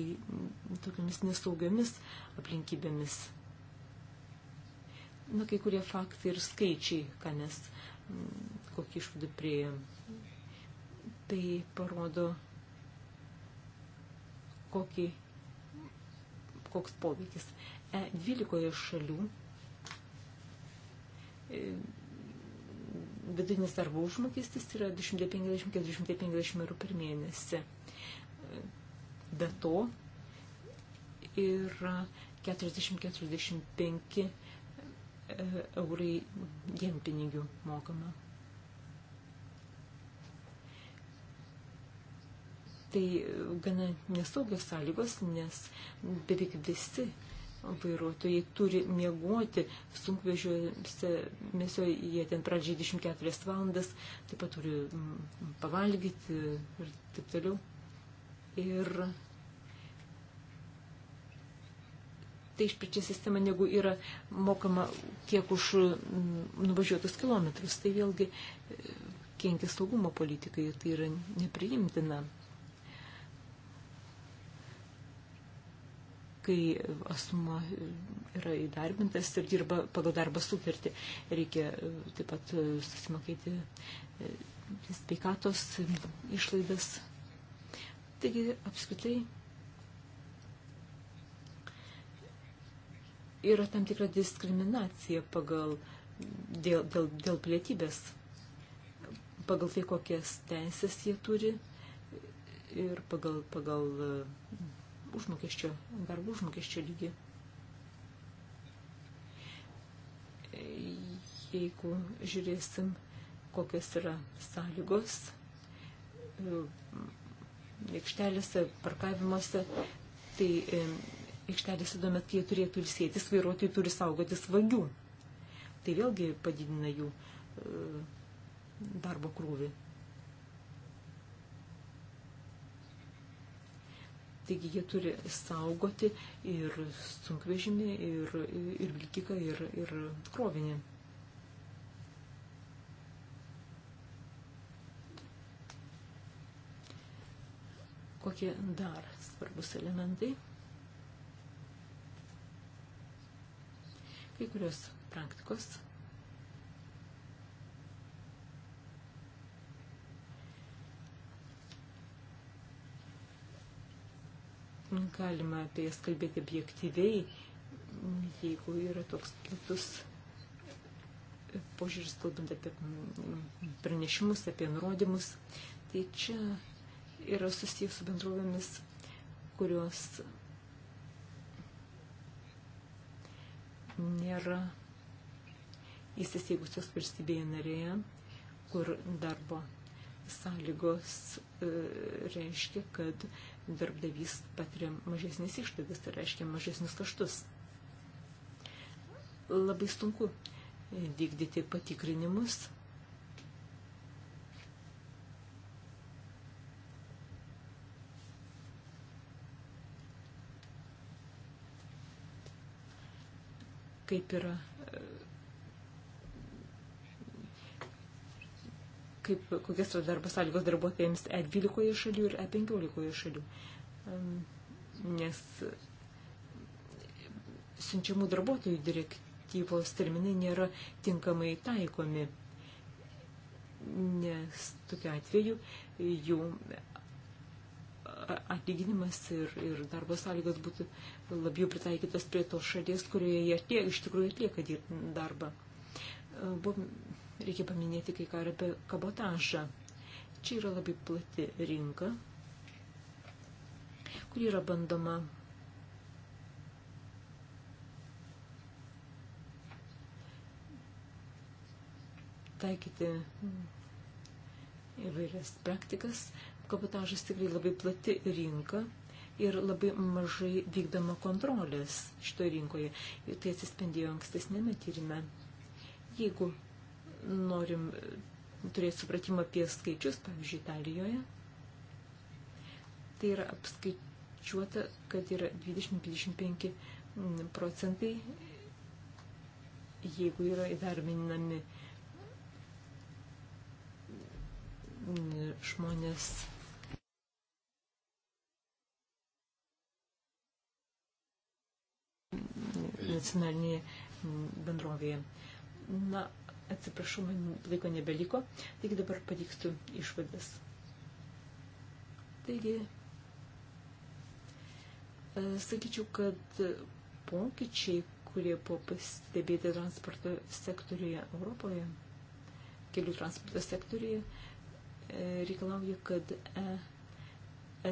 S2: tokiamis nesaugiomis aplinkybėmis. Na, kai kurie faktai ir skaičiai, ką mes mm, kokį išvadą prieėm. Tai parodo, kokį, koks poveikis. E, 12 šalių e, vidutinis darbo užmokestis yra 250-450 eurų per mėnesį. Be to yra 40-45 eurai dienpinigių mokama. Tai gana nesaugios sąlygos, nes beveik visi vairuotojai turi miegoti sunkvežiuose, mes jo jie ten pradžiai 24 valandas, taip pat turi mm, pavalgyti ir taip toliau. Ir tai išplečia sistemą, negu yra mokama tiek už mm, nuvažiuotus kilometrus. Tai vėlgi e, kenkia saugumo politikai, tai yra nepriimtina. kai asmuo yra įdarbintas ir dirba pagal darbą sutartį. Reikia e, taip pat e, susimokėti sveikatos išlaidas. Taigi, apskritai, yra tam tikra diskriminacija pagal, dėl, dėl, dėl pilietybės, pagal tai, kokias teisės jie turi ir pagal, pagal užmokesčio, darbo užmokesčio lygį. Jeigu žiūrėsim, kokios yra sąlygos aikštelėse, parkavimuose, tai aikštelėse, tuomet, kai jie turėtų ilsėtis, vairuotojai turi saugotis vagių. Tai vėlgi padidina jų e, darbo krūvį. Taigi jie turi saugoti ir sunkvežimį, ir, ir vilkiką, ir, ir krovinį. Kokie dar svarbus elementai? kai kurios praktikos. Galima apie jas kalbėti objektyviai, jeigu yra toks kitus požiūris, kalbant apie pranešimus, apie nurodymus. Tai čia yra susijęs su bendrovėmis, kurios nėra įsiseigusios valstybėje narėje, kur darbo sąlygos e, reiškia, kad darbdavys patiria mažesnis išlaidas, tai reiškia mažesnis kaštus. Labai sunku vykdyti patikrinimus kaip yra, kaip, kokias yra darbo sąlygos darbuotojams E12 šalių ir E15 šalių. Nes siunčiamų darbuotojų direktyvos terminai nėra tinkamai taikomi, nes tokiu atveju jų atlyginimas ir, ir darbo sąlygos būtų labiau pritaikytos prie tos šalies, kurioje jie atlie, iš tikrųjų atlieka darbą. E, Buvo, reikia paminėti kai ką apie kabotažą. Čia yra labai plati rinka, kur yra bandoma taikyti mm, įvairias praktikas, kabotažas tikrai labai plati rinka ir labai mažai vykdoma kontrolės šitoje rinkoje. Ir tai atsispendėjo ankstesnėme tyrime. Jeigu norim turėti supratimą apie skaičius, pavyzdžiui, Italijoje, tai yra apskaičiuota, kad yra 20-25 procentai, jeigu yra įdarbinami žmonės nacionalinėje bendrovėje. Na, atsiprašau, man laiko nebeliko, taigi dabar patikstu išvadas. Taigi, e, sakyčiau, kad pokyčiai, kurie buvo pastebėti transporto sektoriuje Europoje, kelių transporto sektoriuje, e, reikalauja, kad e,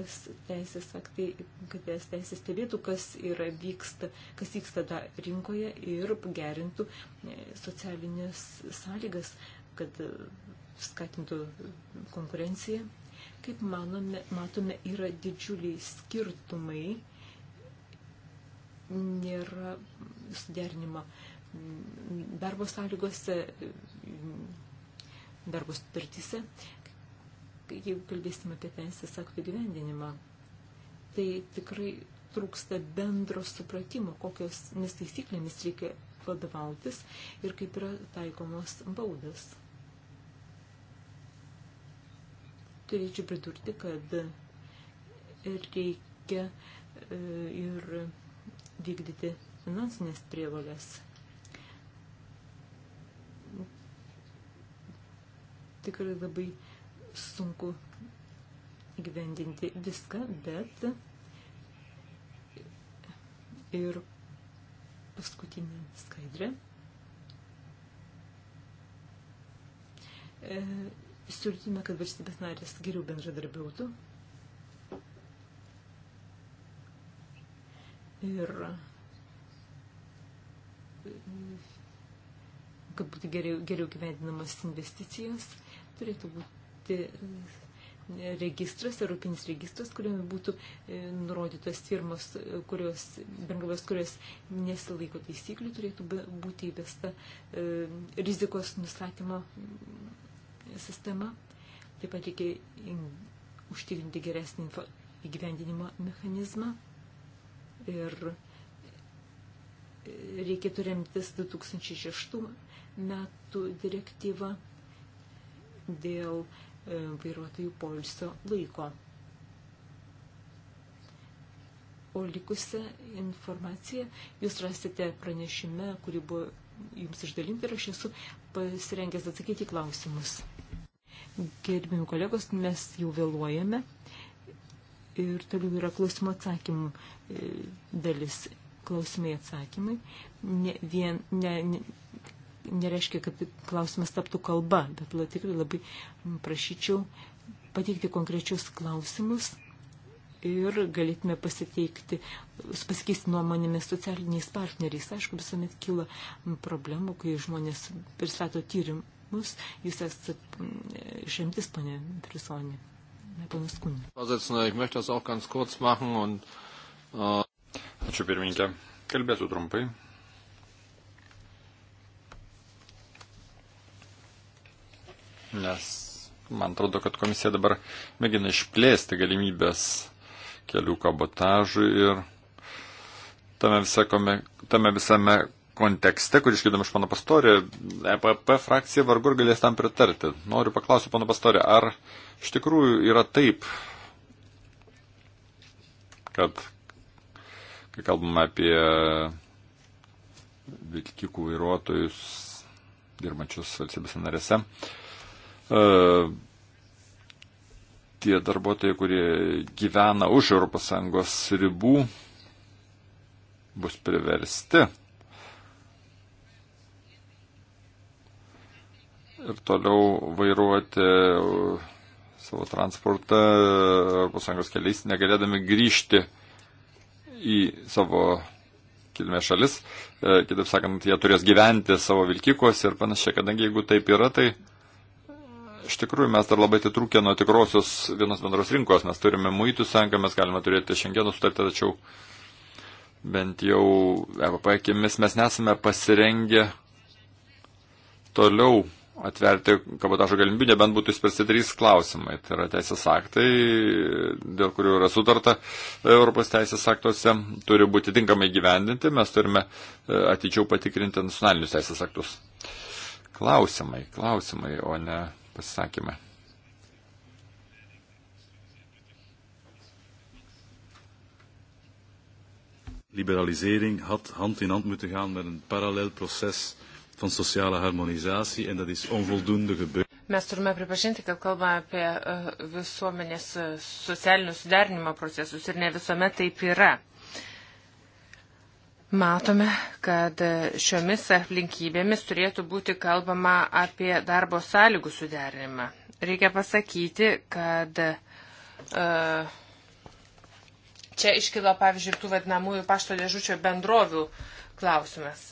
S2: es teisės aktai, kad es teisės stebėtų, kas, yra, vyksta, kas vyksta da, rinkoje ir pagerintų e, socialinės sąlygas, kad e, skatintų konkurenciją. Kaip manome, matome, yra didžiuliai skirtumai, nėra suderinimo darbo sąlygose darbo sutartyse, jeigu kalbėsim apie teisės aktų gyvendinimą, tai tikrai trūksta bendro supratimo, kokios nestaisyklėmis reikia vadovautis ir kaip yra taikomos baudas. Turėčiau pridurti, kad reikia e, ir vykdyti finansinės prievalės. Tikrai labai uh, sunku gyvendinti viską, bet ir paskutinė skaidrė. E, siūlytume, kad valstybės narės geriau bendradarbiautų. Ir kad būtų geriau, geriau gyvendinamas investicijas, turėtų būti sukurti e, registras, europinis registras, kuriame būtų e, nurodytos firmos, e, kurios, bendrovės, kurios nesilaiko taisyklių, turėtų būti įvesta rizikos nustatymo mm, sistema. Taip pat reikia užtikrinti geresnį info, įgyvendinimo mechanizmą ir reikėtų remtis 2006 metų direktyvą dėl e, E, vairuotojų polsio laiko. O likusią informaciją jūs rasite pranešime, kuri buvo jums išdalinta ir aš esu pasirengęs atsakyti klausimus. Gerbimi kolegos, mes jau vėluojame ir toliau yra klausimų atsakymų e, dalis. Klausimai atsakymai. Ne, vien, ne, ne, nereiškia, kad klausimas taptų kalba, bet tikrai labai prašyčiau pateikti konkrečius klausimus ir galėtume pasiteikti, pasikeisti nuomonėmis socialiniais partneriais. Aišku, visuomet kyla problemų, kai žmonės pristato tyrimus, jūs esate išimtis, ponė Prisonė.
S3: Äh, Ačiū pirmininkė. Kalbėsiu trumpai. nes man atrodo, kad komisija dabar mėgina išplėsti galimybės kelių kabotažui ir tame, visakome, tame visame kontekste, kur išgirdom iš pana pastorė, EPP frakcija vargur galės tam pritarti. Noriu paklausyti pana pastorė, ar iš tikrųjų yra taip, kad kai kalbame apie vilkikų vairuotojus dirbančius valstybės narėse, uh, E, tie darbuotojai, kurie gyvena už ES ribų, bus priversti ir toliau vairuoti savo transportą ES keliais, negalėdami grįžti į savo kilmės šalis. E, kitaip sakant, jie turės gyventi savo vilkikos ir panašiai, kadangi jeigu taip yra, tai Iš tikrųjų, mes dar labai atitrūkę nuo tikrosios vienos bendros rinkos. Mes turime muitų sąjungą, mes galime turėti šiandieną sutartę, tačiau bent jau EVP akimis mes nesame pasirengę toliau atverti kabotažo galimybių, nebent būtų išspręsti trys klausimai. Tai yra teisės aktai, dėl kurių yra sutarta Europos teisės aktuose, turi būti tinkamai gyvendinti, mes turime e, atidžiau patikrinti nacionalinius teisės aktus. Klausimai, klausimai, o ne pasisakymą. Liberalisering had hand in hand moeten gaan met
S1: een parallel proces van sociale harmonisatie en dat is onvoldoende gebeurd. Mes turime pripažinti, kad kalbame apie eh, visuomenės eh, socialinių sudarinimo procesus ir ne visuomet taip yra. Matome, kad šiomis aplinkybėmis turėtų būti kalbama apie darbo sąlygų suderinimą. Reikia pasakyti, kad uh, čia iškilo, pavyzdžiui, tų vadinamųjų pašto dėžučio bendrovių klausimas.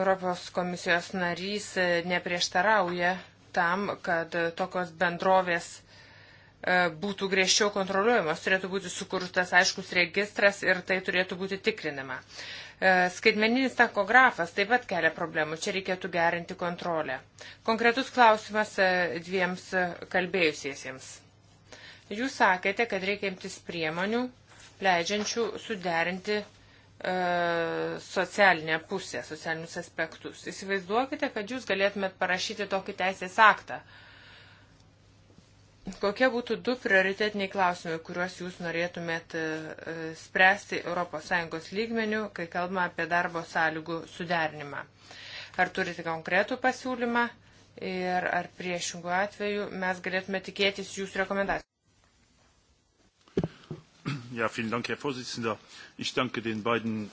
S1: Europos komisijos narys neprieštarauja tam, kad tokios bendrovės E, būtų griežčiau kontroliuojamos, turėtų būti sukurtas aiškus registras ir tai turėtų būti tikrinama. E, skaitmeninis takografas taip pat kelia problemų, čia reikėtų gerinti kontrolę. Konkretus klausimas e, dviems kalbėjusiesiems. Jūs sakėte, kad reikia imtis priemonių, leidžiančių suderinti e, socialinę pusę, socialinius aspektus. Įsivaizduokite, kad jūs galėtumėt parašyti tokį teisės aktą. E, Kokie būtų du prioritetiniai klausimai, kuriuos jūs norėtumėt e, e, spręsti ES lygmenių, kai kalbame apie darbo sąlygų suderinimą? Ar turite konkretų pasiūlymą ir ar priešingų atveju mes galėtume tikėtis jūsų rekomendacijų? Ja, vielen Dank, Herr Vorsitzender. Ich danke den beiden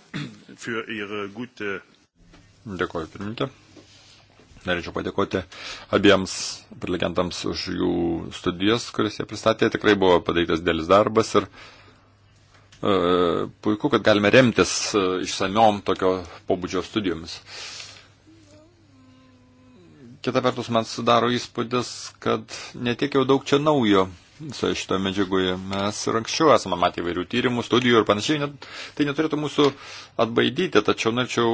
S1: für ihre gute.
S3: Dėkoju, pirmininkė. Norėčiau padėkoti abiems prelegentams už jų studijas, kuris jie pristatė. Tikrai buvo padarytas dėlis darbas ir e, puiku, kad galime remtis e, išsamiom tokio pobūdžio studijomis. Kita vertus, man sudaro įspūdis, kad netiek jau daug čia naujo visoje šitoje medžiagoje. Mes ir anksčiau esame matę įvairių tyrimų, studijų ir panašiai. Net, tai neturėtų mūsų atbaidyti, tačiau norėčiau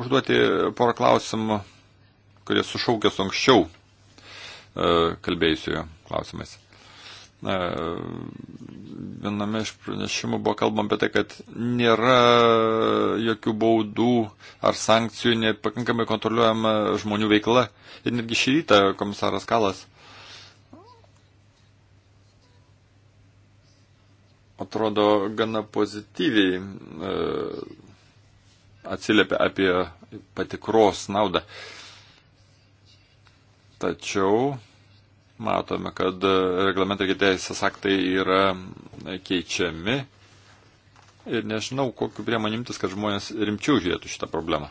S3: užduoti porą klausimų kurie sušaukė su anksčiau e, kalbėjusiojo klausimais. E, viename iš pranešimų buvo kalbama apie tai, kad nėra jokių baudų ar sankcijų, nepakankamai kontroliuojama žmonių veikla. Ir netgi šį rytą komisaras Kalas atrodo gana pozityviai e, atsiliepia apie patikros naudą. E, Tačiau matome, kad reglamentai ir teisės aktai yra keičiami. Ir nežinau, kokiu priemonimtis, kad žmonės rimčiau žiūrėtų šitą problemą.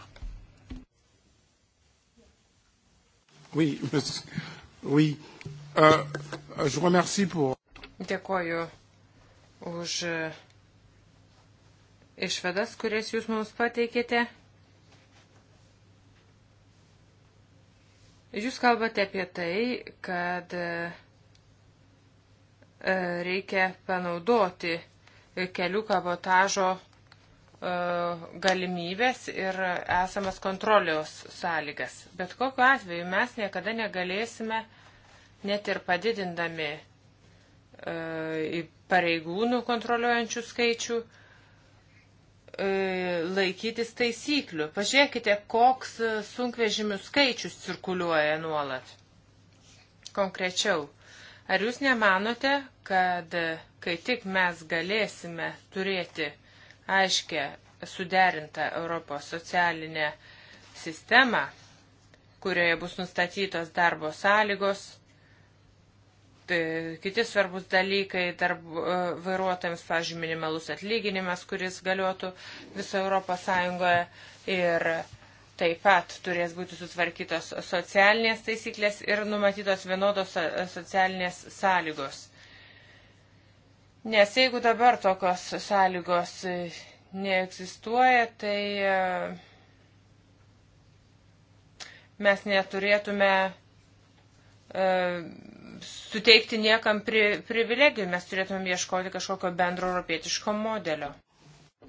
S3: Oui, mes, oui. Uh, pour...
S1: Dėkoju už išvadas, kurias jūs mums pateikėte. Jūs kalbate apie tai, kad e, reikia panaudoti kelių kabotažo e, galimybės ir esamas kontrolios sąlygas. Bet kokiu atveju mes niekada negalėsime, net ir padidindami e, pareigūnų kontroliuojančių skaičių, E, laikytis taisyklių. Pažiūrėkite, koks sunkvežimių skaičius cirkuliuoja nuolat. Konkrečiau, ar jūs nemanote, kad kai tik mes galėsime turėti aiškę suderintą Europos socialinę sistemą, kurioje bus nustatytos darbo sąlygos, E, kiti svarbus dalykai tarp e, vairuotojams, pavyzdžiui, minimalus atlyginimas, kuris galiotų viso Europos Sąjungoje ir taip pat turės būti sutvarkytos socialinės taisyklės ir numatytos vienodos socialinės sąlygos. Nes jeigu dabar tokios sąlygos neegzistuoja, tai e, mes neturėtume suteikti niekam pri, privilegijų, mes turėtumėm ieškoti kažkokio bendro europietiško modelio.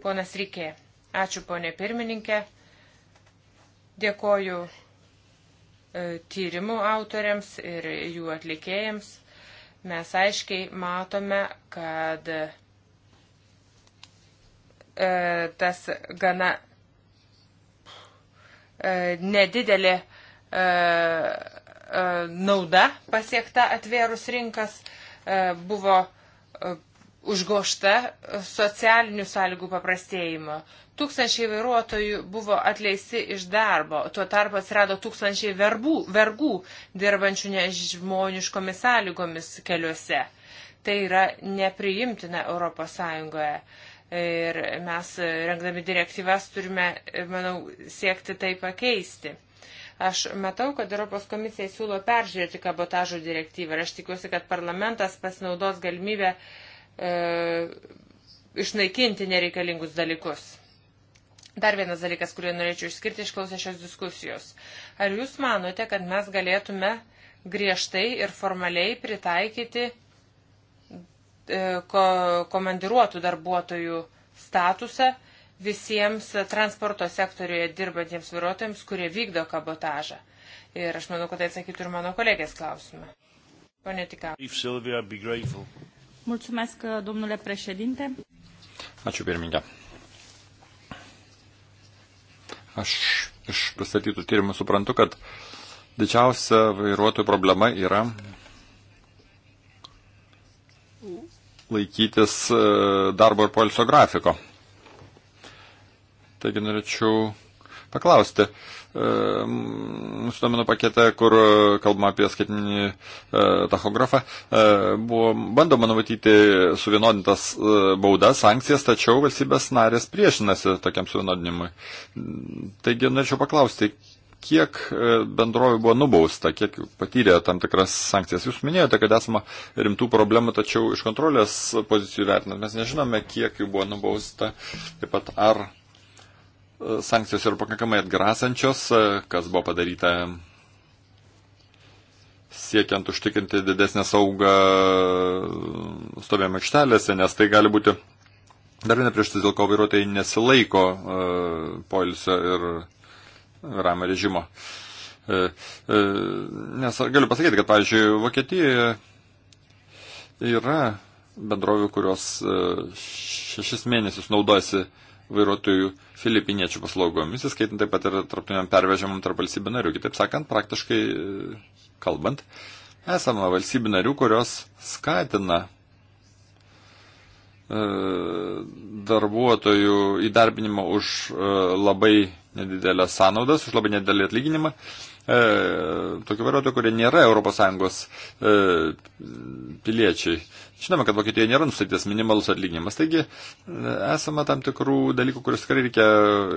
S1: Ponas Rikė, ačiū ponė pirmininkė, dėkoju e, tyrimų autoriams ir jų atlikėjams. Mes aiškiai matome, kad e, tas gana e, nedidelė e, E, nauda pasiekta atvėrus rinkas e, buvo e, užgošta socialinių sąlygų paprastėjimo. Tūkstančiai vairuotojų buvo atleisti iš darbo, tuo tarpu atsirado tūkstančiai verbų, vergų dirbančių nežmoniškomis sąlygomis keliuose. Tai yra nepriimtina ES. Ir mes, rengdami direktyvas, turime, manau, siekti tai pakeisti. Aš matau, kad Europos komisija siūlo peržiūrėti kabotažo direktyvą ir aš tikiuosi, kad parlamentas pasinaudos galimybę e, išnaikinti nereikalingus dalykus. Dar vienas dalykas, kurį norėčiau išskirti išklausę šios diskusijos. Ar jūs manote, kad mes galėtume griežtai ir formaliai pritaikyti e, ko, komandiruotų darbuotojų statusą visiems transporto sektoriuje dirbantiems vairuotojams, kurie vykdo kabotažą. Ir aš manau, kad tai atsakytų ir mano kolegės klausimą. Pane Tikau. Mulțumesc, domnule președinte.
S3: Ačiū, pirmininkė. Aš iš pristatytų tyrimų suprantu, kad didžiausia vairuotojų problema yra laikytis e, darbo ir polsio grafiko. Taigi norėčiau paklausti. E, mūsų domino pakete, kur kalbama apie skaitinį e, tachografą, e, buvo bandoma numatyti suvienodintas baudas, sankcijas, tačiau valstybės narės priešinasi tokiam suvienodinimui. Taigi norėčiau paklausti, kiek bendrovių buvo nubausta, kiek patyrė tam tikras sankcijas. Jūs minėjote, kad esama rimtų problemų, tačiau iš kontrolės pozicijų vertinant mes nežinome, kiek jų buvo nubausta, taip pat ar sankcijos yra pakankamai atgrasančios, kas buvo padaryta siekiant užtikrinti didesnę saugą stovėjimo aikštelėse, nes tai gali būti dar viena priežastis, dėl ko vairuotojai nesilaiko e, poilsio ir ramio režimo. E, e, nes galiu pasakyti, kad, pavyzdžiui, Vokietijoje yra bendrovių, kurios šešis mėnesius naudojasi uh, vairuotojų filipiniečių paslaugomis, įskaitant taip pat ir tarptautiniam pervežimam tarp valstybių narių. Kitaip sakant, praktiškai e, kalbant, esame valstybių narių, kurios skatina e, darbuotojų įdarbinimą už e, labai nedidelę sąnaudas, už labai nedidelį atlyginimą E, tokių vairuotojų, kurie nėra ES e, piliečiai. Žinoma, kad Vokietijoje nėra nustatytas minimalus atlyginimas, taigi e, esama tam tikrų dalykų, kuriuos tikrai reikia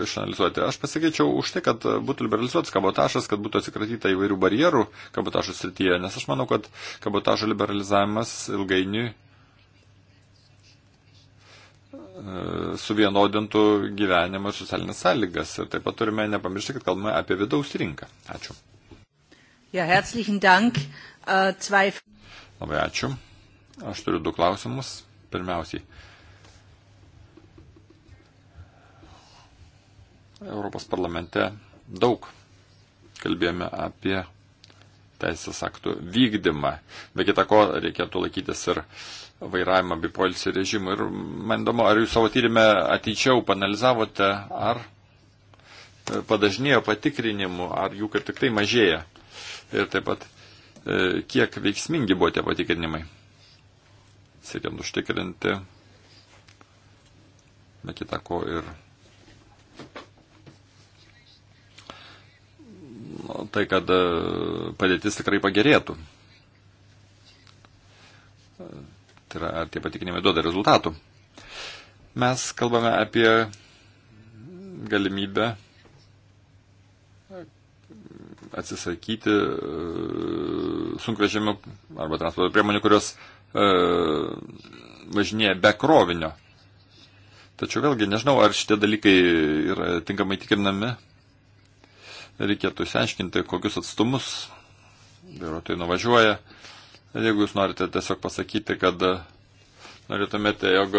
S3: išanalizuoti. Aš pasikeičiau už tai, kad būtų liberalizuotas kabotašas, kad būtų atsikratyta įvairių barjerų kabotašo srityje, nes aš manau, kad kabotašo liberalizavimas ilgainiui suvienodintų gyvenimo ir socialinės sąlygas. Ir taip pat turime nepamiršti, kad kalbame apie vidaus rinką. Ačiū.
S1: Ja, herzlichen Dank. Uh, zwei...
S3: Labai ačiū. Aš turiu du klausimus. Pirmiausiai. Europos parlamente daug kalbėjome apie teisės aktų vykdymą. Be kita ko, reikėtų laikytis ir vairavimą bei poilsį režimų. Ir man įdomu, ar jūs savo tyrimę ateičiau panalizavote, ar padažnėjo patikrinimų, ar jų kaip tik tai mažėja. Ir taip pat, e, kiek veiksmingi buvo tie patikrinimai. Siekiant užtikrinti, be kita ko, ir tai, kad e, padėtis tikrai pagerėtų. E, tai yra, ar tie patikinimai duoda rezultatų. Mes kalbame apie galimybę atsisakyti e, sunkvežimių arba transporto priemonių, kurios važinėja be krovinio. Tačiau vėlgi nežinau, ar šitie dalykai yra tinkamai tikrinami reikėtų išsiaiškinti, kokius atstumus vairuotojai nuvažiuoja. Ir jeigu jūs norite tiesiog pasakyti, kad norėtumėte, jog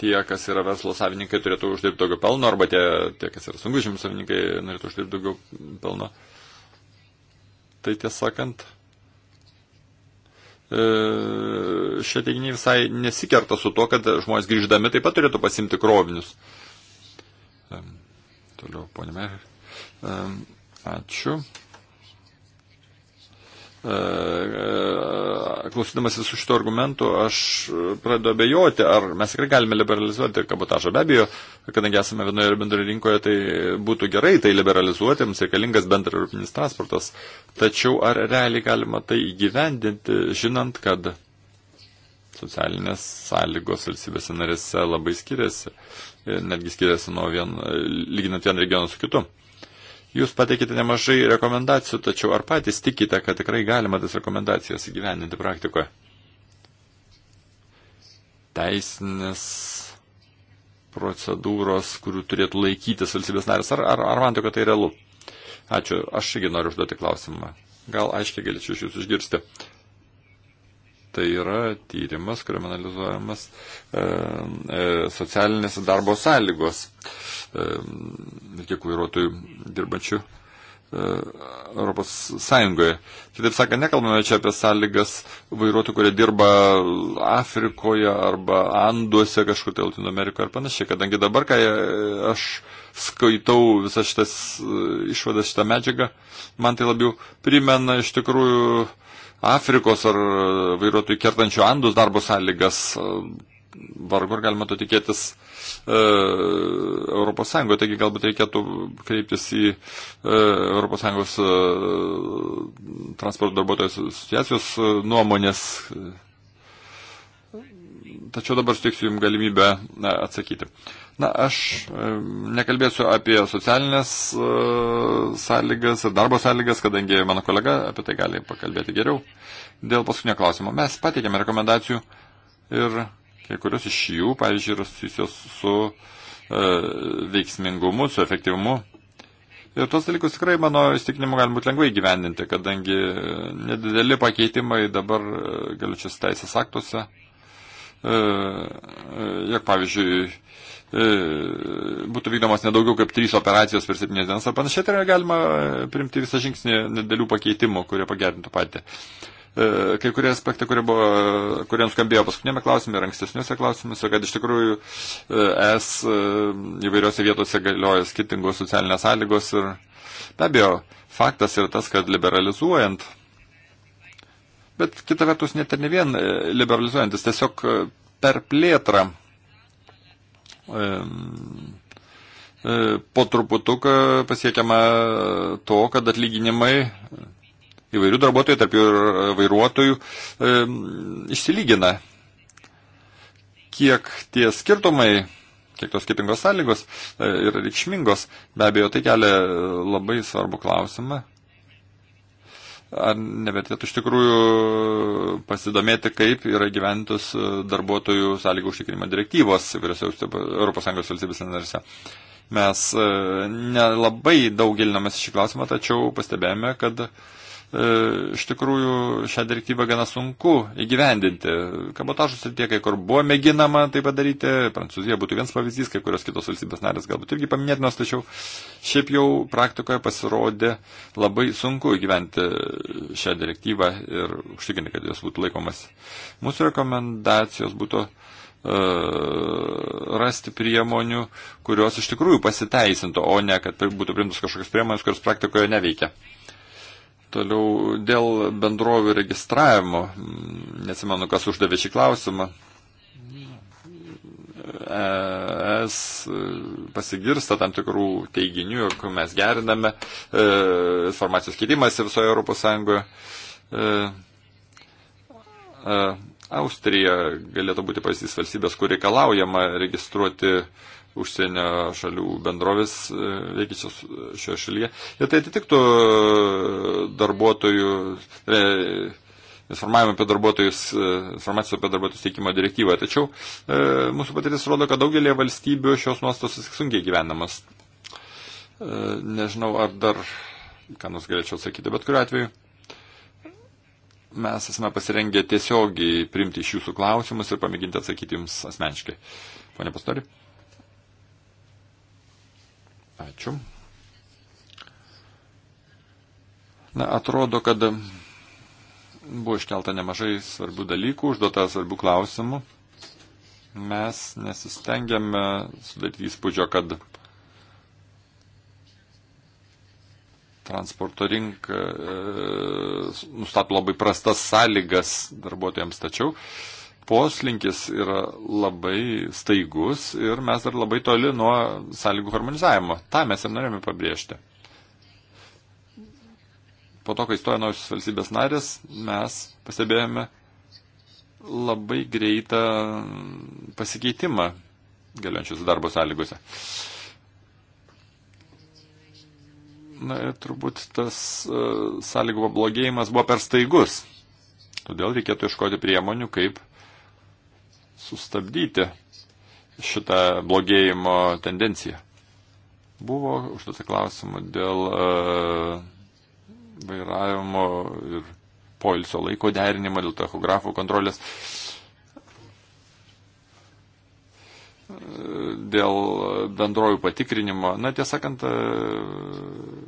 S3: tie, kas yra verslo savininkai, turėtų uždirbti daugiau pelno, arba tie, tie kas yra sunkužymų savininkai, norėtų uždirbti daugiau pelno. Tai tiesą sakant, e, šie teiginiai visai nesikerta su to, kad žmonės grįždami taip pat turėtų pasimti krovinius. Toliau, ponė Merė. Ačiū. E, e, Klausydamas visų šito argumentų, aš e, pradedu abejoti, ar mes tikrai galime liberalizuoti kabotažą. Be abejo, kadangi esame vienoje ir bendroje rinkoje, tai būtų gerai tai liberalizuoti, mums reikalingas bendra europinis transportas. Tačiau ar realiai galima tai įgyvendinti, žinant, kad socialinės sąlygos valstybėse narėse labai skiriasi, netgi skiriasi nuo vien, lyginant vieną regioną su kitu. Jūs pateikite nemažai rekomendacijų, tačiau ar patys tikite, kad tikrai galima tas rekomendacijas įgyveninti praktikoje? Teisinės procedūros, kurių turėtų laikytis valstybės narės, ar, ar, ar man to, kad tai realu? Ačiū, aš irgi noriu užduoti klausimą. Gal aiškiai galėčiau iš jūsų išgirsti. Uh, Tai yra tyrimas, kuriame analizuojamas e, e, socialinės darbo sąlygos, e, kiek vairuotojų dirbančių e, Europos Sąjungoje. Kitaip sakant, nekalbame čia apie sąlygas vairuotojų, kurie dirba Afrikoje arba Anduose, kažkur tai Latino Amerikoje ar panašiai, kadangi dabar, kai aš skaitau visas šitas e, išvadas, šitą medžiagą, man tai labiau primena iš tikrųjų uh, Afrikos ar vairuotojų kertančių Andus darbo sąlygas. Vargu ar galima to tikėtis e, Europos Sąjungoje, taigi galbūt reikėtų kreiptis į e, Europos Sąjungos e, transporto darbuotojų asociacijos e, nuomonės. Tačiau dabar suteiksiu Jums galimybę e, atsakyti. E, Na, aš nekalbėsiu apie socialinės e, sąlygas ir darbo sąlygas, kadangi mano kolega apie tai gali pakalbėti geriau. Dėl paskutinio klausimo. Mes pateikėme rekomendacijų ir kai kurios iš jų, pavyzdžiui, yra susijusios su e, veiksmingumu, su efektyvumu. Ir tuos dalykus tikrai, mano įstikinimu, gali būti lengvai gyvendinti, kadangi e, nedideli pakeitimai dabar e, galiučias teisės aktuose. E, e, jog, pavyzdžiui, E, būtų vykdomas nedaugiau kaip trys operacijos per septynės dienas ar panašiai, tai galima e, primti visą žingsnį nedėlių pakeitimų, kurie pagerintų patį. E, kai kurie aspektai, kurie buvo, kuriems skambėjo paskutinėme klausime ir ankstesniuose klausimuose, kad iš tikrųjų es įvairiose vietose galioja skirtingos socialinės sąlygos ir be abejo faktas yra tas, kad liberalizuojant Bet kita vertus, net ir ne vien liberalizuojantis, tiesiog per plėtrą E, po truputuką pasiekiama to, kad atlyginimai įvairių darbuotojų, tarp jų ir e, vairuotojų, išsilygina. Kiek tie skirtumai, kiek tos skirtingos sąlygos e, yra reikšmingos, be abejo, tai kelia labai svarbu klausimą Ar nebetėtų iš tikrųjų pasidomėti, kaip yra gyventus darbuotojų sąlygų užtikrinimo direktyvos įvairiose ES valstybėse narėse? Mes e, nelabai daug gilinamės šį klausimą, tačiau pastebėjome, kad uh, E, iš tikrųjų šią direktyvą gana sunku įgyvendinti. Kabotažus ir tiek, kai kur buvo mėginama tai padaryti, Prancūzija būtų vienas pavyzdys, kai kurios kitos valstybės narės galbūt irgi paminėtinos, tačiau šiaip jau praktikoje pasirodė labai sunku įgyventi šią direktyvą ir užtikrinti, kad jos būtų laikomas. Mūsų rekomendacijos būtų e, rasti priemonių, kurios iš tikrųjų pasiteisintų, o ne kad būtų primtos kažkokios priemonės, kurios praktikoje neveikia. Toliau dėl bendrovių registravimo, mm, nesimenu, kas uždavė šį klausimą, es pasigirsta tam tikrų teiginių, jog mes geriname e, informacijos keitimas visoje Europos Sąjungoje. E, e, Austrija galėtų būti pavyzdys valstybės, kur reikalaujama registruoti uh, užsienio šalių bendrovės e, veikiančios e, šioje šalyje. Ir tai atitiktų e, darbuotojų, re, informavimą apie darbuotojus, informacijos apie darbuotojus teikimo direktyvą. Tačiau e, mūsų patirtis rodo, kad daugelėje valstybių šios nuostos sunkiai gyvenamas. E, nežinau, ar dar ką nors galėčiau atsakyti, bet kuriu atveju mes esame pasirengę tiesiogiai priimti iš jūsų klausimus ir pamėginti atsakyti jums asmeniškai. Pone Pastori. Ačiū. Na, atrodo, kad buvo iškelta nemažai svarbių dalykų, užduota svarbių klausimų. Mes nesistengiame sudaryti įspūdžio, kad transporto rinka e, nustato labai prastas sąlygas darbuotojams, tačiau e, poslinkis yra labai staigus ir mes dar labai toli nuo sąlygų harmonizavimo. Ta mes ir norėjome pabrėžti. Po to, kai stojo naujos valstybės narės, mes pastebėjome labai greitą pasikeitimą galiančios darbo sąlygose. Na ir turbūt tas uh, sąlygų pablogėjimas buvo per staigus. Todėl reikėtų iškoti priemonių, kaip sustabdyti šitą blogėjimo tendenciją. Buvo užduota klausimų dėl e, vairavimo ir poilsio laiko derinimo, dėl tachografų kontrolės, e, dėl bendrojų patikrinimo. Na, tiesąkant, e,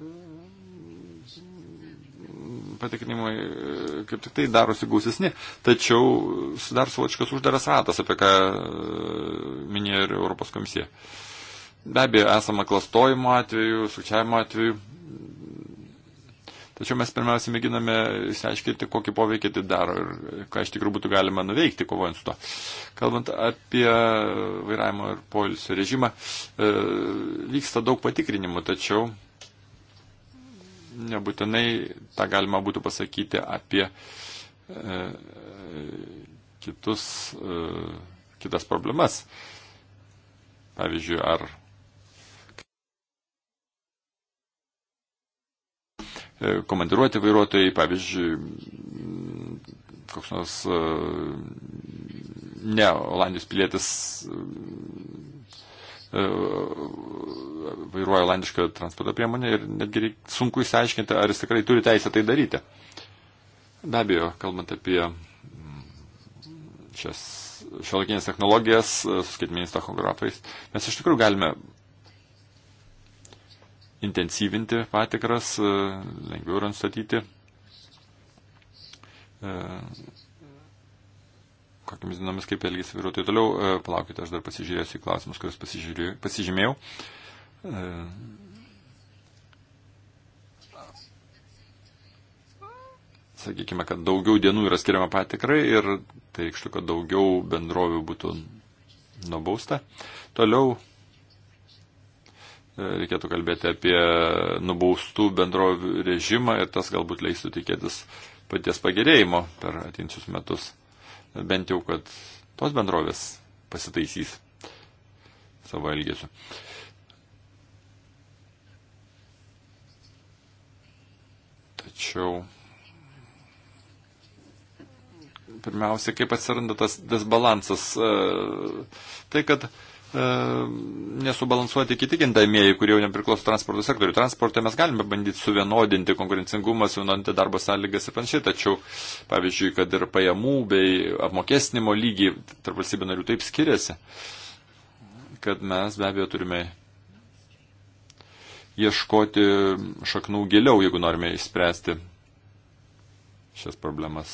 S3: patikrinimai e, kaip tik tai darosi gausesni, tačiau sudar suvočikas uždaras ratas, apie ką e, minėjo ir Europos komisija. Be abejo, esama klastojimo atveju, sukčiavimo atveju, Tačiau mes pirmiausia mėginame išsiaiškinti, kokį poveikį tai daro ir ką iš tikrųjų būtų galima nuveikti, kovojant su to. Kalbant apie vairavimo ir poilsio režimą, e, vyksta daug patikrinimų, tačiau nebūtinai tą galima būtų pasakyti apie e, kitus, e, kitas problemas. Pavyzdžiui, ar e, komandiruoti vairuotojai, pavyzdžiui, koks nors e, ne Olandijos pilietis E, vairuoja olandišką transporto priemonę ir netgi sunku įsiaiškinti, ar jis tikrai turi teisę tai daryti. Be abejo, kalbant apie mm, šias šiolakinės technologijas, e, skaitmeniais tachografais, mes iš tikrųjų galime intensyvinti patikras, e, lengviau yra nustatyti kokiamis dienomis, kaip elgėsi vairuotojai toliau. E, palaukite, aš dar pasižiūrėsiu į klausimus, kuriuos pasižymėjau. E, sakykime, kad daugiau dienų yra skiriama patikrai ir tai reikštų, kad daugiau bendrovių būtų nubausta. Toliau e, reikėtų kalbėti apie nubaustų bendrovių režimą ir tas galbūt leistų tikėtis paties pagerėjimo per atinčius metus bent jau, kad tos bendrovės pasitaisys savo elgesiu. Tačiau pirmiausia, kaip atsiranda tas disbalansas. E, tai, kad E, nesubalansuoti kiti gintamieji, kurie jau nepriklauso transporto sektoriui. Transporte mes galime bandyti suvienodinti konkurencingumą, suvienodinti darbo sąlygas ir panašiai, tačiau, pavyzdžiui, kad ir pajamų bei apmokestinimo lygiai tarp valstybių narių taip skiriasi, kad mes be abejo turime ieškoti šaknų giliau, jeigu norime išspręsti šias problemas.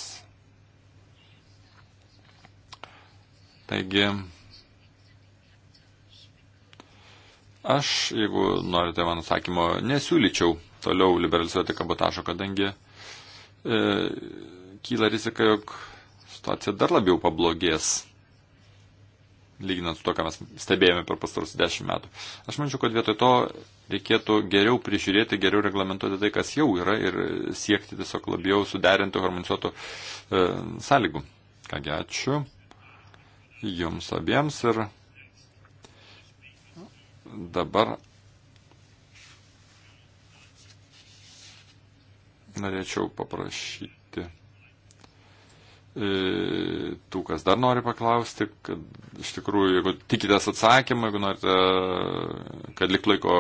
S3: Taigi, Aš, jeigu norite mano atsakymo, nesiūlyčiau toliau liberalizuoti kabotažo, kadangi e, kyla rizika, jog situacija dar labiau pablogės, lyginant su to, ką mes stebėjome per pastarus dešimt metų. Aš mančiau, kad vietoj to reikėtų geriau prižiūrėti, geriau reglamentuoti tai, kas jau yra ir siekti tiesiog labiau suderintų, harmonizuotų e, sąlygų. Kągi, ačiū Jums abiems ir Dabar norėčiau paprašyti e, tų, kas dar nori paklausti, kad iš tikrųjų, jeigu tikitės atsakymą, jeigu norite, kad lik laiko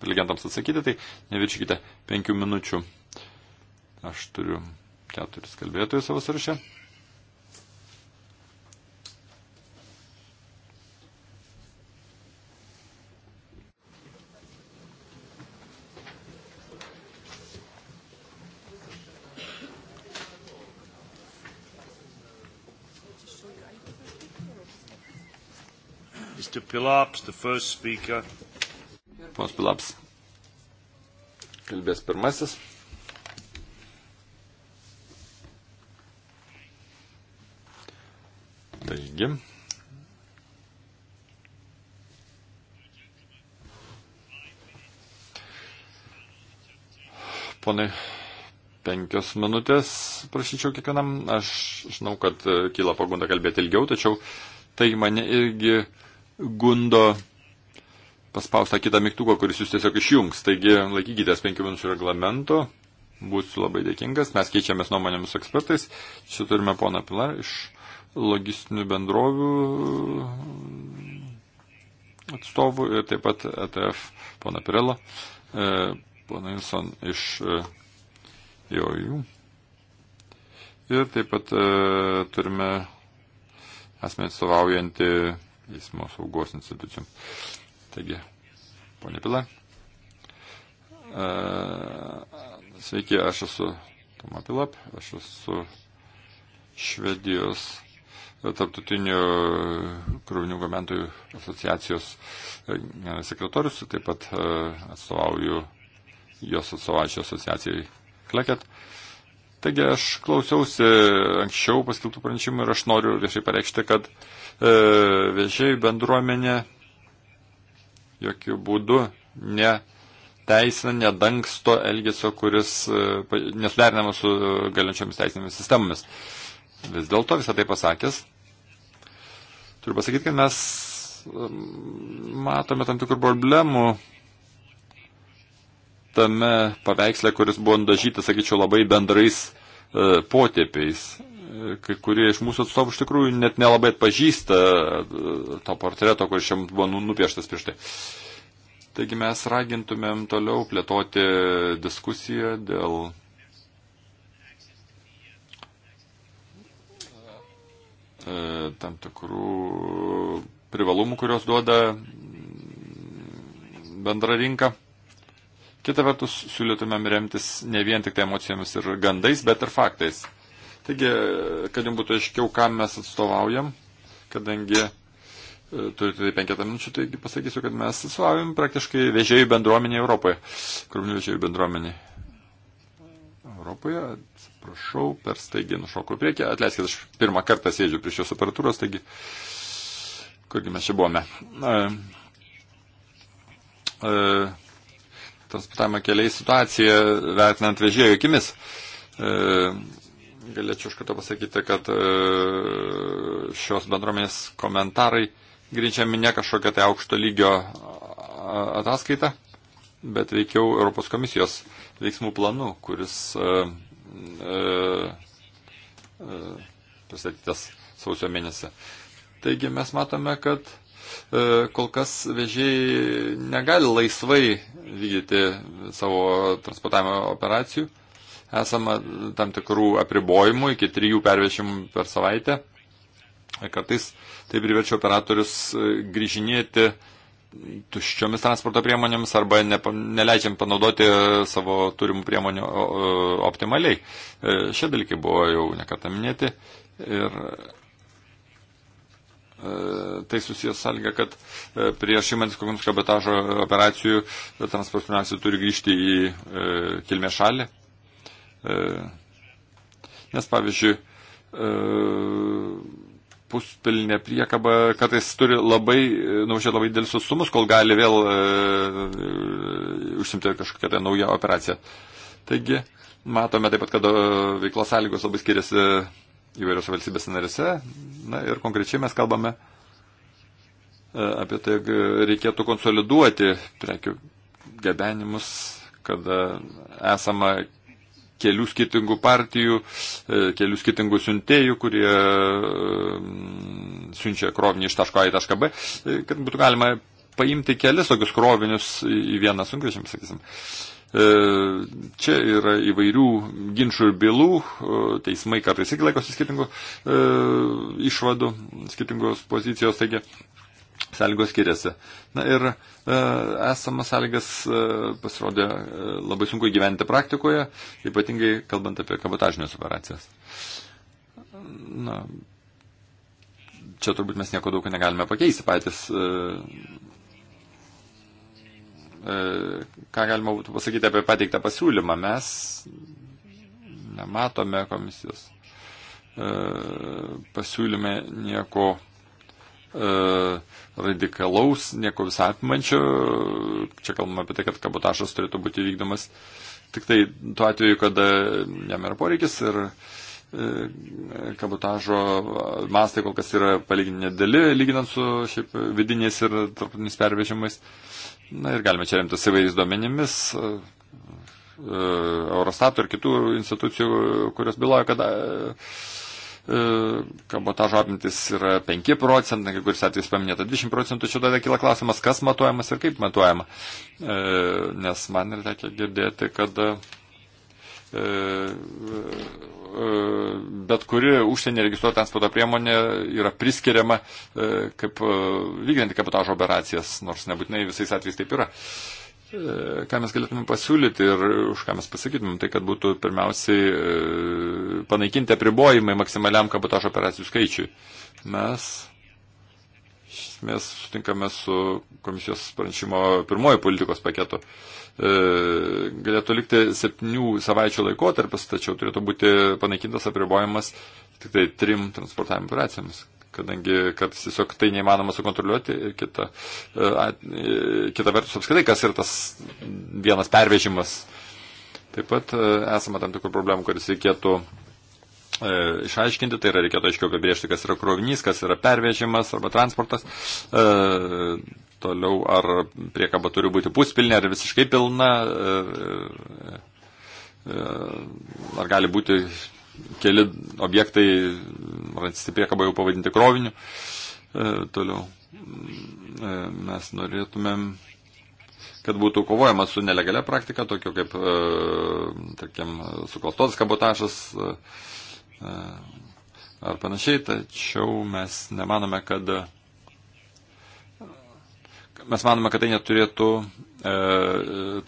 S3: prelegentams atsakyti, tai neviršykite penkių minučių. Aš turiu keturis kalbėtojus savo sąraše.
S1: Pilaps, the first speaker.
S3: Ponas Pilaps kalbės pirmasis. Taigi. Ponai, penkios minutės prašyčiau kiekvienam. Aš žinau, kad kyla pagunda kalbėti ilgiau, tačiau tai mane irgi gundo paspaustą kitą mygtuką, kuris jūs tiesiog išjungs. Taigi laikykitės penkių minučių reglamento, būsiu labai dėkingas. Mes keičiamės nuomonėmis ekspertais. Čia turime poną Pilar iš logistinių bendrovių atstovų ir taip pat ETF poną Pirelą, e, poną Inson iš JOJų. E, e ir taip pat turime esmė atstovaujantį eismo saugos institucijoms. Taigi, ponė Pila. E, sveiki, aš esu Toma Pilap, aš esu Švedijos tarptautinių krovinių gamintojų asociacijos e, sekretorius, taip pat e, atstovauju jos atstovaujančiai asociacijai Kleket. Taigi aš klausiausi anksčiau paskelbtų pranešimų ir aš noriu viešai pareikšti, kad uh, E, vežėjų bendruomenė jokių būdų ne teisina, nedangsto elgesio, kuris e, nesuderinamas su galiančiomis teisinėmis sistemomis. Vis dėlto visą tai pasakęs, turiu pasakyti, kad mes matome tam tikrų problemų tame paveiksle, kuris buvo nudažytas, sakyčiau, labai bendrais e, potėpiais kai kurie iš mūsų atstovų iš tikrųjų net nelabai atpažįsta e, to portreto, kuris šiam buvo nu, nupieštas prieš tai. Taigi mes ragintumėm toliau plėtoti diskusiją dėl e, tam tikrų privalumų, kurios duoda bendra rinka. Kita vertus, siūlytumėm remtis ne vien tik tai emocijomis ir gandais, bet ir faktais. Taigi, kad jums būtų aiškiau, kam mes atstovaujam, kadangi e, turite tai penketą minučių, taigi pasakysiu, kad mes atstovaujam praktiškai vežėjų bendruomenį Europoje, krovinių vežėjų bendruomenį. Europoje, atsiprašau, per staigiai nušokau į priekį, atleiskit, aš pirmą kartą sėdžiu prie šios aparatūros, taigi kurgi mes čia buvome. E, e, transportavimo keliai situacija vertinant vežėjų akimis. E, galėčiau iš karto pasakyti, kad e, šios bendromės komentarai grindžiami ne kažkokia tai aukšto lygio ataskaita, bet veikiau Europos komisijos veiksmų planu, kuris e, e, pristatytas sausio mėnesį. Taigi mes matome, kad kol kas vežėjai negali laisvai vykdyti savo transportavimo operacijų esama tam tikrų apribojimų iki trijų pervešimų per savaitę. Kartais tai priverčia operatorius e, grįžinėti tuščiomis transporto priemonėmis arba ne, neleidžiam panaudoti savo turimų priemonių optimaliai. E, šie dalykai buvo jau nekartą minėti ir e, tai susijęs sąlyga, kad prieš įmantis kokiams kabetažo operacijų transporto financijų turi grįžti į kilmės šalį E, nes pavyzdžiui, e, puspilinė priekaba kartais turi labai, nuvažiuoti labai dėlis sumus, kol gali vėl e, užsimti kažkokią tai naują operaciją. Taigi, matome taip pat, kad veiklos sąlygos labai skiriasi įvairios valstybės narėse. Na ir konkrečiai mes kalbame apie tai, reikėtų konsoliduoti prekių gabenimus, kada esama kelių skirtingų partijų, e, kelių skirtingų siuntėjų, kurie e, siunčia krovinį iš taško A į tašką B, e, kad būtų galima paimti kelis tokius krovinius į vieną sunkvežimį, sakysim. Čia yra įvairių ginčių ir bylų, teismai kartais irgi laikosi skirtingų išvadų, skirtingos pozicijos, taigi sąlygos skiriasi. Na ir e, esamas sąlygas e, pasirodė e, labai sunku įgyventi praktikoje, ypatingai kalbant apie kabotažinės operacijas. Na, čia turbūt mes nieko daug negalime pakeisti patys. E, e, ką galima būtų pasakyti apie pateiktą pasiūlymą? Mes nematome komisijos e, pasiūlyme nieko E, radikalaus, nieko visą apimančio. Čia kalbame apie tai, kad kabotašas turėtų būti vykdomas tik tai tuo atveju, kada jam yra poreikis ir e, kabotažo mastai kol kas yra palyginti nedėli, lyginant su šiaip vidiniais ir tarptautiniais pervežimais. Na ir galime čia remtis įvairiais duomenimis, e, Eurostato ir kitų institucijų, kurios byloja, kad E, kabotažo apimtis yra 5 procentai, kai kuris atvejs paminėta 20 procentų, čia tada kyla klausimas, kas matuojamas ir kaip matuojama. E, nes man ir reikia girdėti, kad e, bet kuri užsienį registruota transporto priemonė yra priskiriama kaip vykdanti kabotažo operacijas, nors nebūtinai visais atvejais taip yra. Uh, E, ką mes galėtumėm pasiūlyti ir už ką mes pasakytumėm, tai kad būtų pirmiausiai e, panaikinti apribojimai maksimaliam kabotažo operacijų skaičiui. Mes iš esmės sutinkame su komisijos pranešimo pirmojo politikos paketu. E, galėtų likti septynių savaičių laikotarpis, tačiau turėtų būti panaikintas apribojimas tik tai trim transportavimo operacijoms kadangi kartais tiesiog tai neįmanoma sukontroliuoti ir kita, e, e, kita vertus apskritai, kas yra tas vienas pervežimas. Taip pat e, esame tam tikrų problemų, kuris reikėtų išaiškinti, tai yra reikėtų aiškiau apibriežti, kas yra krovinys, kas yra pervežimas arba transportas. E, toliau, ar priekaba turi būti puspilnė ar visiškai pilna, e, e, ar gali būti keli objektai stipriekabai jau pavadinti kroviniu. E, toliau e, mes norėtumėm kad būtų kovojama su nelegalia praktika, tokio kaip, e, tarkim, suklastotas kabotažas ar panašiai, tačiau mes nemanome, kad mes manome, kad tai neturėtų e,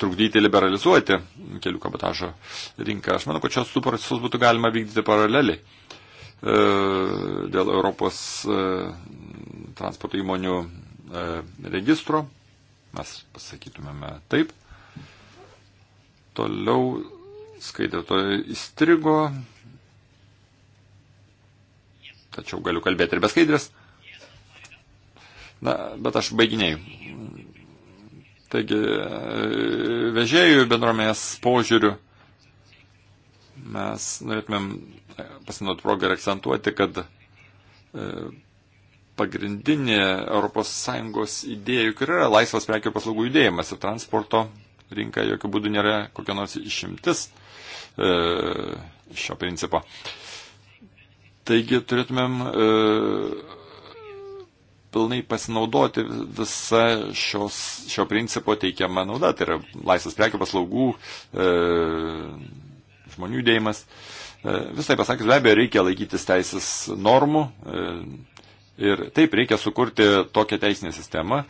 S3: trukdyti liberalizuoti kelių kabotažo rinką. Aš manau, kad šios du procesus būtų galima vykdyti paraleliai. E, E, dėl Europos e, transporto įmonių e, registro. Mes pasakytumėme taip. Toliau skaitėtoje įstrigo. Tačiau galiu kalbėti ir be skaidrės. Na, bet aš baiginėjau. Taigi, vežėjų bendromės požiūrių mes norėtumėm pasinaudoti progą ir akcentuoti, kad e, pagrindinė ES idėja juk yra laisvas prekių paslaugų judėjimas ir transporto rinka jokių būdų nėra kokia nors išimtis e, šio principo. Taigi turėtumėm e, pilnai pasinaudoti visą šios, šio principo teikiamą naudą, tai yra laisvas prekių paslaugų, žmonių judėjimas. E, E, visai pasakys, be abejo, reikia laikytis teisės normų e, ir taip reikia sukurti tokią teisinę sistemą,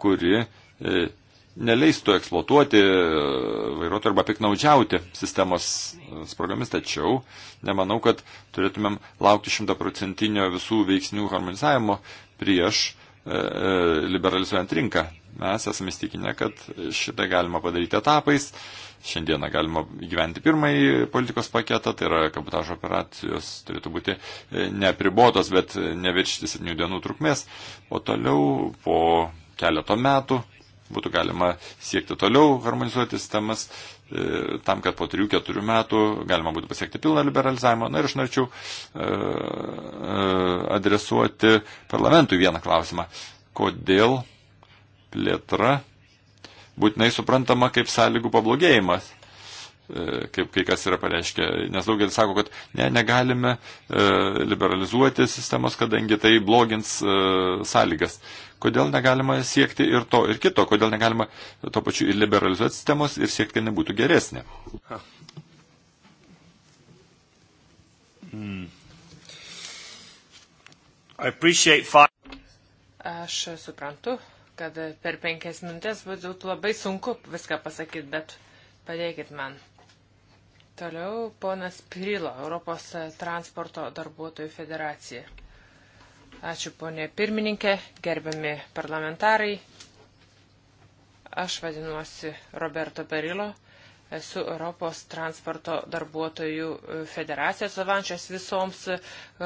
S3: kuri e, neleistų eksploatuoti vairuotojų arba piknaudžiauti sistemos spragomis, tačiau nemanau, kad turėtumėm laukti šimtaprocentinio visų veiksnių harmonizavimo prieš liberalizuojant rinką. Mes esame įstikinę, kad šitą galima padaryti etapais Šiandieną galima gyventi pirmąjį politikos paketą, tai yra kabutažo operacijos turėtų būti e, neapribotos, bet neviršyti septynių dienų trukmės, o toliau po keleto metų būtų galima siekti toliau harmonizuoti sistemas, e, tam, kad po 3-4 metų galima būtų pasiekti pilną liberalizavimą. Na ir aš norėčiau e, adresuoti parlamentui vieną klausimą. Kodėl plėtra būtinai suprantama kaip sąlygų pablogėjimas e, kaip kai kas yra pareiškę, nes daugelis sako, kad ne, negalime e, liberalizuoti sistemos, kadangi tai blogins e, sąlygas. Kodėl negalima siekti ir to, ir kito, kodėl negalima to pačiu ir liberalizuoti sistemos ir siekti, kad nebūtų geresnė. Hmm.
S1: Appreciate... Aš suprantu kad per penkias minutės būtų labai sunku viską pasakyti, bet padėkit man. Toliau ponas Prilo, Europos transporto darbuotojų federacija. Ačiū ponė pirmininkė, gerbiami parlamentarai. Aš vadinuosi Roberto Perilo Esu Europos transporto darbuotojų e, federacijos avančios visoms e,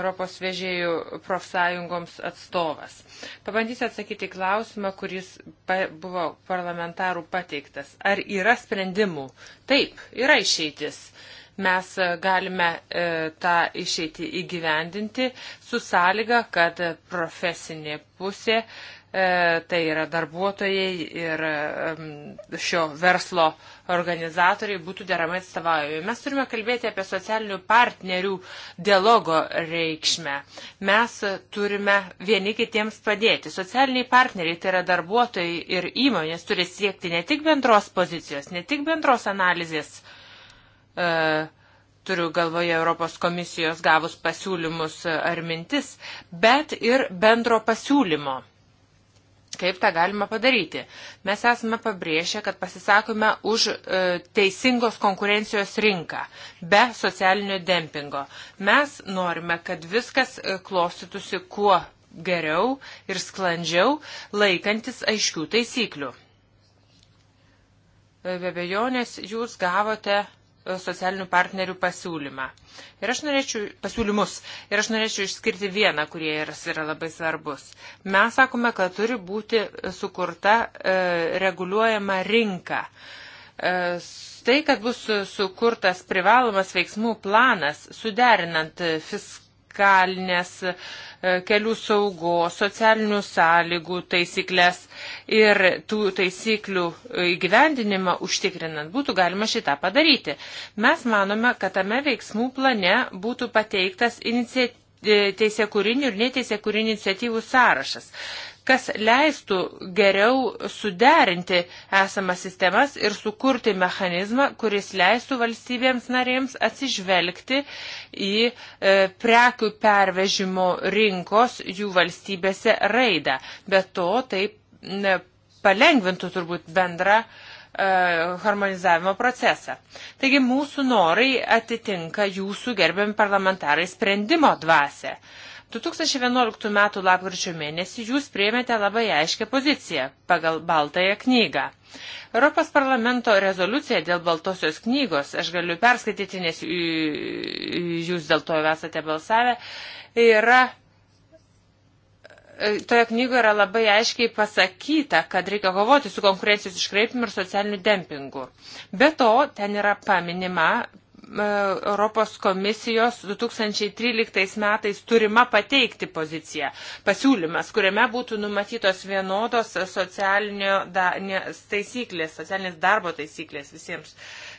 S1: Europos vežėjų profsąjungoms atstovas. Pabandysiu atsakyti klausimą, kuris buvo parlamentarų pateiktas. Ar yra sprendimų? Taip, yra išeitis mes e, galime tą išeitį įgyvendinti su sąlyga, kad profesinė pusė E, tai yra darbuotojai ir šio verslo organizatoriai būtų deramai atstovaujami. Mes turime kalbėti apie socialinių partnerių dialogo reikšmę. Mes turime vieni kitiems padėti. Socialiniai partneriai, tai yra darbuotojai ir įmonės, turi siekti ne tik bendros pozicijos, ne tik bendros analizės. Uh, turiu galvoje Europos komisijos gavus pasiūlymus ar mintis, bet ir bendro pasiūlymo Kaip tą galima padaryti? Mes esame pabrėžę, kad pasisakome už e, teisingos konkurencijos rinką be socialinio dempingo. Mes norime, kad viskas e, klostytųsi kuo geriau ir sklandžiau, laikantis aiškių taisyklių. E, be bejonės jūs gavote socialinių partnerių pasiūlymą. Ir aš norėčiau, pasiūlymus, ir aš norėčiau išskirti vieną, kurie yra labai svarbus. Mes sakome, kad turi būti sukurta e, reguliuojama rinka. E, tai, kad bus sukurtas privalomas veiksmų planas, suderinant fisk fiskalinės, e, kelių saugos, socialinių sąlygų taisyklės ir tų taisyklių e, įgyvendinimą užtikrinant būtų galima šitą padaryti. Mes manome, kad tame veiksmų plane būtų pateiktas iniciatyvas e, teisėkūrinių ir neteisėkūrinių iniciatyvų sąrašas kas leistų geriau suderinti esamas sistemas ir sukurti mechanizmą, kuris leistų valstybėms narėms atsižvelgti į e, prekių pervežimo rinkos jų valstybėse raidą. Be to, tai ne, palengvintų turbūt bendrą e, harmonizavimo procesą. Taigi mūsų norai atitinka jūsų gerbiami parlamentarai sprendimo dvasę. E, 2011 m. lapkričio mėnesį jūs priemėte labai aiškę poziciją pagal Baltąją knygą. Europos parlamento rezoliucija dėl Baltosios knygos, aš galiu perskaityti, nes jūs dėl to esate balsavę, yra e, toje knygoje yra labai aiškiai pasakyta, kad reikia kovoti su konkurencijos iškreipimu ir socialiniu dempingu. Be to, ten yra paminima E, Europos komisijos 2013 metais turima pateikti pozicija, pasiūlymas, kuriame būtų numatytos vienodos da, ne, taisyklės, socialinės darbo taisyklės visiems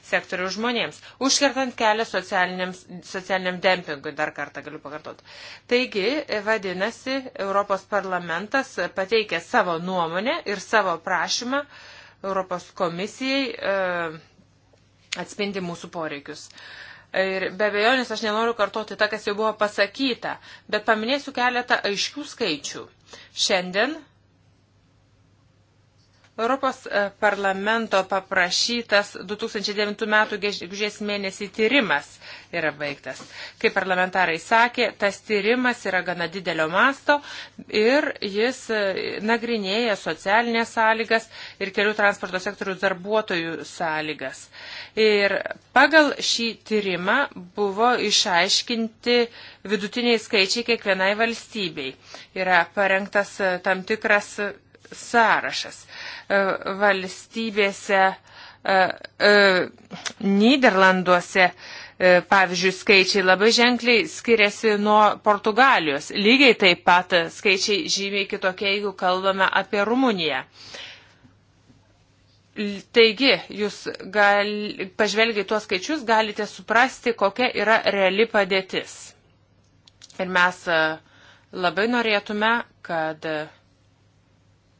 S1: sektorių žmonėms, užkertant kelią socialiniam dempingui, dar kartą galiu pakartoti. Taigi, vadinasi, Europos parlamentas pateikė savo nuomonę ir savo prašymą Europos komisijai. E, atspindi mūsų poreikius. Ir be abejonės aš nenoriu kartoti tą, kas jau buvo pasakyta, bet paminėsiu keletą aiškių skaičių. Šiandien Europos e, parlamento paprašytas 2009 m. gegužės mėnesį tyrimas yra baigtas. Kaip parlamentarai sakė, tas tyrimas yra gana didelio masto ir jis e, nagrinėja socialinės sąlygas ir kelių transporto sektorių darbuotojų sąlygas. Ir pagal šį tyrimą buvo išaiškinti vidutiniai skaičiai kiekvienai valstybei. Yra parengtas e, tam tikras sąrašas. E, valstybėse e, e, Niderlanduose, pavyzdžiui, skaičiai labai ženkliai skiriasi nuo Portugalijos. Lygiai taip pat skaičiai žymiai kitokie, jeigu kalbame apie Rumuniją. Taigi, jūs gal, pažvelgiai tuos skaičius galite suprasti, kokia yra reali padėtis. Ir mes labai norėtume, kad uh,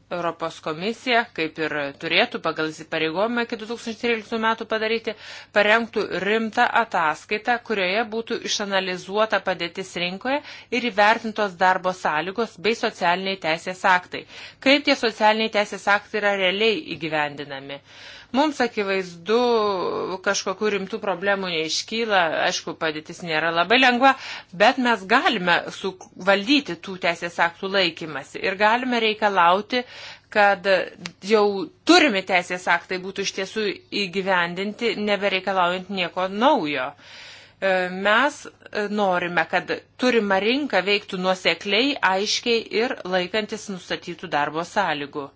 S1: Europos komisija, kaip ir turėtų pagal įsipareigojimą iki 2013 metų padaryti, parengtų rimtą ataskaitą, kurioje būtų išanalizuota padėtis rinkoje ir įvertintos darbo sąlygos bei socialiniai teisės aktai. Kaip tie socialiniai teisės aktai yra realiai įgyvendinami. Mums akivaizdu kažkokių rimtų problemų neiškyla, aišku, padėtis nėra labai lengva, bet mes galime suvaldyti tų teisės aktų laikymasi ir galime reikalauti, kad jau turimi teisės aktai būtų iš tiesų įgyvendinti, nebereikalaujant nieko naujo e, mes norime, kad turima rinka veiktų nuosekliai, aiškiai ir laikantis nustatytų darbo sąlygų.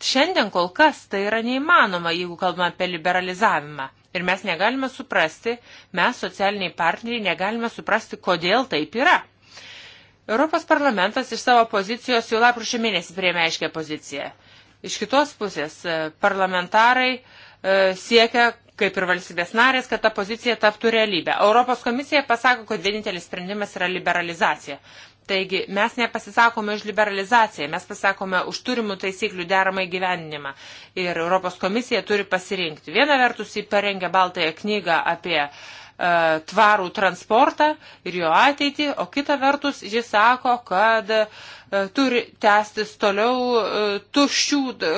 S1: Šiandien kol kas tai yra neįmanoma, jeigu kalbame apie liberalizavimą. Ir mes negalime suprasti, mes socialiniai partneriai negalime suprasti, kodėl taip yra. Europos parlamentas iš savo pozicijos jau lapkričio mėnesį priėmė aiškę poziciją. Iš kitos pusės e, parlamentarai e, siekia, kaip ir valstybės narės, kad ta pozicija taptų realybę. Europos komisija pasako, kad vienintelis sprendimas yra liberalizacija. Taigi mes nepasisakome už liberalizaciją, mes pasisakome už turimų taisyklių deramą įgyveninimą. Ir Europos komisija turi pasirinkti. Viena vertus jį parengė baltąją knygą apie e, tvarų transportą ir jo ateitį, o kita vertus jis sako, kad uh, E, turi tęstis toliau e, tuščių e,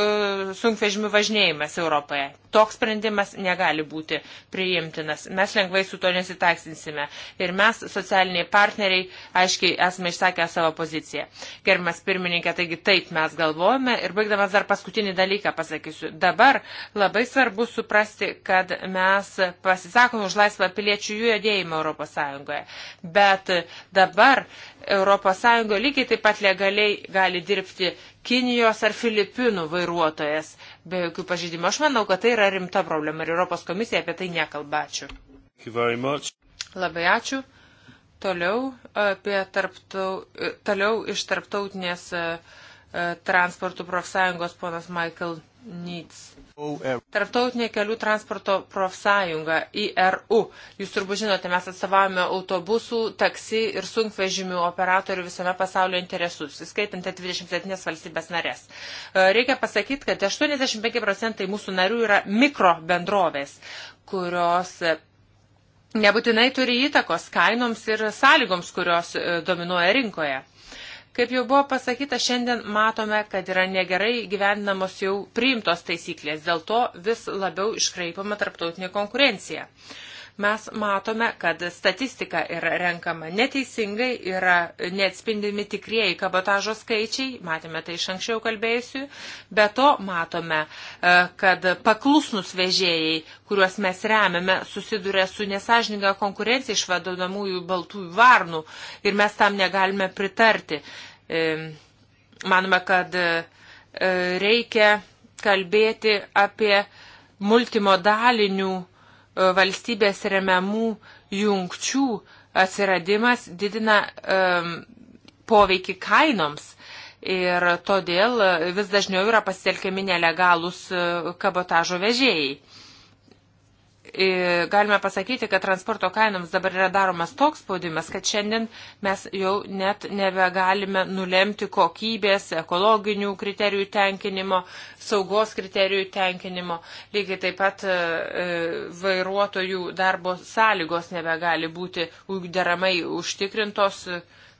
S1: sunkvežimių važinėjimas Europoje. Toks sprendimas negali būti priimtinas. Mes lengvai su to nesitaksinsime. Ir mes, socialiniai partneriai, aiškiai esame išsakę savo poziciją. Gerbimas pirmininkė, taigi taip mes galvojame. Ir baigdamas dar paskutinį dalyką pasakysiu. Dabar labai svarbu suprasti, kad mes pasisakome už laisvą piliečių judėjimą Europos Sąjungoje. Bet dabar Europos Sąjungoje lygiai taip pat legal legaliai gali dirbti Kinijos ar Filipinų vairuotojas be jokių pažydimų. Aš manau, kad tai yra rimta problema ir Europos komisija apie tai nekalba. Ačiū. Labai ačiū. Toliau, apie tarptau, toliau iš tarptautinės e, e, transportų profsąjungos ponas Michael Needs. E. Tarptautinė kelių transporto profsąjunga IRU. Jūs turbūt žinote, mes atstovavome autobusų, taksi ir sunkvežimių operatorių visame pasaulio interesus, įskaitant 27 valstybės narės. E, reikia pasakyti, kad 85 procentai mūsų narių yra mikro bendrovės, kurios e, nebūtinai turi įtakos kainoms ir sąlygoms, kurios dominuoja rinkoje. Kaip jau buvo pasakyta, šiandien matome, kad yra negerai gyvendinamos jau priimtos taisyklės, dėl to vis labiau iškraipama tarptautinė konkurencija. Uh, mes matome, kad statistika yra renkama neteisingai, yra neatspindimi tikrieji kabotažo skaičiai, matėme tai iš anksčiau kalbėjusių, be to matome, e, kad paklusnus vežėjai, kuriuos mes remiame, susiduria su nesažininga konkurencija iš vadovamųjų baltųjų varnų ir mes tam negalime pritarti. E, manome, kad e, reikia kalbėti apie multimodalinių E, valstybės remiamų jungčių atsiradimas didina um, poveikį kainoms. Ir todėl e, vis dažniau yra pasitelkiami nelegalūs kabotažo vežėjai. E, galime pasakyti, kad transporto kainoms dabar yra daromas toks spaudimas, kad šiandien mes jau net nebegalime nulemti kokybės, ekologinių kriterijų tenkinimo, saugos kriterijų tenkinimo. Lygiai taip pat e, e, vairuotojų darbo sąlygos nebegali būti deramai užtikrintos,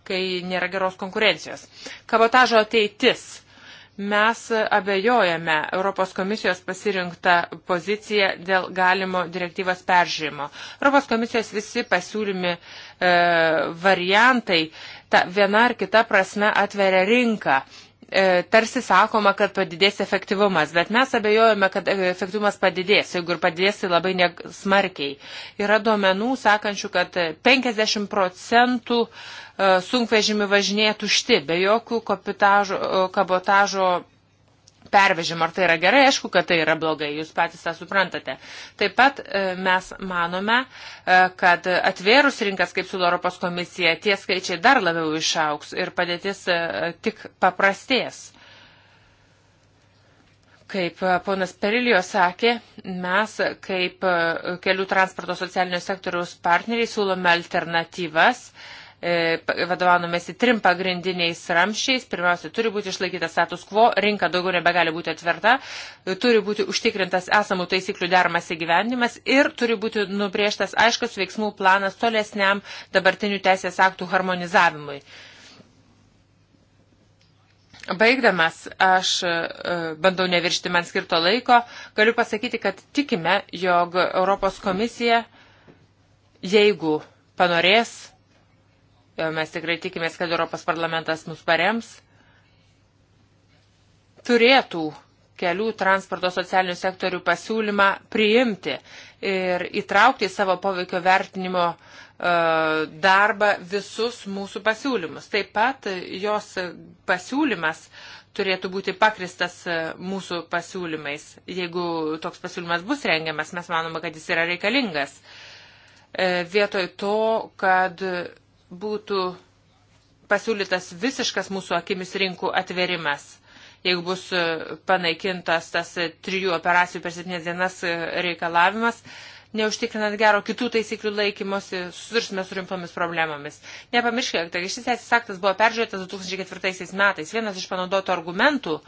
S1: kai nėra geros konkurencijos. Kabotažo ateitis Mes abejojame Europos komisijos pasirinktą poziciją dėl galimo direktyvos peržiūrimo. Europos komisijos visi pasiūlymi e, variantai ta, viena ar kita prasme atveria rinką E, tarsi sakoma, kad padidės efektyvumas, bet mes abejojame, kad efektyvumas padidės, jeigu ir padidės, tai labai smarkiai. Yra duomenų sakančių, kad 50 procentų e, sunkvežimių važinėja tušti, be jokių e, kabotažo pervežimo. Ar tai yra gerai? Aišku, kad tai yra blogai, jūs patys tą suprantate. Taip pat e, mes manome, e, kad atvėrus rinkas kaip su Europos komisija, tie skaičiai dar labiau išauks ir padėtis e, tik paprastės kaip ponas Perilijo sakė, mes kaip kelių transporto socialinio sektoriaus partneriai siūlome alternatyvas, uh, E, vadovavomėsi trim pagrindiniais ramšiais. Pirmiausia, turi būti išlaikytas status quo, rinka daugiau nebegali būti atverta, turi būti užtikrintas esamų taisyklių dermas įgyvendimas ir turi būti nubrėžtas aiškus veiksmų planas tolesniam dabartinių teisės aktų harmonizavimui. Baigdamas, aš e, bandau neviršti man skirto laiko, galiu pasakyti, kad tikime, jog Europos komisija, jeigu panorės, E, mes tikrai tikimės, kad Europos parlamentas mus parems. Turėtų kelių transporto socialinių sektorių pasiūlymą priimti ir įtraukti į savo poveikio vertinimo e, darbą visus mūsų pasiūlymus. Taip pat jos pasiūlymas turėtų būti pakristas e, mūsų pasiūlymais. Jeigu toks pasiūlymas bus rengiamas, mes manome, kad jis yra reikalingas. Vietoj to, kad būtų pasiūlytas visiškas mūsų akimis rinkų atverimas, jeigu bus e, panaikintas tas e, trijų operacijų per septynės dienas e, reikalavimas, neužtikrinant gero kitų taisyklių laikymosi, susidursime su rimtomis problemomis. Nepamirškite, kad šis teisės aktas buvo peržiūrėtas 2004 metais. Vienas iš panaudotų argumentų,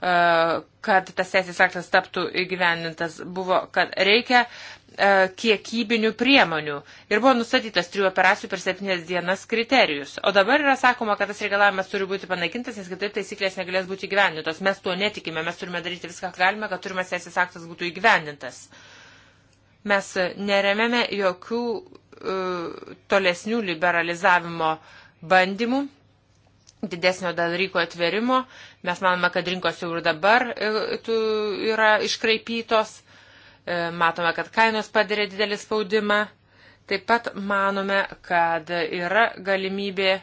S1: kad tas teisės aktas taptų įgyvendintas, buvo, kad reikia E, kiekybinių priemonių ir buvo nustatytas trijų operacijų per septynės dienas kriterijus. O dabar yra sakoma, kad tas reikalavimas turi būti panaikintas, nes kitaip taisyklės negalės būti įgyvendintos. Mes tuo netikime, mes turime daryti viską, ką galime, kad turimas teisės aktas būtų įgyvendintas. Mes neremėme jokių uh, tolesnių liberalizavimo bandymų didesnio dar ryko atverimo. Mes manome, kad rinkos jau ir dabar e, yra iškraipytos E, matome, kad kainos padarė didelį spaudimą. Taip pat manome, kad yra galimybė e,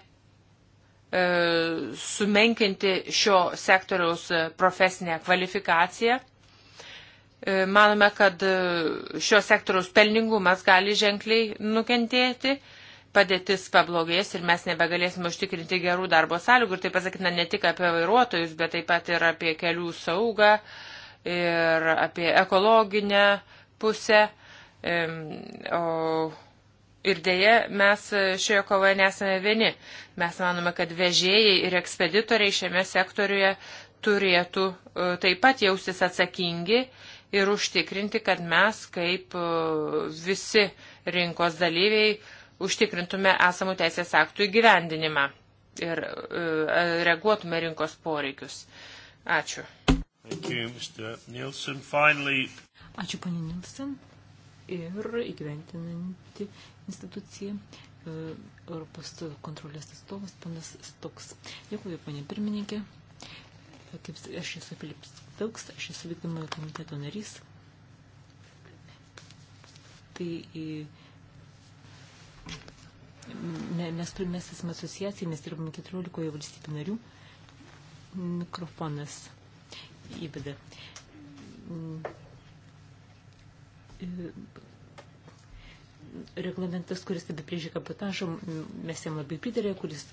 S1: sumenkinti šio sektoriaus profesinę kvalifikaciją. E, manome, kad šio sektoriaus pelningumas gali ženkliai nukentėti, padėtis pablogės ir mes nebegalėsime užtikrinti gerų darbo sąlygų. Ir tai pasakytina ne tik apie vairuotojus, bet taip pat ir apie kelių saugą, uh, ir apie ekologinę pusę. O ir dėje mes šioje kovoje nesame vieni. Mes manome, kad vežėjai ir ekspeditoriai šiame sektoriuje turėtų e, taip pat jaustis atsakingi ir užtikrinti, kad mes kaip e, visi rinkos dalyviai užtikrintume esamų teisės aktų įgyvendinimą ir e, reaguotume rinkos poreikius. Ačiū. You, Finally...
S2: Ačiū, panė Nilsen. Ir įgyventinanti institucija e, Europos kontrolės atstovas, panas Stoks. Dėkuoju, panė pirmininkė. E, kaip aš esu Filips Stoks, aš esu vykdomojo komiteto narys. Tai ne, mes turime esame asociaciją, mes dirbame 14 valstybių narių. Mikrofonas įveda. Mm. Reglamentas, kuris apibrėžia kabotažą, mm, mes jam labai pritarė, kuris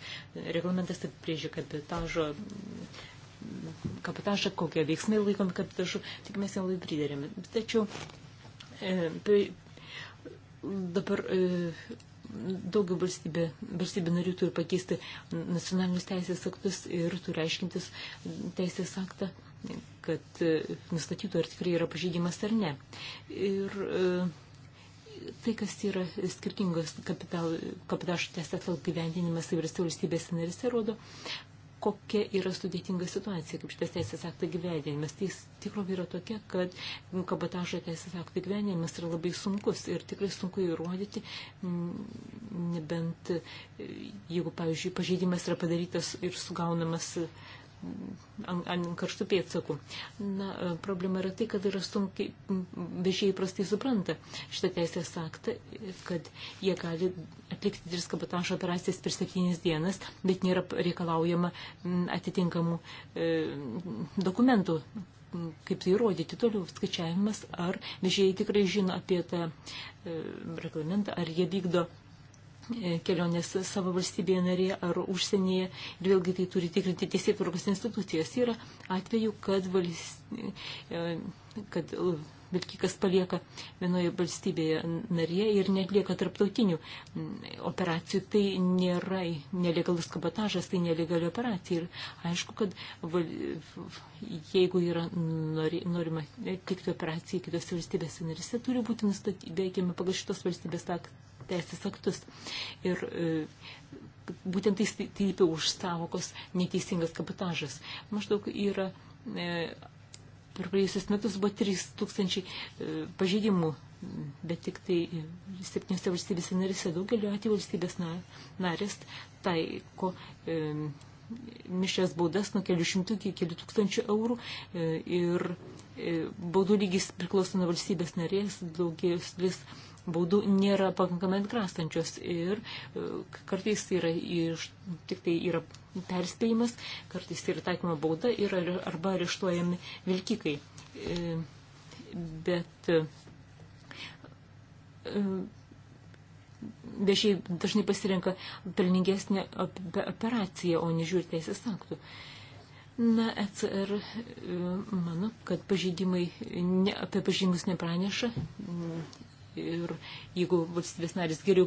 S2: reglamentas apibrėžia kabotažo mm, kabotažą, kokie veiksmai laikomi kabotažu, tik mes jam labai pritarėme. Tačiau e, dabar e, daugiau valstybė, valstybė narių turi pakeisti nacionalinius teisės aktus ir turi aiškintis teisės aktą kad e, nustatytų, ar tikrai yra pažeidimas ar ne. Ir e, tai, kas yra skirtingos kapitašų teisėtvel gyvendinimas įvairiose valstybėse narise, rodo, kokia yra sudėtinga situacija, kaip šitas teisės aktai gyvenimas. Tai tikrovė yra tokia, kad kabotažo teisės aktai gyvenimas yra labai sunkus ir tikrai sunku įrodyti, nebent e, jeigu, pavyzdžiui, pažeidimas yra padarytas ir sugaunamas uh, ant, ant karštų pėdsakų. Na, e, problema yra tai, kad yra sunkiai, vežėjai prastai supranta šitą teisės aktą, kad jie gali atlikti tris kabotažo operacijas per septynis dienas, bet nėra reikalaujama atitinkamų e, dokumentų kaip tai įrodyti toliau skaičiavimas, ar vežėjai tikrai žino apie tą e, reglamentą, ar jie vykdo E, kelionės savo valstybėje narėje ar užsienyje ir vėlgi tai turi tikrinti teisėtvarkos institucijos. Yra atveju, kad, valst... E, kad vilkikas palieka vienoje valstybėje narėje ir netlieka tarptautinių operacijų. Tai nėra nelegalus kabotažas, tai nelegali operacija. Ir aišku, kad val, jeigu yra nori, norima atlikti operaciją kitose valstybėse narėse, turi būti nustatyti, veikiama pagal šitos valstybės aktą teisės aktus. Ir e, būtent tai slypi už savokos neteisingas kapitažas. Maždaug yra, e, per praėjusius metus buvo 3000 e, pažeidimų bet tik tai septyniose valstybėse narėse daugeliu atveju valstybės narės taiko e, mišės baudas nuo kelių šimtų iki kelių tūkstančių eurų e, ir e, baudų lygis priklauso nuo valstybės narės, daugės vis baudų nėra pakankamai atgrastančios ir e, kartais tai yra iš, tik tai yra perspėjimas, kartais tai yra taikoma bauda ir arba areštuojami vilkikai. E, bet e, viešiai dažnai pasirenka pelningesnę operaciją, o nežiūri teisės aktų. Na, ECR mano, kad pažydimai ne, apie pažydimus nepraneša, Ir jeigu valstybės narės geriau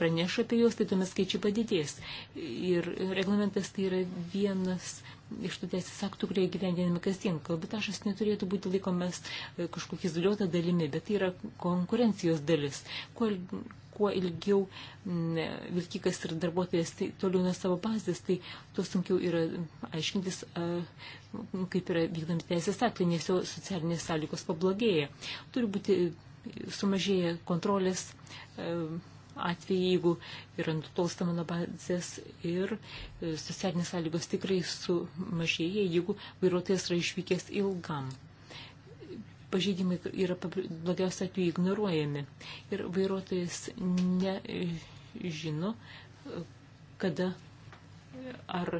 S2: praneša apie juos, tai tuomet skaičiai padidės. Ir reglamentas tai yra vienas iš tų teisės aktų, kurie gyvendinami kasdien. Kalbitašas neturėtų būti laikomas e, kažkokia izoliuota dalimi, bet tai yra konkurencijos dalis. Kuo, kuo ilgiau vilkikas ir darbuotojas tai, toliau nuo savo bazės, tai tuo sunkiau yra aiškintis, kaip yra vykdomi teisės aktai, nes jo socialinės sąlygos pablogėja. Turi būti sumažėja kontrolės e, atvejai, jeigu yra nutolstama nuo bazės ir e, socialinės sąlygos tikrai sumažėja, jeigu vairuotojas yra išvykęs ilgam. Pažeidimai yra blogiausia atveju ignoruojami ir vairuotojas nežino, e, kada ar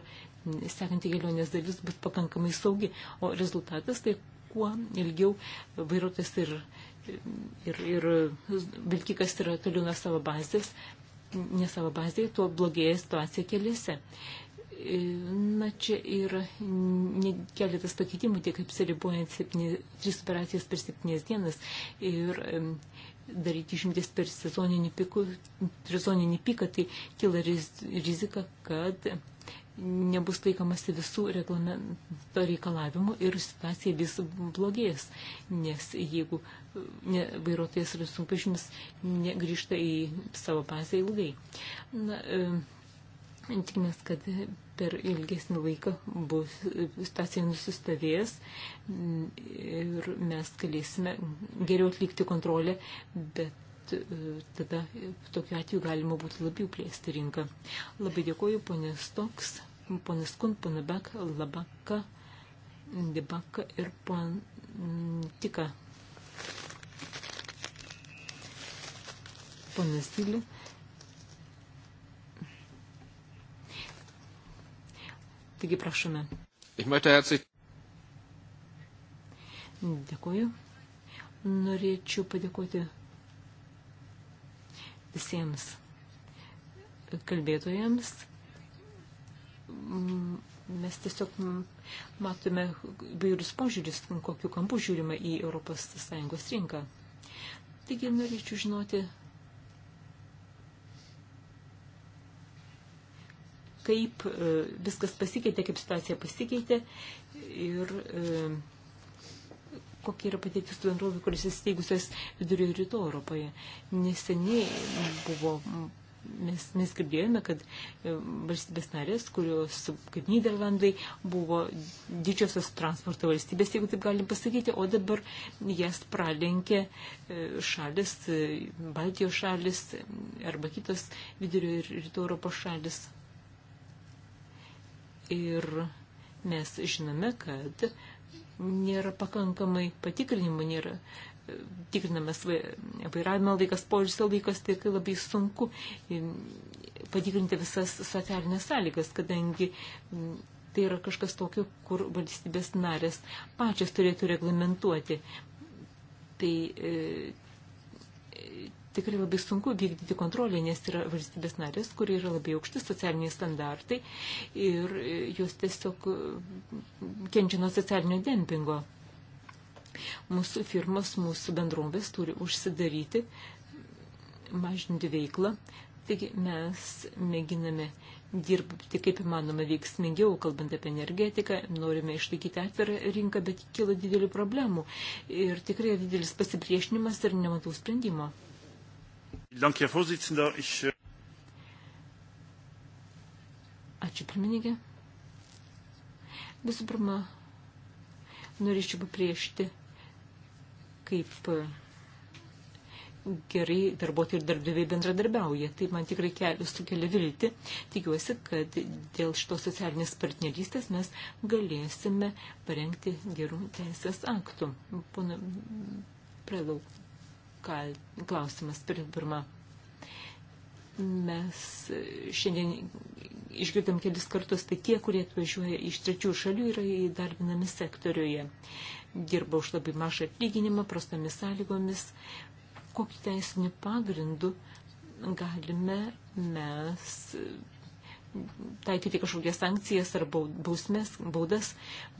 S2: sekanti kelionės dalis bus pakankamai saugi, o rezultatas tai kuo ilgiau vairuotojas ir ir, ir vilkikas yra toliau nuo savo bazės, ne savo bazėje, tuo blogėja situacija keliuose. E, na, čia yra keletas pakeitimų, tiek apsiribuojant 7, 3 operacijas per 7 dienas ir daryti išimtis per sezoninį, piku, sezoninį piką, tai kila rizika, kad nebus laikomasi visų reglamento reikalavimų ir situacija vis blogės, nes jeigu ne, vairuotojas ir sunkvežimis negrįžta į savo pasę ilgai. Na, e, tikimės, kad per ilgesnį laiką bus situacija nusistovės ir mes galėsime geriau atlikti kontrolę, bet E, tada tokiu atveju galima būtų labiau plėsti rinką. Labai dėkoju ponės Toks, ponės Kun, pana Bek, Labaka, Debaka ir pon Tika. Ponas Dilė. Taigi prašome. Dėkuoju. Norėčiau padėkoti visiems kalbėtojams. Mes tiesiog matome vairius požiūris, kokiu kampu žiūrima į ES rinką. Taigi norėčiau žinoti, kaip e, viskas pasikeitė, kaip situacija pasikeitė ir e, kokia yra patirtis tų bendrovių, kuris įsteigusios vidurio rytų Europoje. Neseniai buvo mes, mes girdėjome, kad e, valstybės narės, kurios, kaip Niderlandai, buvo didžiosios transporto valstybės, jeigu taip galim pasakyti, o dabar jas pralenkė e, šalis, e, Baltijos šalis arba kitos vidurio ir rytų Europos šalis. Ir mes žinome, kad nėra pakankamai patikrinimų, nėra e, tikrinamas vairavimo laikas, poilsio laikas, tai labai sunku e, patikrinti visas socialinės sąlygas, kadangi tai yra kažkas tokio, kur valstybės narės pačios turėtų reglamentuoti. Tai e, tikrai labai sunku vykdyti kontrolę, nes yra valstybės narės, kur yra labai aukšti socialiniai standartai ir jos tiesiog e, kenčia nuo socialinio dempingo. Mūsų firmas, mūsų bendrovės turi užsidaryti, mažinti veiklą. Taigi mes mėginame dirbti kaip įmanoma veiksmingiau, kalbant apie energetiką, norime išlaikyti atvirą rinką, bet kyla didelių problemų ir tikrai didelis pasipriešinimas ir nematau sprendimo.
S1: Dank, Herr Vorsitzender. Ich, äh,
S2: Ačiū, pirmininkė. Visų pirma, norėčiau papriešti, kaip e, gerai darbuotojai ir darbdaviai bendradarbiauja. Tai man tikrai kelius sukelia vilti. Tikiuosi, kad dėl šitos socialinės partnerystės mes galėsime parengti gerų teisės aktų. Pana Prelau kal, klausimas. Pirma, mes šiandien išgirdom kelis kartus, tai tie, kurie atvažiuoja iš trečių šalių, yra įdarbinami sektoriuje. Dirba už labai mažą atlyginimą, prastomis sąlygomis. Kokiu teisiniu pagrindu galime mes taikyti kažkokias sankcijas ar bausmes, baudas.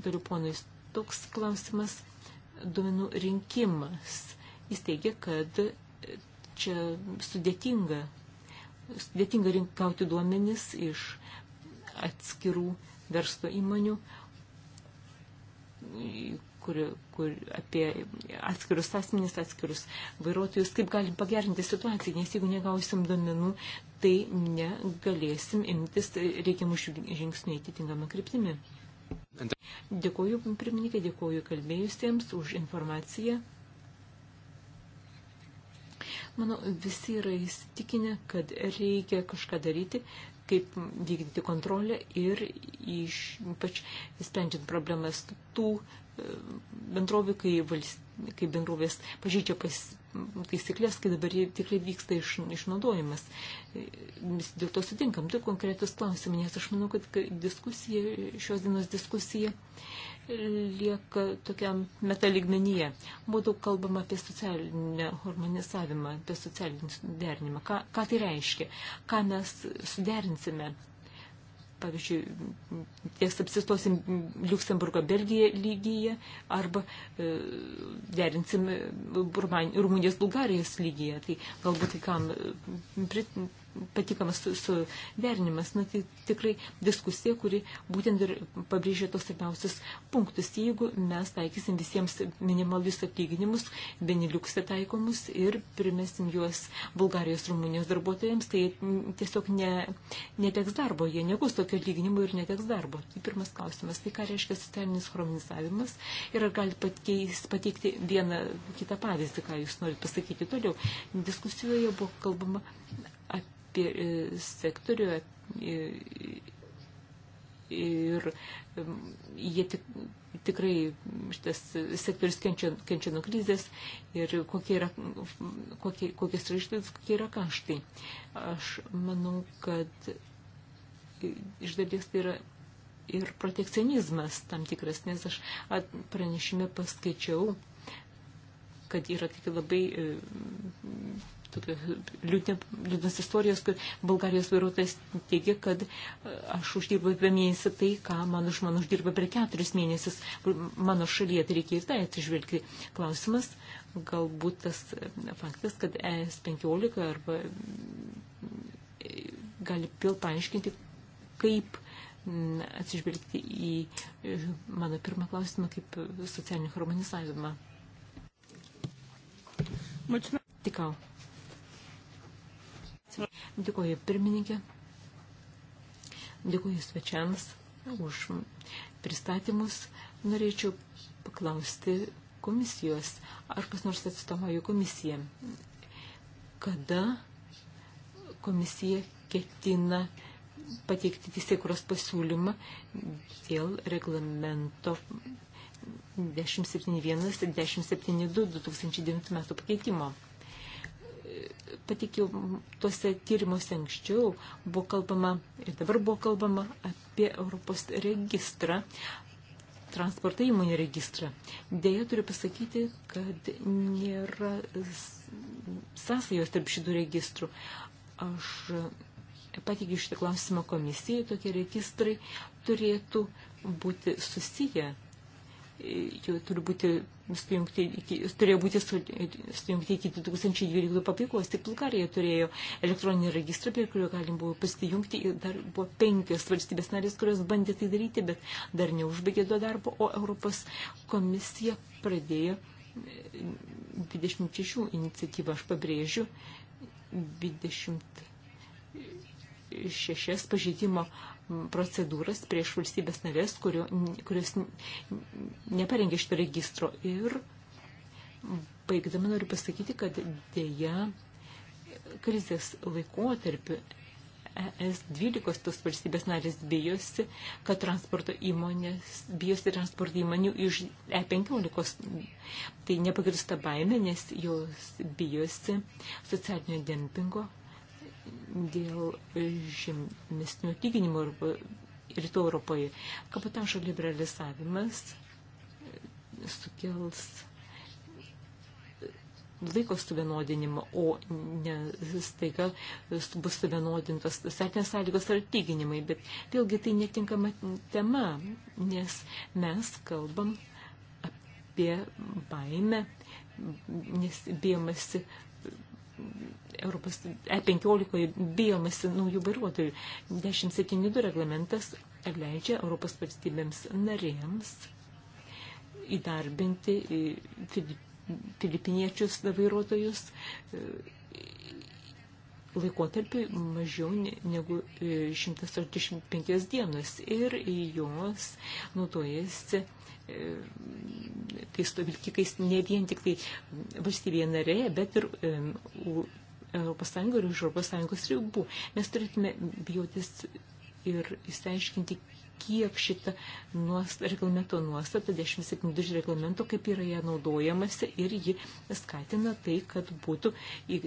S2: Turiu ponui toks klausimas, duomenų rinkimas jis teigia, kad e, čia sudėtinga, sudėtinga rinkauti duomenis iš atskirų verslo įmonių, kur, kur apie atskirus asmenys, atskirus vairuotojus, kaip galim pagerinti situaciją, nes jeigu negausim domenų, tai negalėsim imtis reikiamų žingsnių įtitinkamą kryptimį. Dėkuoju pirmininkai, dėkuoju kalbėjusiems už informaciją. Manau, visi yra įsitikinę, kad reikia kažką daryti, kaip vykdyti kontrolę ir iš, ypač sprendžiant problemas tų e, bendrovių, kai, valst, kai bendrovės pažydžia pas taisyklės, kai dabar tikrai vyksta iš, išnaudojimas. E, mes dėl to sutinkam, tai konkretus klausimai, nes aš manau, kad diskusija, šios dienos diskusija lieka tokiam metaligmenyje. Būtų kalbama apie socialinę harmonizavimą, apie socialinį derinimą. Ką, ką tai reiškia? Ką mes suderinsime? Pavyzdžiui, ties apsistosim Luxemburgo Belgija lygyje arba e, derinsim Rumunijos Bulgarijos lygyje. Tai galbūt kai kam e, prit, patikamas suderinimas, su, su na tai tikrai diskusija, kuri būtent ir pabrėžė tos svarbiausius punktus. Jeigu mes taikysim visiems minimalius atlyginimus, beniliuksė taikomus ir primestim juos Bulgarijos, Rumunijos darbuotojams, tai tiesiog ne, neteks darbo, jie negus tokio atlyginimo ir neteks darbo. Tai pirmas klausimas, tai ką reiškia socialinis chronizavimas ir ar gali pakeis, pateikti vieną kitą pavyzdį, ką jūs norite pasakyti toliau. Diskusijoje buvo kalbama apie e, sektorių e, ir jie tik, tikrai šitas sektorius kenčia, kenčia nuo krizės ir kokie yra, kokie, kokias raištis, kokie yra kaštai. Aš manau, kad iš dalies tai yra ir protekcionizmas tam tikras, nes aš pranešime paskaičiau, kad yra tik labai e, liūdnas istorijos, kad Bulgarijos vairuotojas teigia, kad e, aš uždirbu apie mėnesį tai, ką mano žmona uždirba per keturis mėnesius. Mano šalyje tai reikia ir tai atsižvelgti. Klausimas, galbūt tas e, faktas, kad ES15 arba e, gali pil paaiškinti, kaip atsižvelgti į mano pirmą klausimą kaip socialinį harmonizavimą. Mulțumesc. Ticau. Dėkuoju pirmininkė, dėkuoju svečiams už pristatymus. Norėčiau paklausti komisijos, ar kas nors atstovauja komisiją. Kada komisija ketina pateikti teisėkuros pasiūlymą dėl reglamento 1071 ir 1072 2009 metų pakeitimo patikiau tuose tyrimuose anksčiau, buvo kalbama ir dabar buvo kalbama apie Europos registrą, transporto įmonių registrą. Dėja, turiu pasakyti, kad nėra sąsajos tarp šitų registrų. Aš patikiu šitą klausimą komisijai, tokie registrai turėtų būti susiję jau turi būti sujungti iki, turėjo būti sujungti iki 2012 pabaigos, tik Bulgarija turėjo elektroninį registrą, prie kurio galim buvo pasijungti ir dar buvo penkios valstybės narės, kurios bandė tai daryti, bet dar neužbaigė to darbo, o Europos komisija pradėjo 26 iniciatyvą, aš pabrėžiu, 26 pažeidimo uh, procedūras prieš valstybės narės, kurio, kurios neparengė šito registro. Ir baigdami noriu pasakyti, kad dėja krizės laikotarpiu ES 12 tos valstybės narės bijosi, kad transporto įmonės, bijosi transporto įmonių iš E15. Tai nepagrista baime, nes jos bijosi socialinio dempingo dėl e, žemesnių atlyginimų rytų Europoje. Kapitažo liberalizavimas e, sukels e, laiko suvienodinimą, o ne staiga bus suvienodintos startinės sąlygos ar atlyginimai. Bet vėlgi tai netinkama tema, nes mes kalbam apie baimę, nes bijomasi Europos E15 bijomasi naujų vairuotojų. 1072 reglamentas leidžia Europos valstybėms narėms įdarbinti e, filipiniečius vairuotojus e, laikotarpiu mažiau negu 185 e, dienas ir jos naudojasi tais vilkikais ne vien tik tai valstybėje narėje, bet ir Europos Sąjungo ir už Europos Sąjungos ribų. Mes turėtume bijotis ir įsiaiškinti, kiek šita nuost, reglamento nuostata, 1072 reglamento, kaip yra ją naudojamasi ir ji skatina tai, kad būtų į,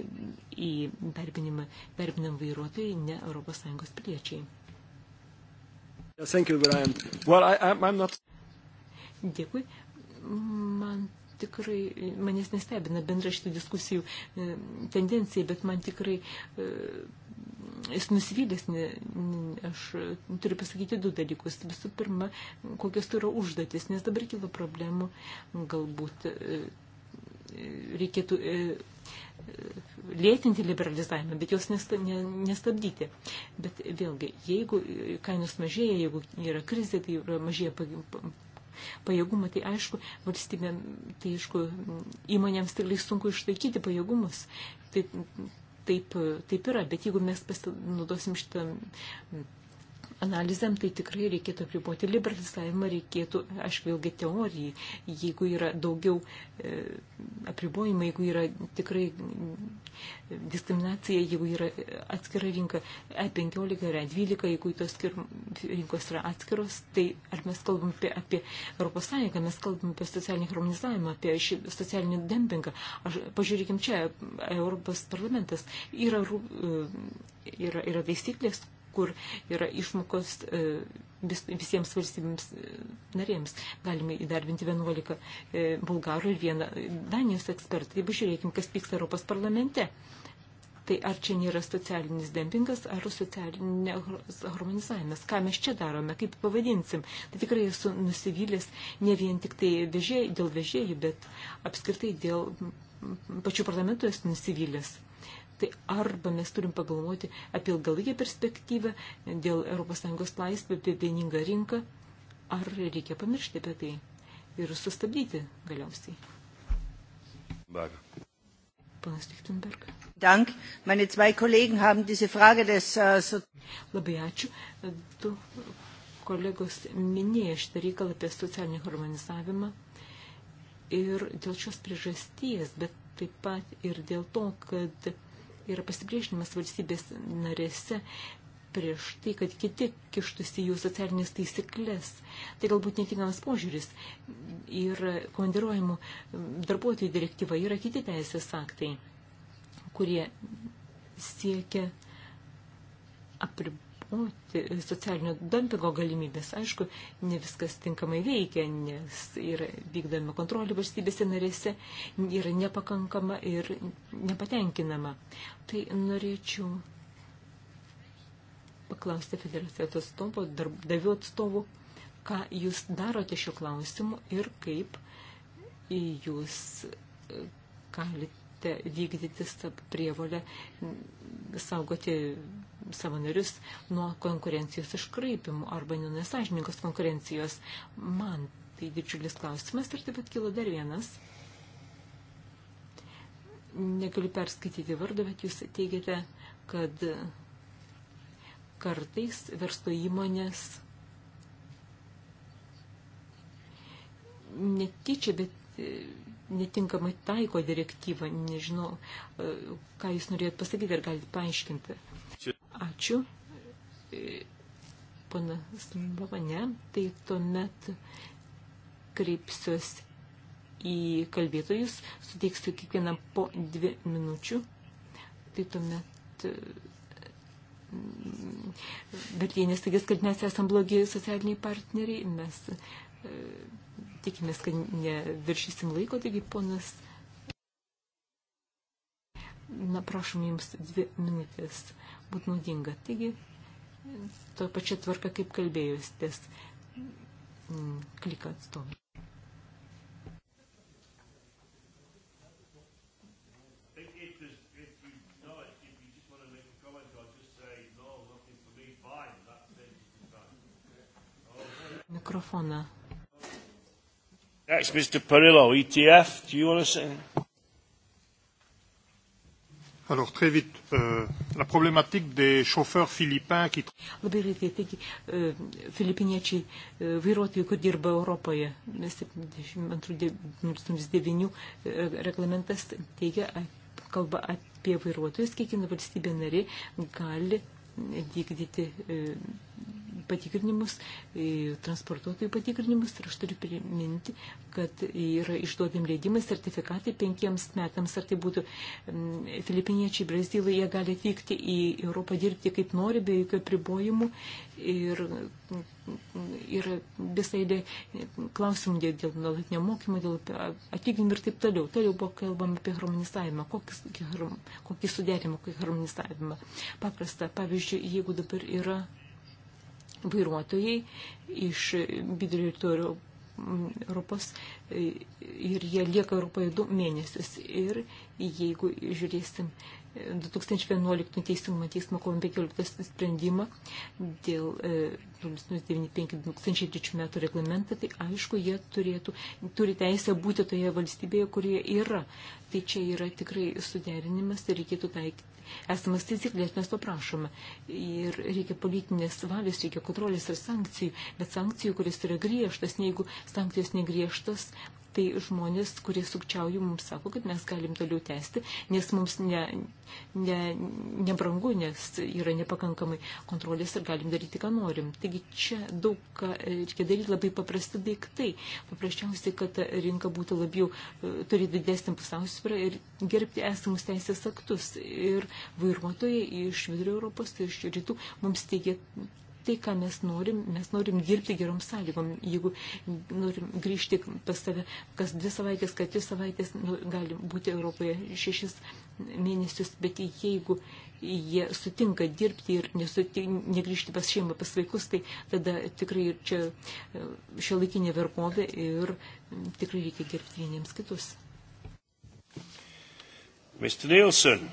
S2: į darbinimą, darbinam vairuotojai ne Europos Sąjungos piliečiai.
S3: Yes, thank you, Brian. Well, I, I'm not...
S2: Dėkui. Man tikrai, manęs nestebina bendra šitų diskusijų e, tendencija, bet man tikrai esu nusivylęs, ne, aš turiu pasakyti du dalykus. Visų pirma, kokios tai yra užduotis, nes dabar kilo problemų, galbūt e, reikėtų e, lėtinti liberalizavimą, bet jos nestabdyti. Bet vėlgi, jeigu kainos mažėja, jeigu yra krizė, tai yra mažėja pajėgumą, tai aišku, valstybėm, tai aišku, įmonėms tikrai sunku išlaikyti pajėgumus. Tai, taip, taip yra, bet jeigu mes pasinaudosim šitą analizėm, tai tikrai reikėtų apriboti liberalizavimą, reikėtų, aišku, vėlgi teorijai, jeigu yra daugiau e, apribojimai, jeigu yra tikrai diskriminacija, jeigu yra atskira rinka E15 ar E12, jeigu tos rinkos yra atskiros, tai ar mes kalbam apie, apie Europos Sąjungą, mes kalbam apie socialinį harmonizavimą, apie šį socialinį dempingą. Aš, pažiūrėkim čia, Europos parlamentas yra, e, yra, yra taisyklės, kur yra išmokos e, vis, visiems valstybėms e, narėms. Galime įdarbinti 11 e, bulgarų ir vieną Danijos ekspertą. Jeigu žiūrėkime, kas vyksta Europos parlamente. Tai ar čia nėra socialinis dempingas, ar socialinė harmonizavimas? Ką mes čia darome, kaip pavadinsim? Tai tikrai esu nusivylęs ne vien tik tai vežėjai, dėl vežėjų, bet apskritai dėl pačių parlamentų esu nusivylęs tai arba mes turim pagalvoti apie ilgalaikę perspektyvą dėl ES laisvę, apie vieningą rinką, ar reikia pamiršti apie tai ir sustabdyti galiausiai. Baga. Panas Lichtenberg. Dank. Meine zwei Kollegen haben diese Frage des... Uh, so Labai ačiū. Du kolegos minėjo šitą reikalą apie socialinį harmonizavimą ir dėl šios priežasties, bet taip pat ir dėl to, kad yra pasipriešinimas valstybės narėse prieš tai, kad kiti kištusi jų socialinės taisyklės. Tai galbūt netinkamas požiūris. Ir komandiruojamų darbuotojų direktyva yra kiti teisės aktai, kurie siekia apriboti nu, tai socialinio dumpingo galimybės. Aišku, ne viskas tinkamai veikia, nes yra vykdama kontrolė valstybėse narėse, yra nepakankama ir nepatenkinama. Tai norėčiau paklausti federacijos atstovų, darbdavių atstovų, ką jūs darote šiuo klausimu ir kaip jūs galite vykdyti prievolę saugoti savo narius nuo konkurencijos iškraipimų arba nenesažininkos konkurencijos. Man tai didžiulis klausimas ir taip pat kilo dar vienas. Negaliu perskaityti vardo, bet jūs teigiate, kad kartais verslo įmonės netyčia, bet e, netinkamai taiko direktyvą. Nežinau, e, ką jūs norėjot pasakyti, ar galite paaiškinti. Ačiū. E, pana Slimbava, ne. Tai tuomet kreipsiuos į kalbėtojus, suteiksiu kiekvienam po dvi minučių. Tai tuomet e, bet jie nesakys, kad mes esam blogi socialiniai partneriai, mes e, tikimės, kad neviršysim laiko, taigi ponas Na, prašom jums dvi minutės, būtų naudinga. Taigi, to pačia tvarka, kaip kalbėjusitės, mm, klika atstovai. Mikrofoną.
S1: Next, Mr. Perillo, ETF, do you want to say?
S3: Alors, très vite, euh, la problématique des chauffeurs philippins qui...
S2: Labai greitai, taigi, e, filipiniečiai e, vairuotojai, kur dirba Europoje, 72.09 e, reglamentas teigia, kalba apie vairuotojus, kiekviena valstybė nari gali vykdyti patikrinimus, e, transportuotojų patikrinimus ir aš turiu priminti, kad yra išduodami leidimai, sertifikatai penkiems metams, ar tai būtų filipiniečiai, brazilai, jie gali atvykti į Europą dirbti kaip nori, be jokio pribojimų ir yra visai klausimų dėl nuolatinio mokymo, dėl atlyginimų ir taip toliau. Toliau buvo kalbama apie harmonizavimą, kokį, kokį sudėrimą, kokį harmonizavimą. Paprasta, pavyzdžiui, jeigu dabar yra vairuotojai iš vidurio ir turių Europos e, ir jie lieka Europoje du mėnesius. Ir jeigu žiūrėsim 2011 teisingumo teismo kovo 15 sprendimą dėl 095-2003 e, metų reglamentą, tai aišku, jie turėtų, turi teisę būti toje valstybėje, kurioje yra. Tai čia yra tikrai suderinimas ir tai reikėtų taikyti. Esamas taisyklės mes to prašome. Ir reikia politinės valios, reikia kontrolės ir sankcijų, bet sankcijų, kuris yra griežtas, jeigu sankcijos negriežtas, tai žmonės, kurie sukčiauja, mums sako, kad mes galim toliau tęsti, nes mums ne, ne, nebrangu, nes yra nepakankamai kontrolės ir galim daryti, ką norim. Taigi čia daug ką reikia daryti labai paprasti daiktai. Paprasčiausiai, kad rinka būtų labiau, e, turi didesnį pusiausvyrą ir gerbti esamus teisės aktus. Ir vairuotojai iš vidurio Europos, tai iš rytų mums teigia tai, ką mes norim, mes norim dirbti gerom sąlygom. Jeigu norim grįžti pas save kas dvi savaitės, kas tris savaitės, nu, gali būti Europoje šešis mėnesius, bet jeigu jie sutinka dirbti ir nesutik, negrįžti pas šeimą, pas vaikus, tai tada tikrai čia e, šio laikinė vergovė ir tikrai reikia gerbti vieniems kitus.
S3: Mr. Nielsen.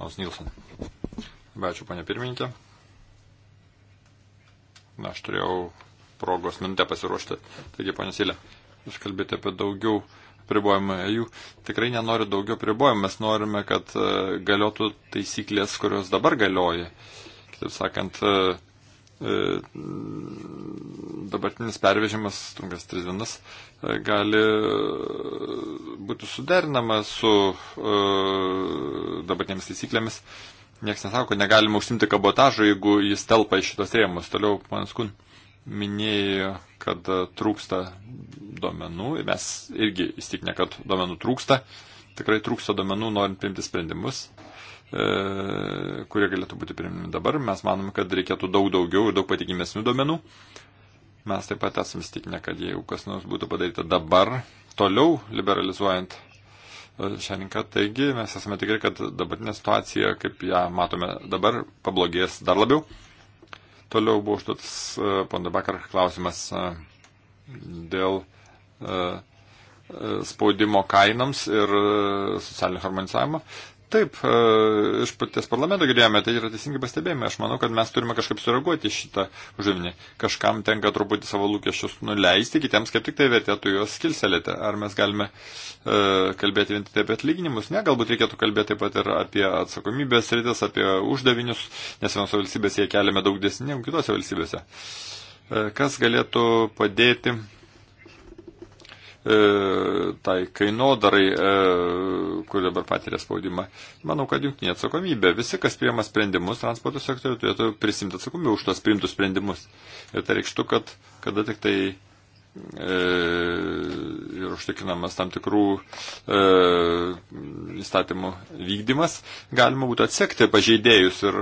S3: Hans Nielsen. Be ačiū, panė pirmininkė. Na, aš turėjau progos minutę pasiruošti. Taigi, ponė Silė, jūs kalbėjote apie daugiau pribojimų. E, jų tikrai nenori daugiau pribojimų. Mes norime, kad e, galiotų taisyklės, kurios dabar galioja. Kitaip sakant, e, dabartinis pervežimas, trunkas tris dienas, gali būti suderinama su dabartinėmis taisyklėmis. Niekas nesako, kad negalima užsimti kabotažo, jeigu jis telpa į šitos rėmus. Toliau, panas Kun, minėjo, kad e, trūksta duomenų. Mes irgi įstikinę, kad duomenų trūksta. Tikrai trūksta duomenų, norint priimti sprendimus, e, kurie galėtų būti priimami dabar. Mes manome, kad reikėtų daug daugiau ir daug patikimesnių duomenų. Mes taip pat esame įstikinę, kad jeigu kas nors būtų padaryta dabar, toliau liberalizuojant šią rinką. Taigi mes esame tikri, kad dabartinė situacija, kaip ją matome dabar, pablogės dar labiau. Toliau buvo užduotas e, pono Bakar klausimas e, dėl e, spaudimo kainams ir socialinio harmonizavimo. Taip, e, iš paties parlamento girdėjome, tai yra teisingai pastebėjome. Aš manau, kad mes turime kažkaip sureaguoti šitą uždavinį. Kažkam tenka truputį savo lūkesčius nuleisti, kitiems kaip tik tai vertėtų juos skilselėti. Ar mes galime e, kalbėti vien tik tai apie atlyginimus? Ne, galbūt reikėtų kalbėti taip pat ir apie atsakomybės rytis, apie uždavinius, nes vienose valstybėse jie keliame daug desnį negu kitose valstybėse. E, kas galėtų padėti E, tai kainodarai, e, kur dabar patiria spaudimą. Manau, kad jungtinė atsakomybė. Visi, kas priema sprendimus transporto sektoriu, turėtų prisimti atsakomybę už tos priimtus sprendimus. Ir tai reikštų, kad kada tik tai e, ir užtikrinamas tam tikrų e, įstatymų vykdymas, galima būtų atsekti pažeidėjus ir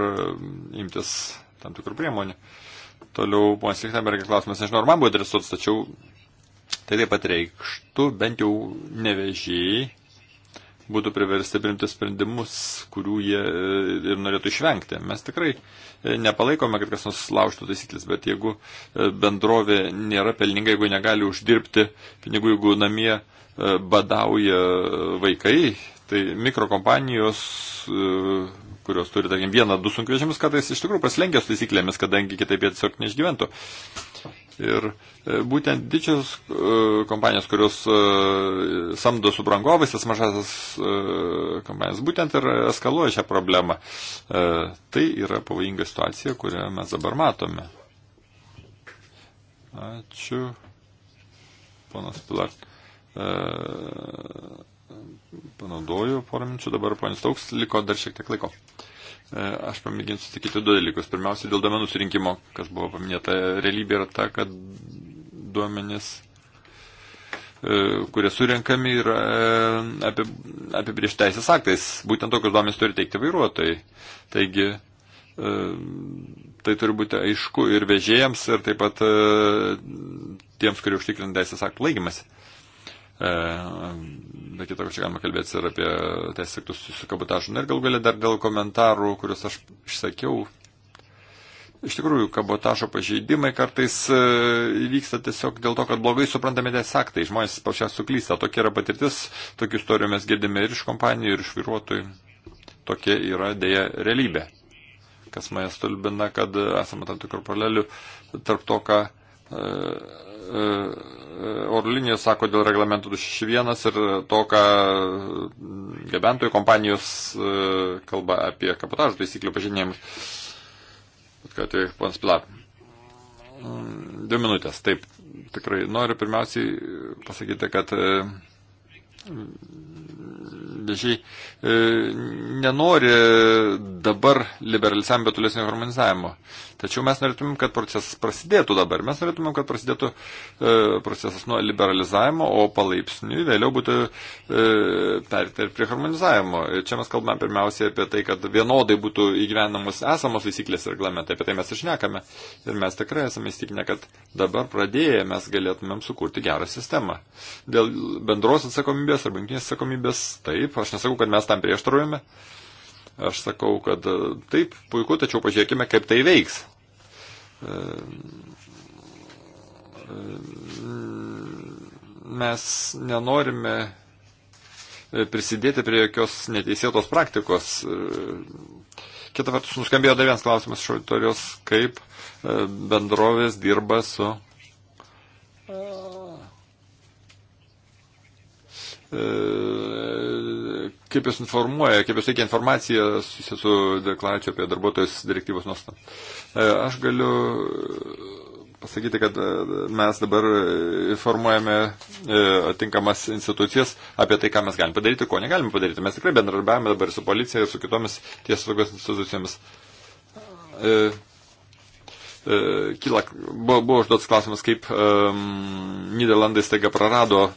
S3: imtis tam tikrų priemonių. Toliau, ponas Lichtenbergė, klausimas, nežinau, ar man buvo adresuotas, tačiau Tai taip pat reikštų, bent jau nevežiai būtų priversti priimti sprendimus, kurių jie e, ir norėtų išvengti. Mes tikrai e, nepalaikome, kad kas nors lauštų taisyklės, bet jeigu e, bendrovė nėra pelninga, jeigu negali uždirbti pinigų, jeigu namie badauja vaikai, tai mikrokompanijos kurios turi, tarkim, vieną, du sunkvežimius, kartais iš tikrųjų paslenkia su taisyklėmis, kadangi kitaip jie tiesiog neišgyventų. Ir e, būtent didžios e, kompanijos, kurios e, samdo subrangovais, tas mažasis kompanijas, būtent ir eskaluoja šią problemą. Tai yra pavojinga situacija, kurią mes dabar matome. Ačiū, ponas Pilar panaudoju porą minčių, dabar ponis Tauks liko dar šiek tiek laiko. E, aš pamėginsiu sakyti du dalykus. Pirmiausia, dėl duomenų surinkimo, kas buvo paminėta, realybė yra ta, kad duomenys, e, kurie surinkami, yra e, apie, apie prieš teisės aktais. Būtent tokius duomenys turi teikti vairuotojai. Taigi, tai turi būti aišku ir vežėjams, ir taip pat tiems, kurie užtikrina teisės aktų laikymasi. E, be kita, čia galima kalbėti ir apie teisės aktus su kabotažu. Na ir gal galia dar dėl komentarų, kuriuos aš išsakiau. Iš tikrųjų, kabotažo pažeidimai kartais e, įvyksta tiesiog dėl to, kad blogai suprantame teisės aktai. Žmonės paprasčiausiai suklysta. Tokia yra patirtis, tokių istorijų mes girdime ir iš kompanijų, ir iš vairuotojų. Tokia yra dėja realybė. Kas mane stulbina, kad esame tam tikrų paralelių tarp to, ką e, E, e, oro linijos sako dėl reglamentų 261 ir to, ką gabentojų kompanijos e, kalba apie kapotažų taisyklių pažinėjimus. Bet ką tai, ponas Pilap. Mm, dvi minutės, taip. Tikrai noriu pirmiausiai pasakyti, kad viešiai nenori dabar liberalizavimo, bet tolesnio harmonizavimo. Tačiau mes norėtumėm, kad procesas prasidėtų dabar. Mes norėtumėm, kad prasidėtų e, procesas nuo liberalizavimo, o palaipsniui vėliau būtų e, perėta ir prie harmonizavimo. Ir čia mes kalbame pirmiausiai apie tai, kad vienodai būtų įgyvenamos esamos taisyklės ir reglamentai. Apie tai mes išnekame. Ir mes tikrai esame įstikinę, kad dabar pradėję mes galėtumėm sukurti gerą sistemą. Dėl bendros atsakomybės ar bankinės atsakomybės, taip, aš nesakau, kad mes tam prieštaraujame. Aš sakau, kad e, taip, puiku, tačiau pažiūrėkime, kaip tai veiks mes nenorime prisidėti prie jokios neteisėtos praktikos. Kita vertus, nuskambėjo dar vienas klausimas iš auditorijos, kaip e, bendrovės dirba su e, kaip jūs informuoja, kaip jūs teikia informaciją susiję su deklaracija apie darbuotojus direktyvos nuostatą. E, aš galiu pasakyti, kad e, mes dabar informuojame e, atinkamas institucijas apie tai, ką mes galime padaryti, ko negalime padaryti. Mes tikrai bendradarbiavame dabar su policija ir su kitomis tiesaugos institucijomis. Kyla, buvo, buvo užduotas klausimas, kaip um, Niderlandai staiga prarado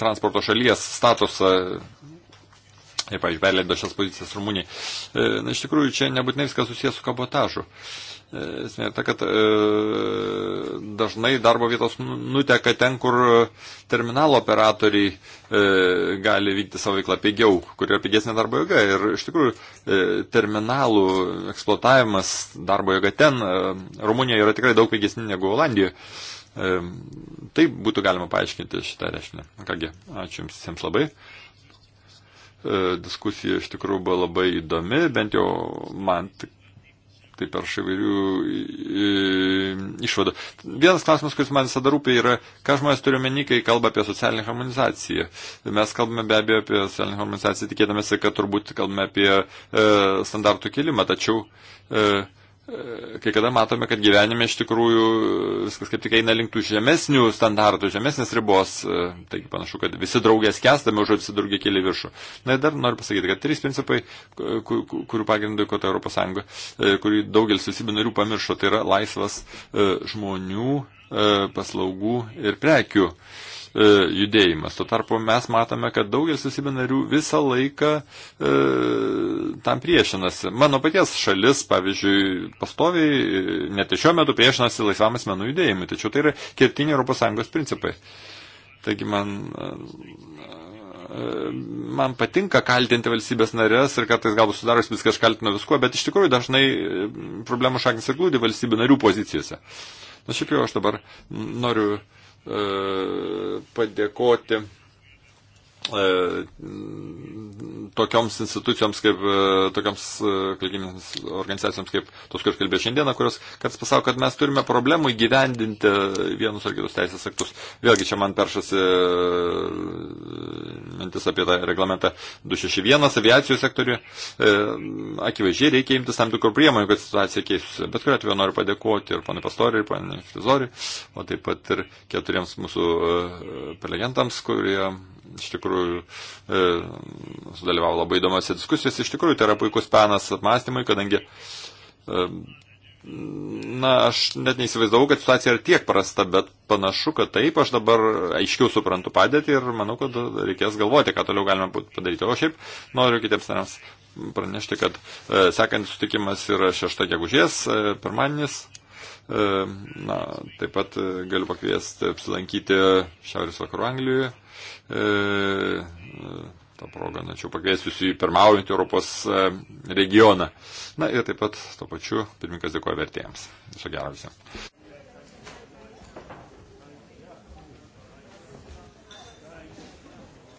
S3: transporto šalies statusą Ir, pavyzdžiui, perleido šias pozicijas Rumunijai. E, na, iš tikrųjų, čia nebūtinai viskas susijęs su kabotažu. E, esmė ta, kad e, dažnai darbo vietos nu, nuteka ten, kur terminalo operatoriai e, gali vykti savo veiklą pigiau, kur yra pigesnė darbo jėga. Ir iš tikrųjų e, terminalų eksploatavimas darbo jėga ten e, Rumunijoje yra tikrai daug pigesnė negu Olandijoje. E, taip būtų galima paaiškinti šitą reiškinį. Kągi, ačiū Jums visiems labai. E, diskusija iš tikrųjų buvo labai įdomi, bent jau man tik tai per įvairių e, išvadų. Vienas klausimas, kuris man visada rūpia, yra, ką žmonės turi omeny, kai kalba apie socialinę harmonizaciją. Mes kalbame be abejo apie socialinę harmonizaciją, tikėdamėsi, kad turbūt kalbame apie e, standartų kelimą, tačiau e, kai kada matome, kad gyvenime iš tikrųjų e, viskas kaip tik eina link tų žemesnių standartų, žemesnės ribos, e, taigi panašu, kad visi draugės kestame, už visi draugė keli viršų. Na ir dar noriu pasakyti, kad trys principai, e, kurių pagrindų įkota Europos Sąjunga, kurį daugelis susibinarių pamiršo, tai yra laisvas žmonių, paslaugų ir prekių E, judėjimas. Tuo tarpu mes matome, kad daugelis susibinarių visą laiką e, tam priešinasi. Mano paties šalis, pavyzdžiui, pastoviai, e, net ir šiuo metu priešinasi laisvam asmenų judėjimui, tačiau tai yra kertiniai ES principai. Taigi man e, man patinka kaltinti valstybės narės ir kartais galbūt sudaros viskas kaltina viskuo, bet iš tikrųjų dažnai problemų šaknis ir glūdi valstybių narių pozicijose. Na šiaip jau aš dabar noriu E, padėkoti E, tokioms institucijoms, kaip, e, tokioms e, klikinėms organizacijoms, kaip tos, kurios kalbėjo šiandieną, kurios kartais pasako, kad mes turime problemų įgyvendinti vienus ar kitus teisės aktus. Vėlgi čia man peršasi mintis apie tą reglamentą 261 aviacijos sektoriuje. Akivaizdžiai reikia imtis tam tikrų priemonių, kad situacija keistųsi. Bet kuriuo atveju noriu padėkoti ir panai Pastoriui, ir panai Frizoriui, o taip pat ir keturiems mūsų prelegentams, kurie iš tikrųjų e, sudalyvavo labai įdomiose diskusijose. Iš tikrųjų, tai yra puikus penas apmąstymai, kadangi, e, na, aš net neįsivaizdavau, kad situacija yra tiek prasta, bet panašu, kad taip, aš dabar aiškiau suprantu padėtį ir manau, kad reikės galvoti, ką toliau galima padaryti. O šiaip noriu kitiems nariams pranešti, kad e, sekantis sutikimas yra 6 gegužės, e, pirmadienis. E, na, taip pat e, galiu pakviesti apsilankyti Šiaurės vakarų Anglijoje. E, Ta proga, načiau pakviesiu į pirmaujantį Europos regioną. Na ir taip pat to pačiu pirmininkas dėkoja vertėjams. Viso gero visiems.